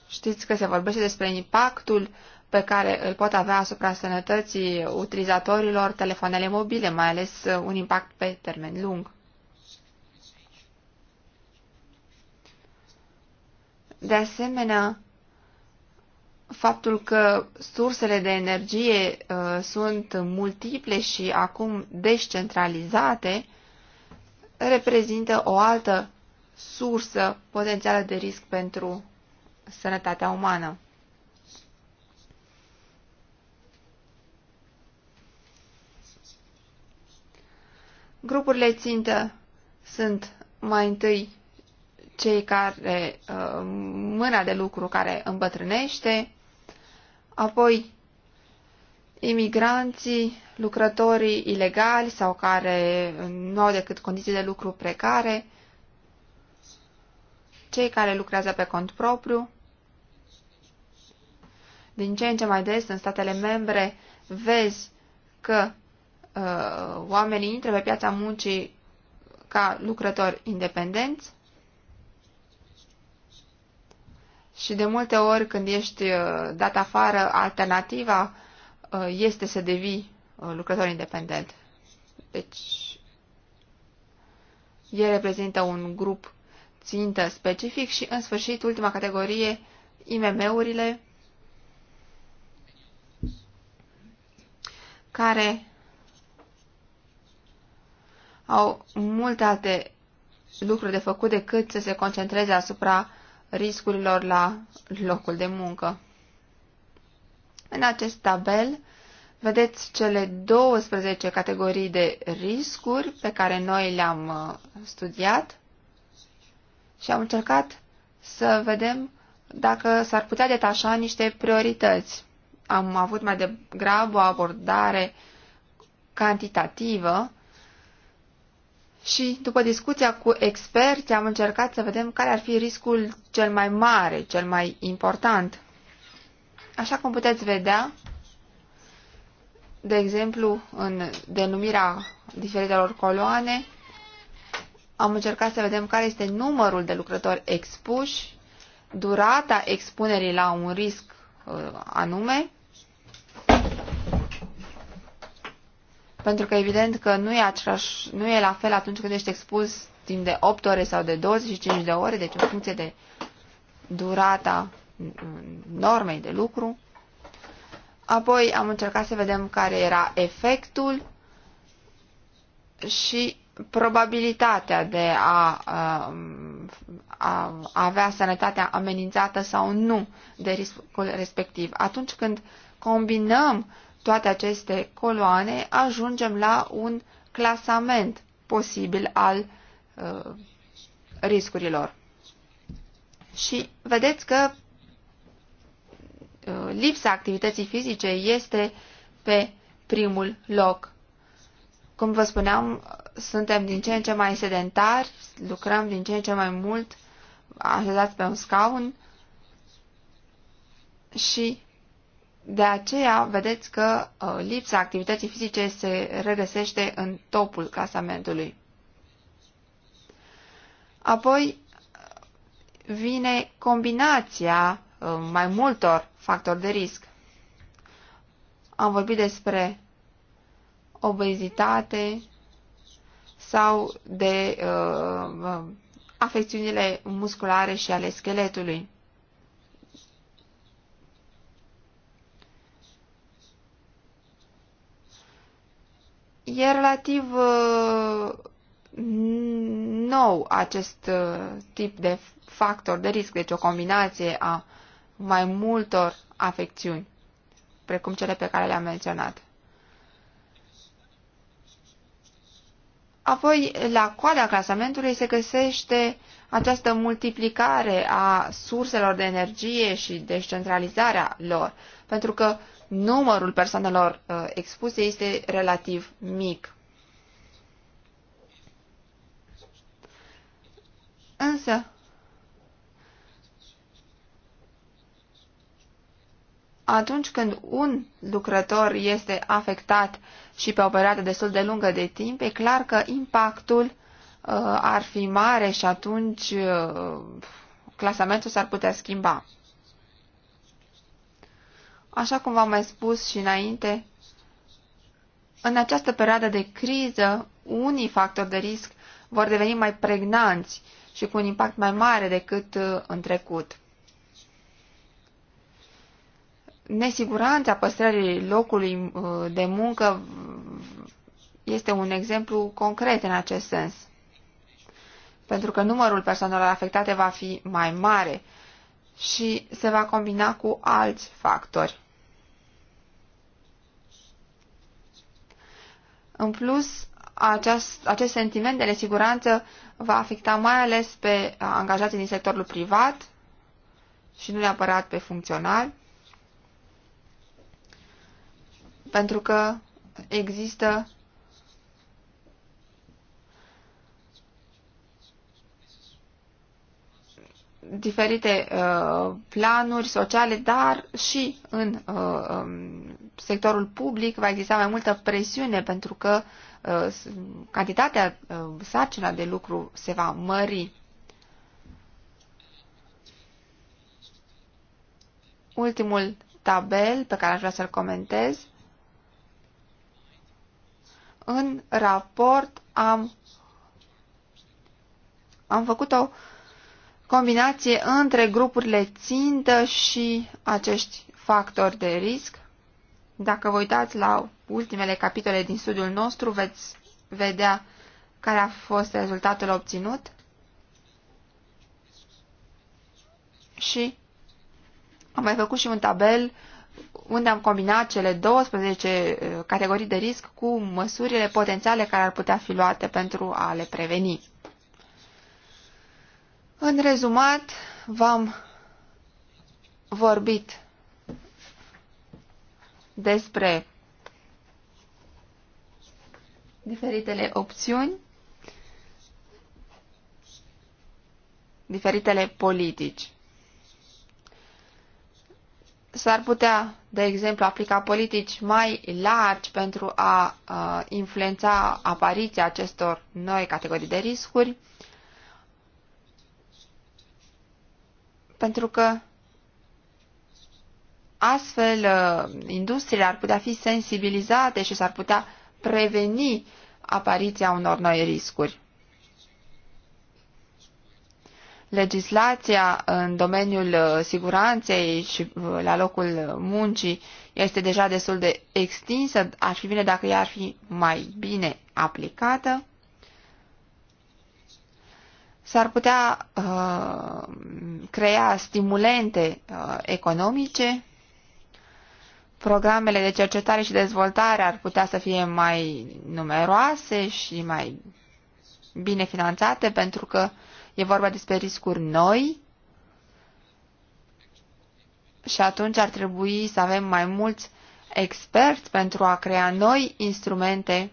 Știți că se vorbește despre impactul pe care îl pot avea asupra sănătății utilizatorilor telefoanele mobile, mai ales uh, un impact pe termen lung. De asemenea, faptul că sursele de energie uh, sunt multiple și acum descentralizate reprezintă o altă sursă potențială de risc pentru sănătatea umană. Grupurile țintă sunt mai întâi cei care, uh, mâna de lucru care îmbătrânește, apoi imigranții, lucrătorii ilegali sau care nu au decât condiții de lucru precare, cei care lucrează pe cont propriu. Din ce în ce mai des în statele membre vezi că uh, oamenii intră pe piața muncii ca lucrători independenți Și de multe ori când ești uh, dat afară, alternativa uh, este să devii uh, lucrător independent. Deci, ei reprezintă un grup țintă specific și, în sfârșit, ultima categorie, IMM-urile, care au multe alte lucruri de făcut decât să se concentreze asupra riscurilor la locul de muncă. În acest tabel vedeți cele 12 categorii de riscuri pe care noi le-am uh, studiat și am încercat să vedem dacă s-ar putea detașa niște priorități. Am avut mai degrabă o abordare cantitativă și după discuția cu experți am încercat să vedem care ar fi riscul cel mai mare, cel mai important. Așa cum puteți vedea, de exemplu, în denumirea diferitelor coloane, am încercat să vedem care este numărul de lucrători expuși, durata expunerii la un risc uh, anume Pentru că evident că nu e, același, nu e la fel atunci când ești expus timp de 8 ore sau de 25 de ore, deci în funcție de durata normei de lucru. Apoi am încercat să vedem care era efectul și probabilitatea de a, a, a avea sănătatea amenințată sau nu de riscul respectiv. Atunci când combinăm toate aceste coloane, ajungem la un clasament posibil al uh, riscurilor. Și vedeți că uh, lipsa activității fizice este pe primul loc. Cum vă spuneam, suntem din ce în ce mai sedentari, lucrăm din ce în ce mai mult așezați pe un scaun și de aceea, vedeți că uh, lipsa activității fizice se regăsește în topul clasamentului. Apoi vine combinația uh, mai multor factori de risc. Am vorbit despre obezitate sau de uh, uh afecțiunile musculare și ale scheletului. E relativ uh, nou acest uh, tip de factor de risc, deci o combinație a mai multor afecțiuni, precum cele pe care le-am menționat. Apoi, la coada clasamentului se găsește această multiplicare a surselor de energie și descentralizarea lor, pentru că numărul persoanelor uh, expuse este relativ mic. Însă, atunci când un lucrător este afectat și pe o perioadă destul de lungă de timp, e clar că impactul uh, ar fi mare și atunci uh, clasamentul s-ar putea schimba. Așa cum v-am mai spus și înainte, în această perioadă de criză, unii factori de risc vor deveni mai pregnanți și cu un impact mai mare decât uh, în trecut. Nesiguranța păstrării locului uh, de muncă este un exemplu concret în acest sens, pentru că numărul persoanelor afectate va fi mai mare și se va combina cu alți factori. În plus, acest, acest sentiment de nesiguranță va afecta mai ales pe angajații din sectorul privat și nu neapărat pe funcționari, pentru că există diferite uh, planuri sociale, dar și în uh, um, sectorul public va exista mai multă presiune pentru că uh, cantitatea, uh, sarcina de lucru se va mări. Ultimul tabel pe care aș vrea să-l comentez. În raport am, am făcut o uh, combinație între grupurile țintă și acești factori de risc. Dacă vă uitați la ultimele capitole din studiul nostru, veți vedea care a fost rezultatul obținut și am mai făcut și un tabel unde am combinat cele 12 eh, categorii de risc cu măsurile potențiale care ar putea fi luate pentru a le preveni. În rezumat, v-am vorbit despre diferitele opțiuni, diferitele politici. S-ar putea, de exemplu, aplica politici mai largi pentru a, a influența apariția acestor noi categorii de riscuri, pentru că astfel uh, industriile ar putea fi sensibilizate și s-ar putea preveni apariția unor noi riscuri. Legislația în domeniul uh, siguranței și uh, la locul muncii este deja destul de extinsă, ar fi bine dacă ea ar fi mai bine aplicată s-ar putea uh, crea stimulente uh, economice, programele de cercetare și dezvoltare ar putea să fie mai numeroase și mai bine finanțate pentru că e vorba despre riscuri noi și atunci ar trebui să avem mai mulți experți pentru a crea noi instrumente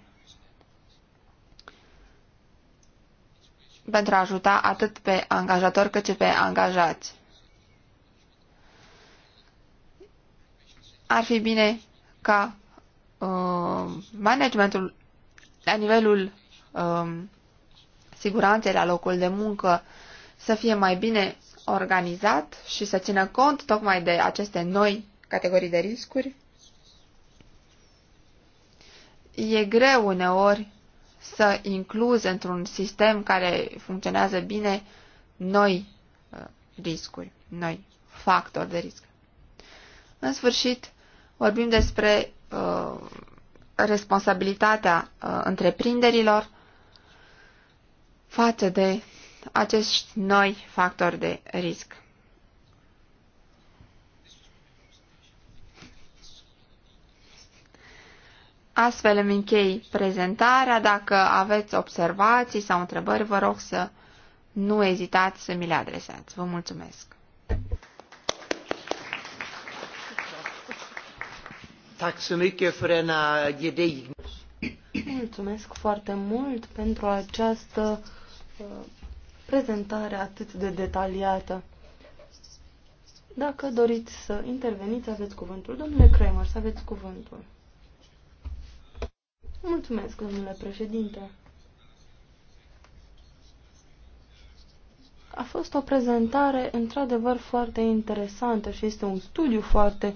pentru a ajuta atât pe angajatori cât și pe angajați. Ar fi bine ca uh, managementul la nivelul uh, siguranței la locul de muncă să fie mai bine organizat și să țină cont tocmai de aceste noi categorii de riscuri. E greu uneori să incluzi într-un sistem care funcționează bine noi uh, riscuri, noi factori de risc. În sfârșit, vorbim despre uh, responsabilitatea uh, întreprinderilor față de acești noi factori de risc. Astfel îmi închei prezentarea. Dacă aveți observații sau întrebări, vă rog să nu ezitați să mi le adresați. Vă mulțumesc! Mulțumesc foarte mult pentru această uh, prezentare atât de detaliată. Dacă doriți să interveniți, aveți cuvântul. Domnule Kramer, să aveți cuvântul. Mulțumesc, domnule președinte. A fost o prezentare într-adevăr foarte interesantă și este un studiu foarte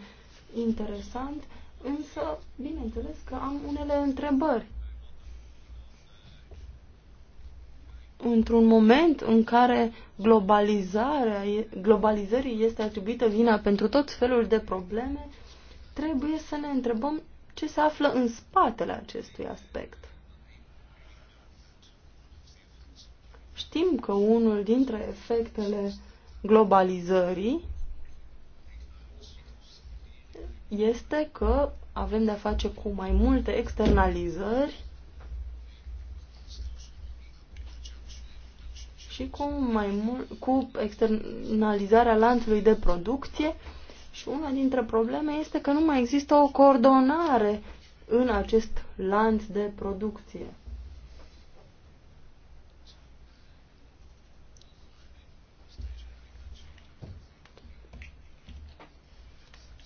interesant, însă, bineînțeles că am unele întrebări. Într-un moment în care globalizarea, globalizării este atribuită vina pentru tot felul de probleme, trebuie să ne întrebăm ce se află în spatele acestui aspect. Știm că unul dintre efectele globalizării este că avem de-a face cu mai multe externalizări și cu, mai mul- cu externalizarea lanțului de producție și una dintre probleme este că nu mai există o coordonare în acest lanț de producție.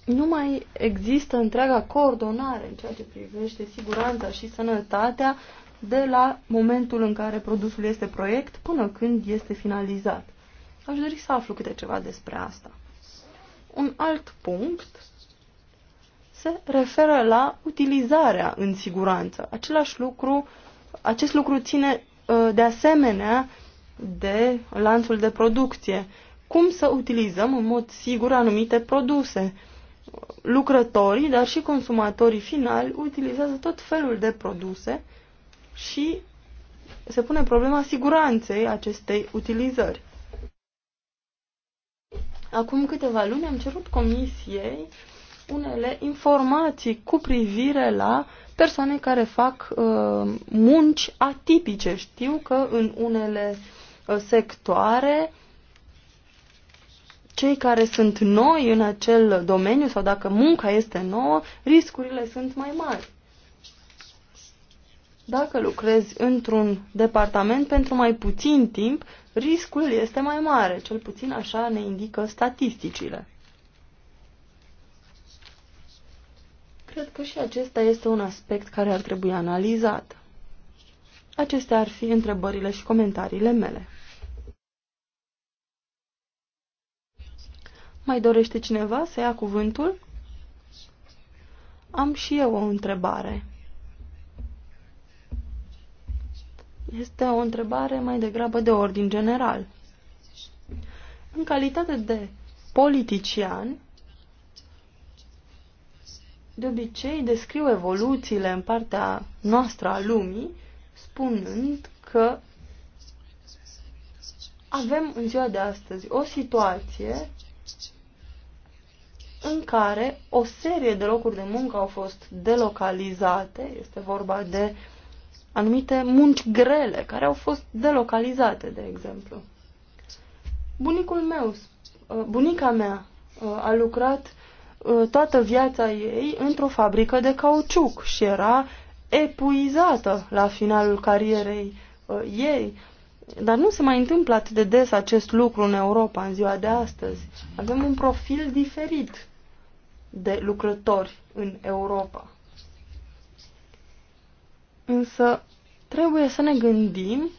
nu mai există întreaga coordonare în ceea ce privește siguranța și sănătatea de la momentul în care produsul este proiect până când este finalizat. Aș dori să aflu câte ceva despre asta. Un alt punct se referă la utilizarea în siguranță. Același lucru, acest lucru ține uh, de asemenea de lanțul de producție. Cum să utilizăm în mod sigur anumite produse? Lucrătorii, dar și consumatorii finali utilizează tot felul de produse și se pune problema siguranței acestei utilizări. Acum câteva luni am cerut comisiei unele informații cu privire la persoane care fac uh, munci atipice. Știu că în unele uh, sectoare cei care sunt noi în acel domeniu sau dacă munca este nouă, riscurile sunt mai mari. Dacă lucrezi într-un departament pentru mai puțin timp, riscul este mai mare, cel puțin așa ne indică statisticile. Cred că și acesta este un aspect care ar trebui analizat. Acestea ar fi întrebările și comentariile mele. Mai dorește cineva să ia cuvântul? Am și eu o întrebare. Este o întrebare mai degrabă de ordin general. În calitate de politician, de obicei descriu evoluțiile în partea noastră a lumii, spunând că avem în ziua de astăzi o situație în care o serie de locuri de muncă au fost delocalizate, este vorba de anumite munci grele care au fost delocalizate, de exemplu. Bunicul meu, uh, bunica mea uh, a lucrat uh, toată viața ei într-o fabrică de cauciuc și era epuizată la finalul carierei ei. Dar nu se mai întâmplă atât de des acest lucru în Europa în ziua de astăzi. Avem un profil diferit de lucrători în Europa. Însă trebuie să ne gândim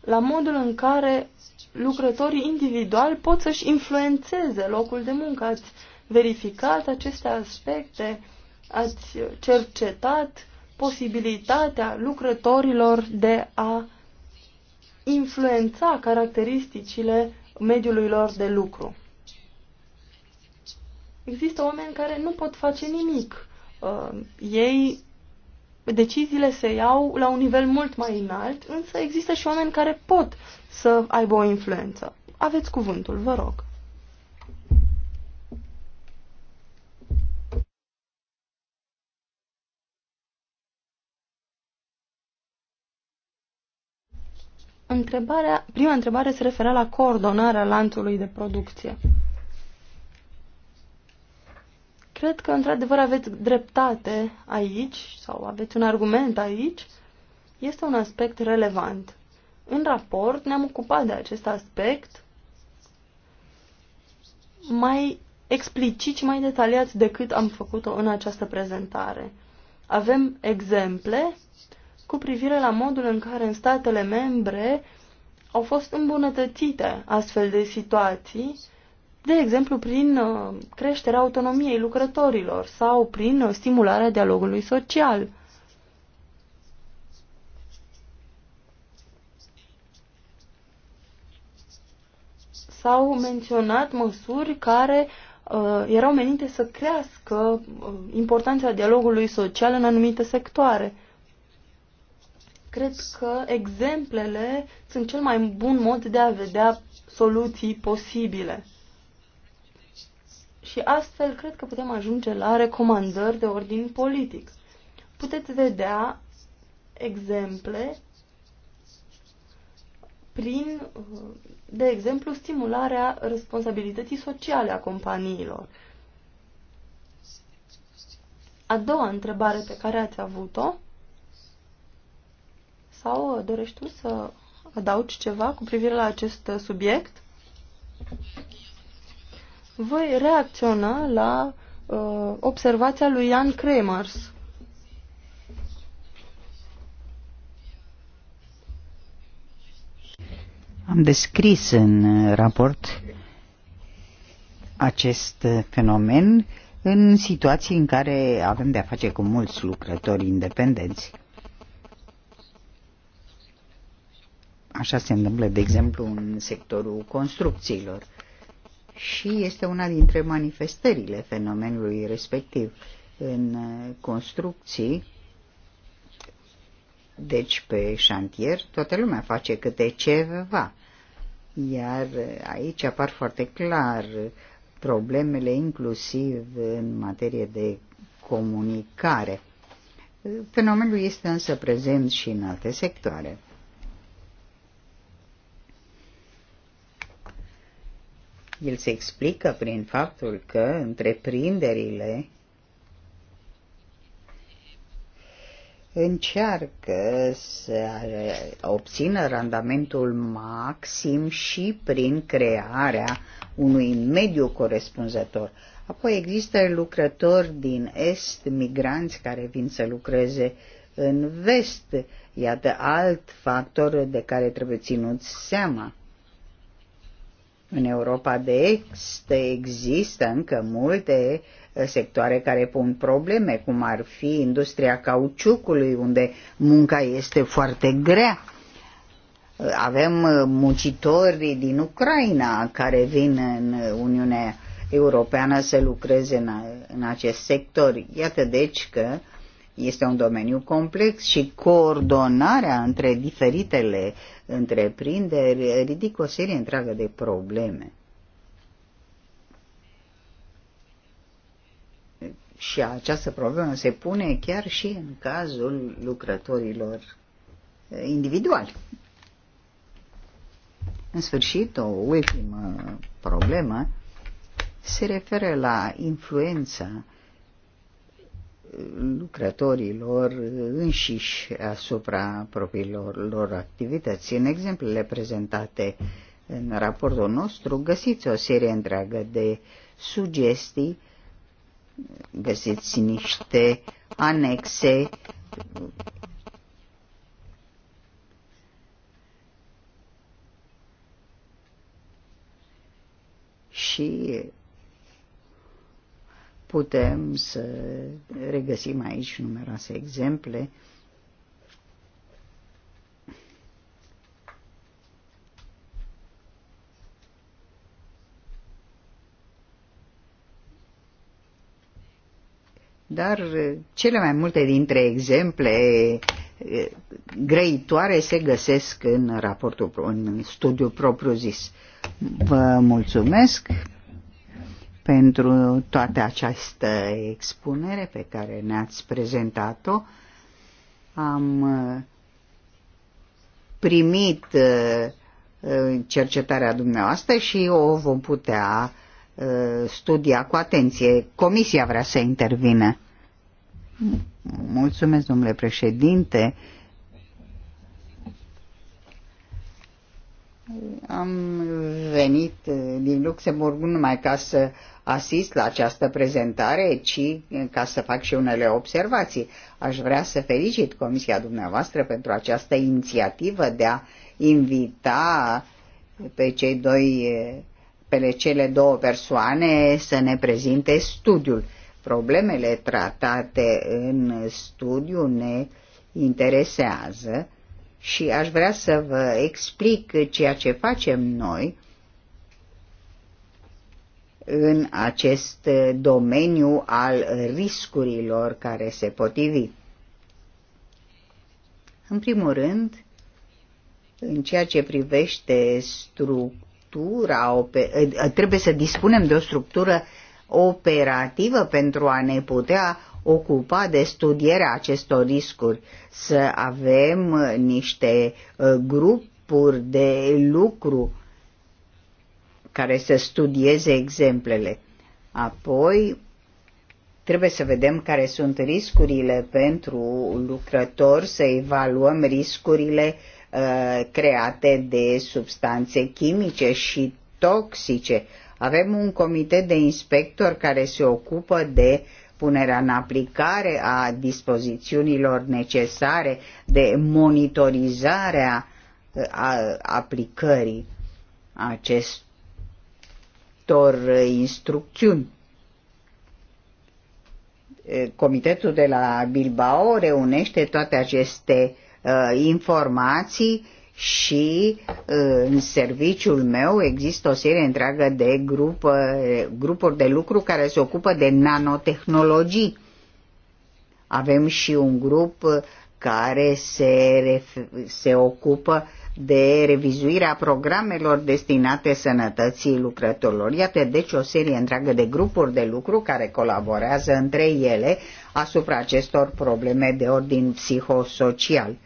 la modul în care lucrătorii individuali pot să-și influențeze locul de muncă. Ați verificat aceste aspecte, ați cercetat posibilitatea lucrătorilor de a influența caracteristicile mediului lor de lucru. Există oameni care nu pot face nimic. Uh, ei deciziile se iau la un nivel mult mai înalt, însă există și oameni care pot să aibă o influență. Aveți cuvântul, vă rog. Întrebarea, prima întrebare se referă la coordonarea lanțului de producție. Cred că, într-adevăr, aveți dreptate aici, sau aveți un argument aici. Este un aspect relevant. În raport ne-am ocupat de acest aspect mai explicit și mai detaliat decât am făcut-o în această prezentare. Avem exemple cu privire la modul în care în statele membre au fost îmbunătățite astfel de situații de exemplu prin uh, creșterea autonomiei lucrătorilor sau prin uh, stimularea dialogului social. S-au menționat măsuri care uh, erau menite să crească uh, importanța dialogului social în anumite sectoare cred că exemplele sunt cel mai bun mod de a vedea soluții posibile. Și astfel cred că putem ajunge la recomandări de ordin politic. Puteți vedea exemple prin, de exemplu, stimularea responsabilității sociale a companiilor. A doua întrebare pe care ați avut-o, sau dorești tu să adaugi ceva cu privire la acest subiect? voi reacționa la uh, observația lui Jan Kremers. Am descris în raport acest fenomen în situații în care avem de-a face cu mulți lucrători independenți. Așa se întâmplă, de exemplu, în sectorul construcțiilor și este una dintre manifestările fenomenului respectiv în uh, construcții. Deci pe șantier toată lumea face câte ceva. Iar uh, aici apar foarte clar problemele inclusiv în materie de comunicare. Fenomenul este însă prezent și în alte sectoare. El se explică prin faptul că întreprinderile încearcă să obțină randamentul maxim și prin crearea unui mediu corespunzător. Apoi există lucrători din est, migranți care vin să lucreze în vest. Iată alt factor de care trebuie ținut seama. În Europa de Est există încă multe eh, sectoare care pun probleme, cum ar fi industria cauciucului, unde munca este foarte grea. Eh, avem eh, muncitori din Ucraina care vin în Uniunea Europeană să lucreze în, în acest sector. Iată deci că este un domeniu complex și coordonarea între diferitele întreprinderi ridică o serie întreagă de probleme. Și această problemă se pune chiar și în cazul lucrătorilor eh, individuali. În sfârșit, o ultimă problemă se referă la influența lucrătorilor înșiși asupra propriilor lor activități. În exemplele prezentate în raportul nostru găsiți o serie întreagă de sugestii, găsiți niște anexe și Putem să regăsim aici numeroase exemple dar cele mai multe dintre exemple eh, grăitoare se găsesc în raportul, în studiul propriu-zis. Vă mulțumesc! pentru toată această expunere pe care ne-ați prezentat-o. Am uh, primit uh, cercetarea dumneavoastră și o vom putea uh, studia cu atenție. Comisia vrea să intervine. Mulțumesc, domnule președinte. Am venit din Luxemburg numai ca să asist la această prezentare, ci ca să fac și unele observații. Aș vrea să felicit Comisia dumneavoastră pentru această inițiativă de a invita pe cei doi, pe cele două persoane să ne prezinte studiul. Problemele tratate în studiu ne interesează și aș vrea să vă explic ceea ce facem noi în acest eh, domeniu al eh, riscurilor care se potrivi. În primul rând, în ceea ce privește structura, eh, trebuie să dispunem de o structură operativă pentru a ne putea ocupa de studierea acestor riscuri, să avem niște grupuri de lucru care să studieze exemplele. Apoi, trebuie să vedem care sunt riscurile pentru lucrător, să evaluăm riscurile uh, create de substanțe chimice și toxice. Avem un comitet de inspectori care se ocupă de punerea în aplicare a dispozițiunilor necesare, de monitorizarea uh, a aplicării acestor acestor uh, instrucțiuni. Uh, Comitetul de la Bilbao reunește toate aceste uh, informații și uh, în serviciul meu există o serie întreagă de grupă, grupuri de lucru care se ocupă de nanotehnologii. Avem și un grup care se, se ocupă de revizuirea programelor destinate sănătății lucrătorilor. Iată deci o serie întreagă de grupuri de lucru care colaborează între ele asupra acestor probleme de ordin psihosocial.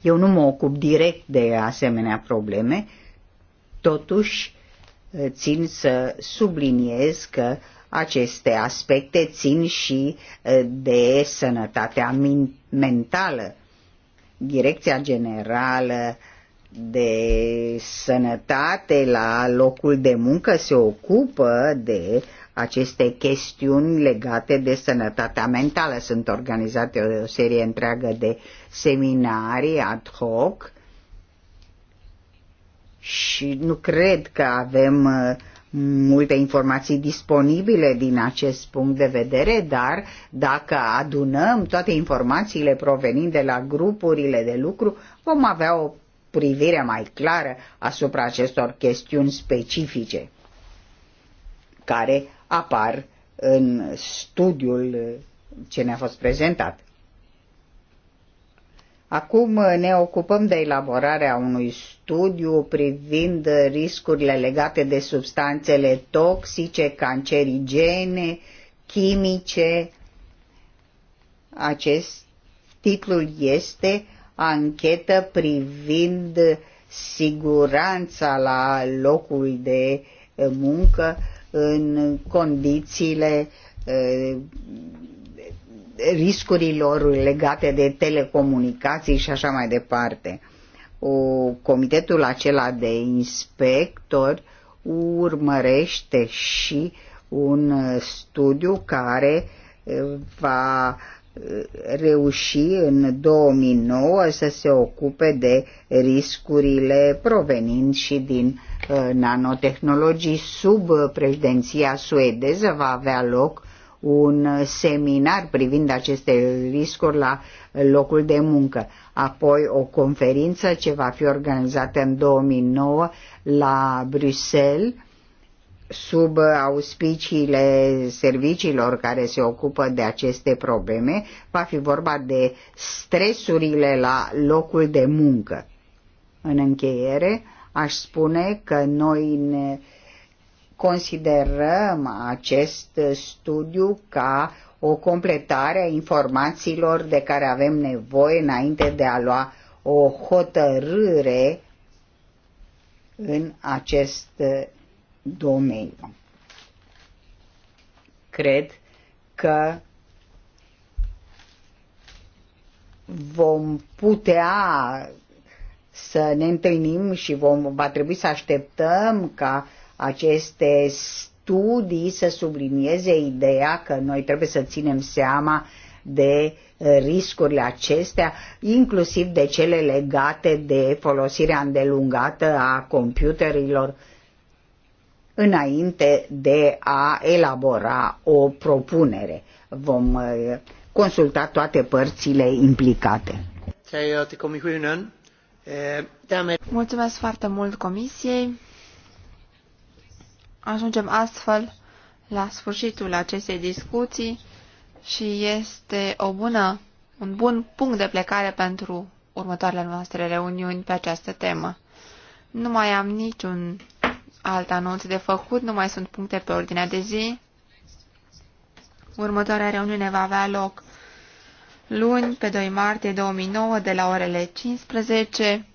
Eu nu mă ocup direct de asemenea probleme, totuși țin să subliniez că uh, aceste aspecte țin și de sănătatea mentală. Direcția Generală de Sănătate la locul de muncă se ocupă de aceste chestiuni legate de sănătatea mentală. Sunt organizate o serie întreagă de seminarii ad hoc și nu cred că avem uh, multe informații disponibile din acest punct de vedere, dar dacă adunăm toate informațiile provenind de la grupurile de lucru, vom avea o privire mai clară asupra acestor chestiuni specifice care apar în studiul ce ne-a fost prezentat. Acum uh, ne ocupăm de elaborarea unui studiu privind uh, riscurile legate de substanțele toxice, cancerigene, chimice. Acest titlul este Anchetă privind siguranța la locul de uh, muncă în condițiile riscurilor legate de telecomunicații și așa mai departe. O, comitetul acela de inspectori urmărește și un studiu care va reuși în 2009 să se ocupe de riscurile provenind și din nanotehnologii. Sub președinția suedeză va avea loc un uh, seminar privind aceste riscuri la uh, locul de muncă. Apoi o conferință ce va fi organizată în 2009 la Bruxelles sub uh, auspiciile serviciilor care se ocupă de aceste probleme, va fi vorba de stresurile la locul de muncă. În încheiere, aș spune că noi ne considerăm acest studiu ca o completare a informațiilor de care avem nevoie înainte de a lua o hotărâre în acest domeniu. Cred că vom putea să ne întâlnim și vom, va trebui să așteptăm ca aceste studii să sublinieze ideea că noi trebuie să ținem seama de uh, riscurile acestea, inclusiv de cele legate de folosirea îndelungată a computerilor înainte de a elabora o propunere. Vom uh, consulta toate părțile implicate. Uh, Mulțumesc foarte mult Comisiei. Ajungem astfel la sfârșitul acestei discuții și este o bună, un bun punct de plecare pentru următoarele noastre reuniuni pe această temă. Nu mai am niciun alt anunț de făcut, nu mai sunt puncte pe ordinea de zi. Următoarea reuniune va avea loc luni, pe 2 martie 2009, de la orele 15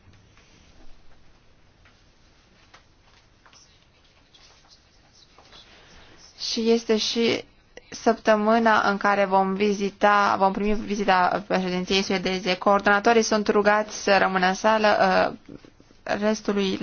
și este și săptămâna în care vom vizita, vom primi vizita președinției suedeze. Coordonatorii sunt rugați să rămână în sală, ă, restului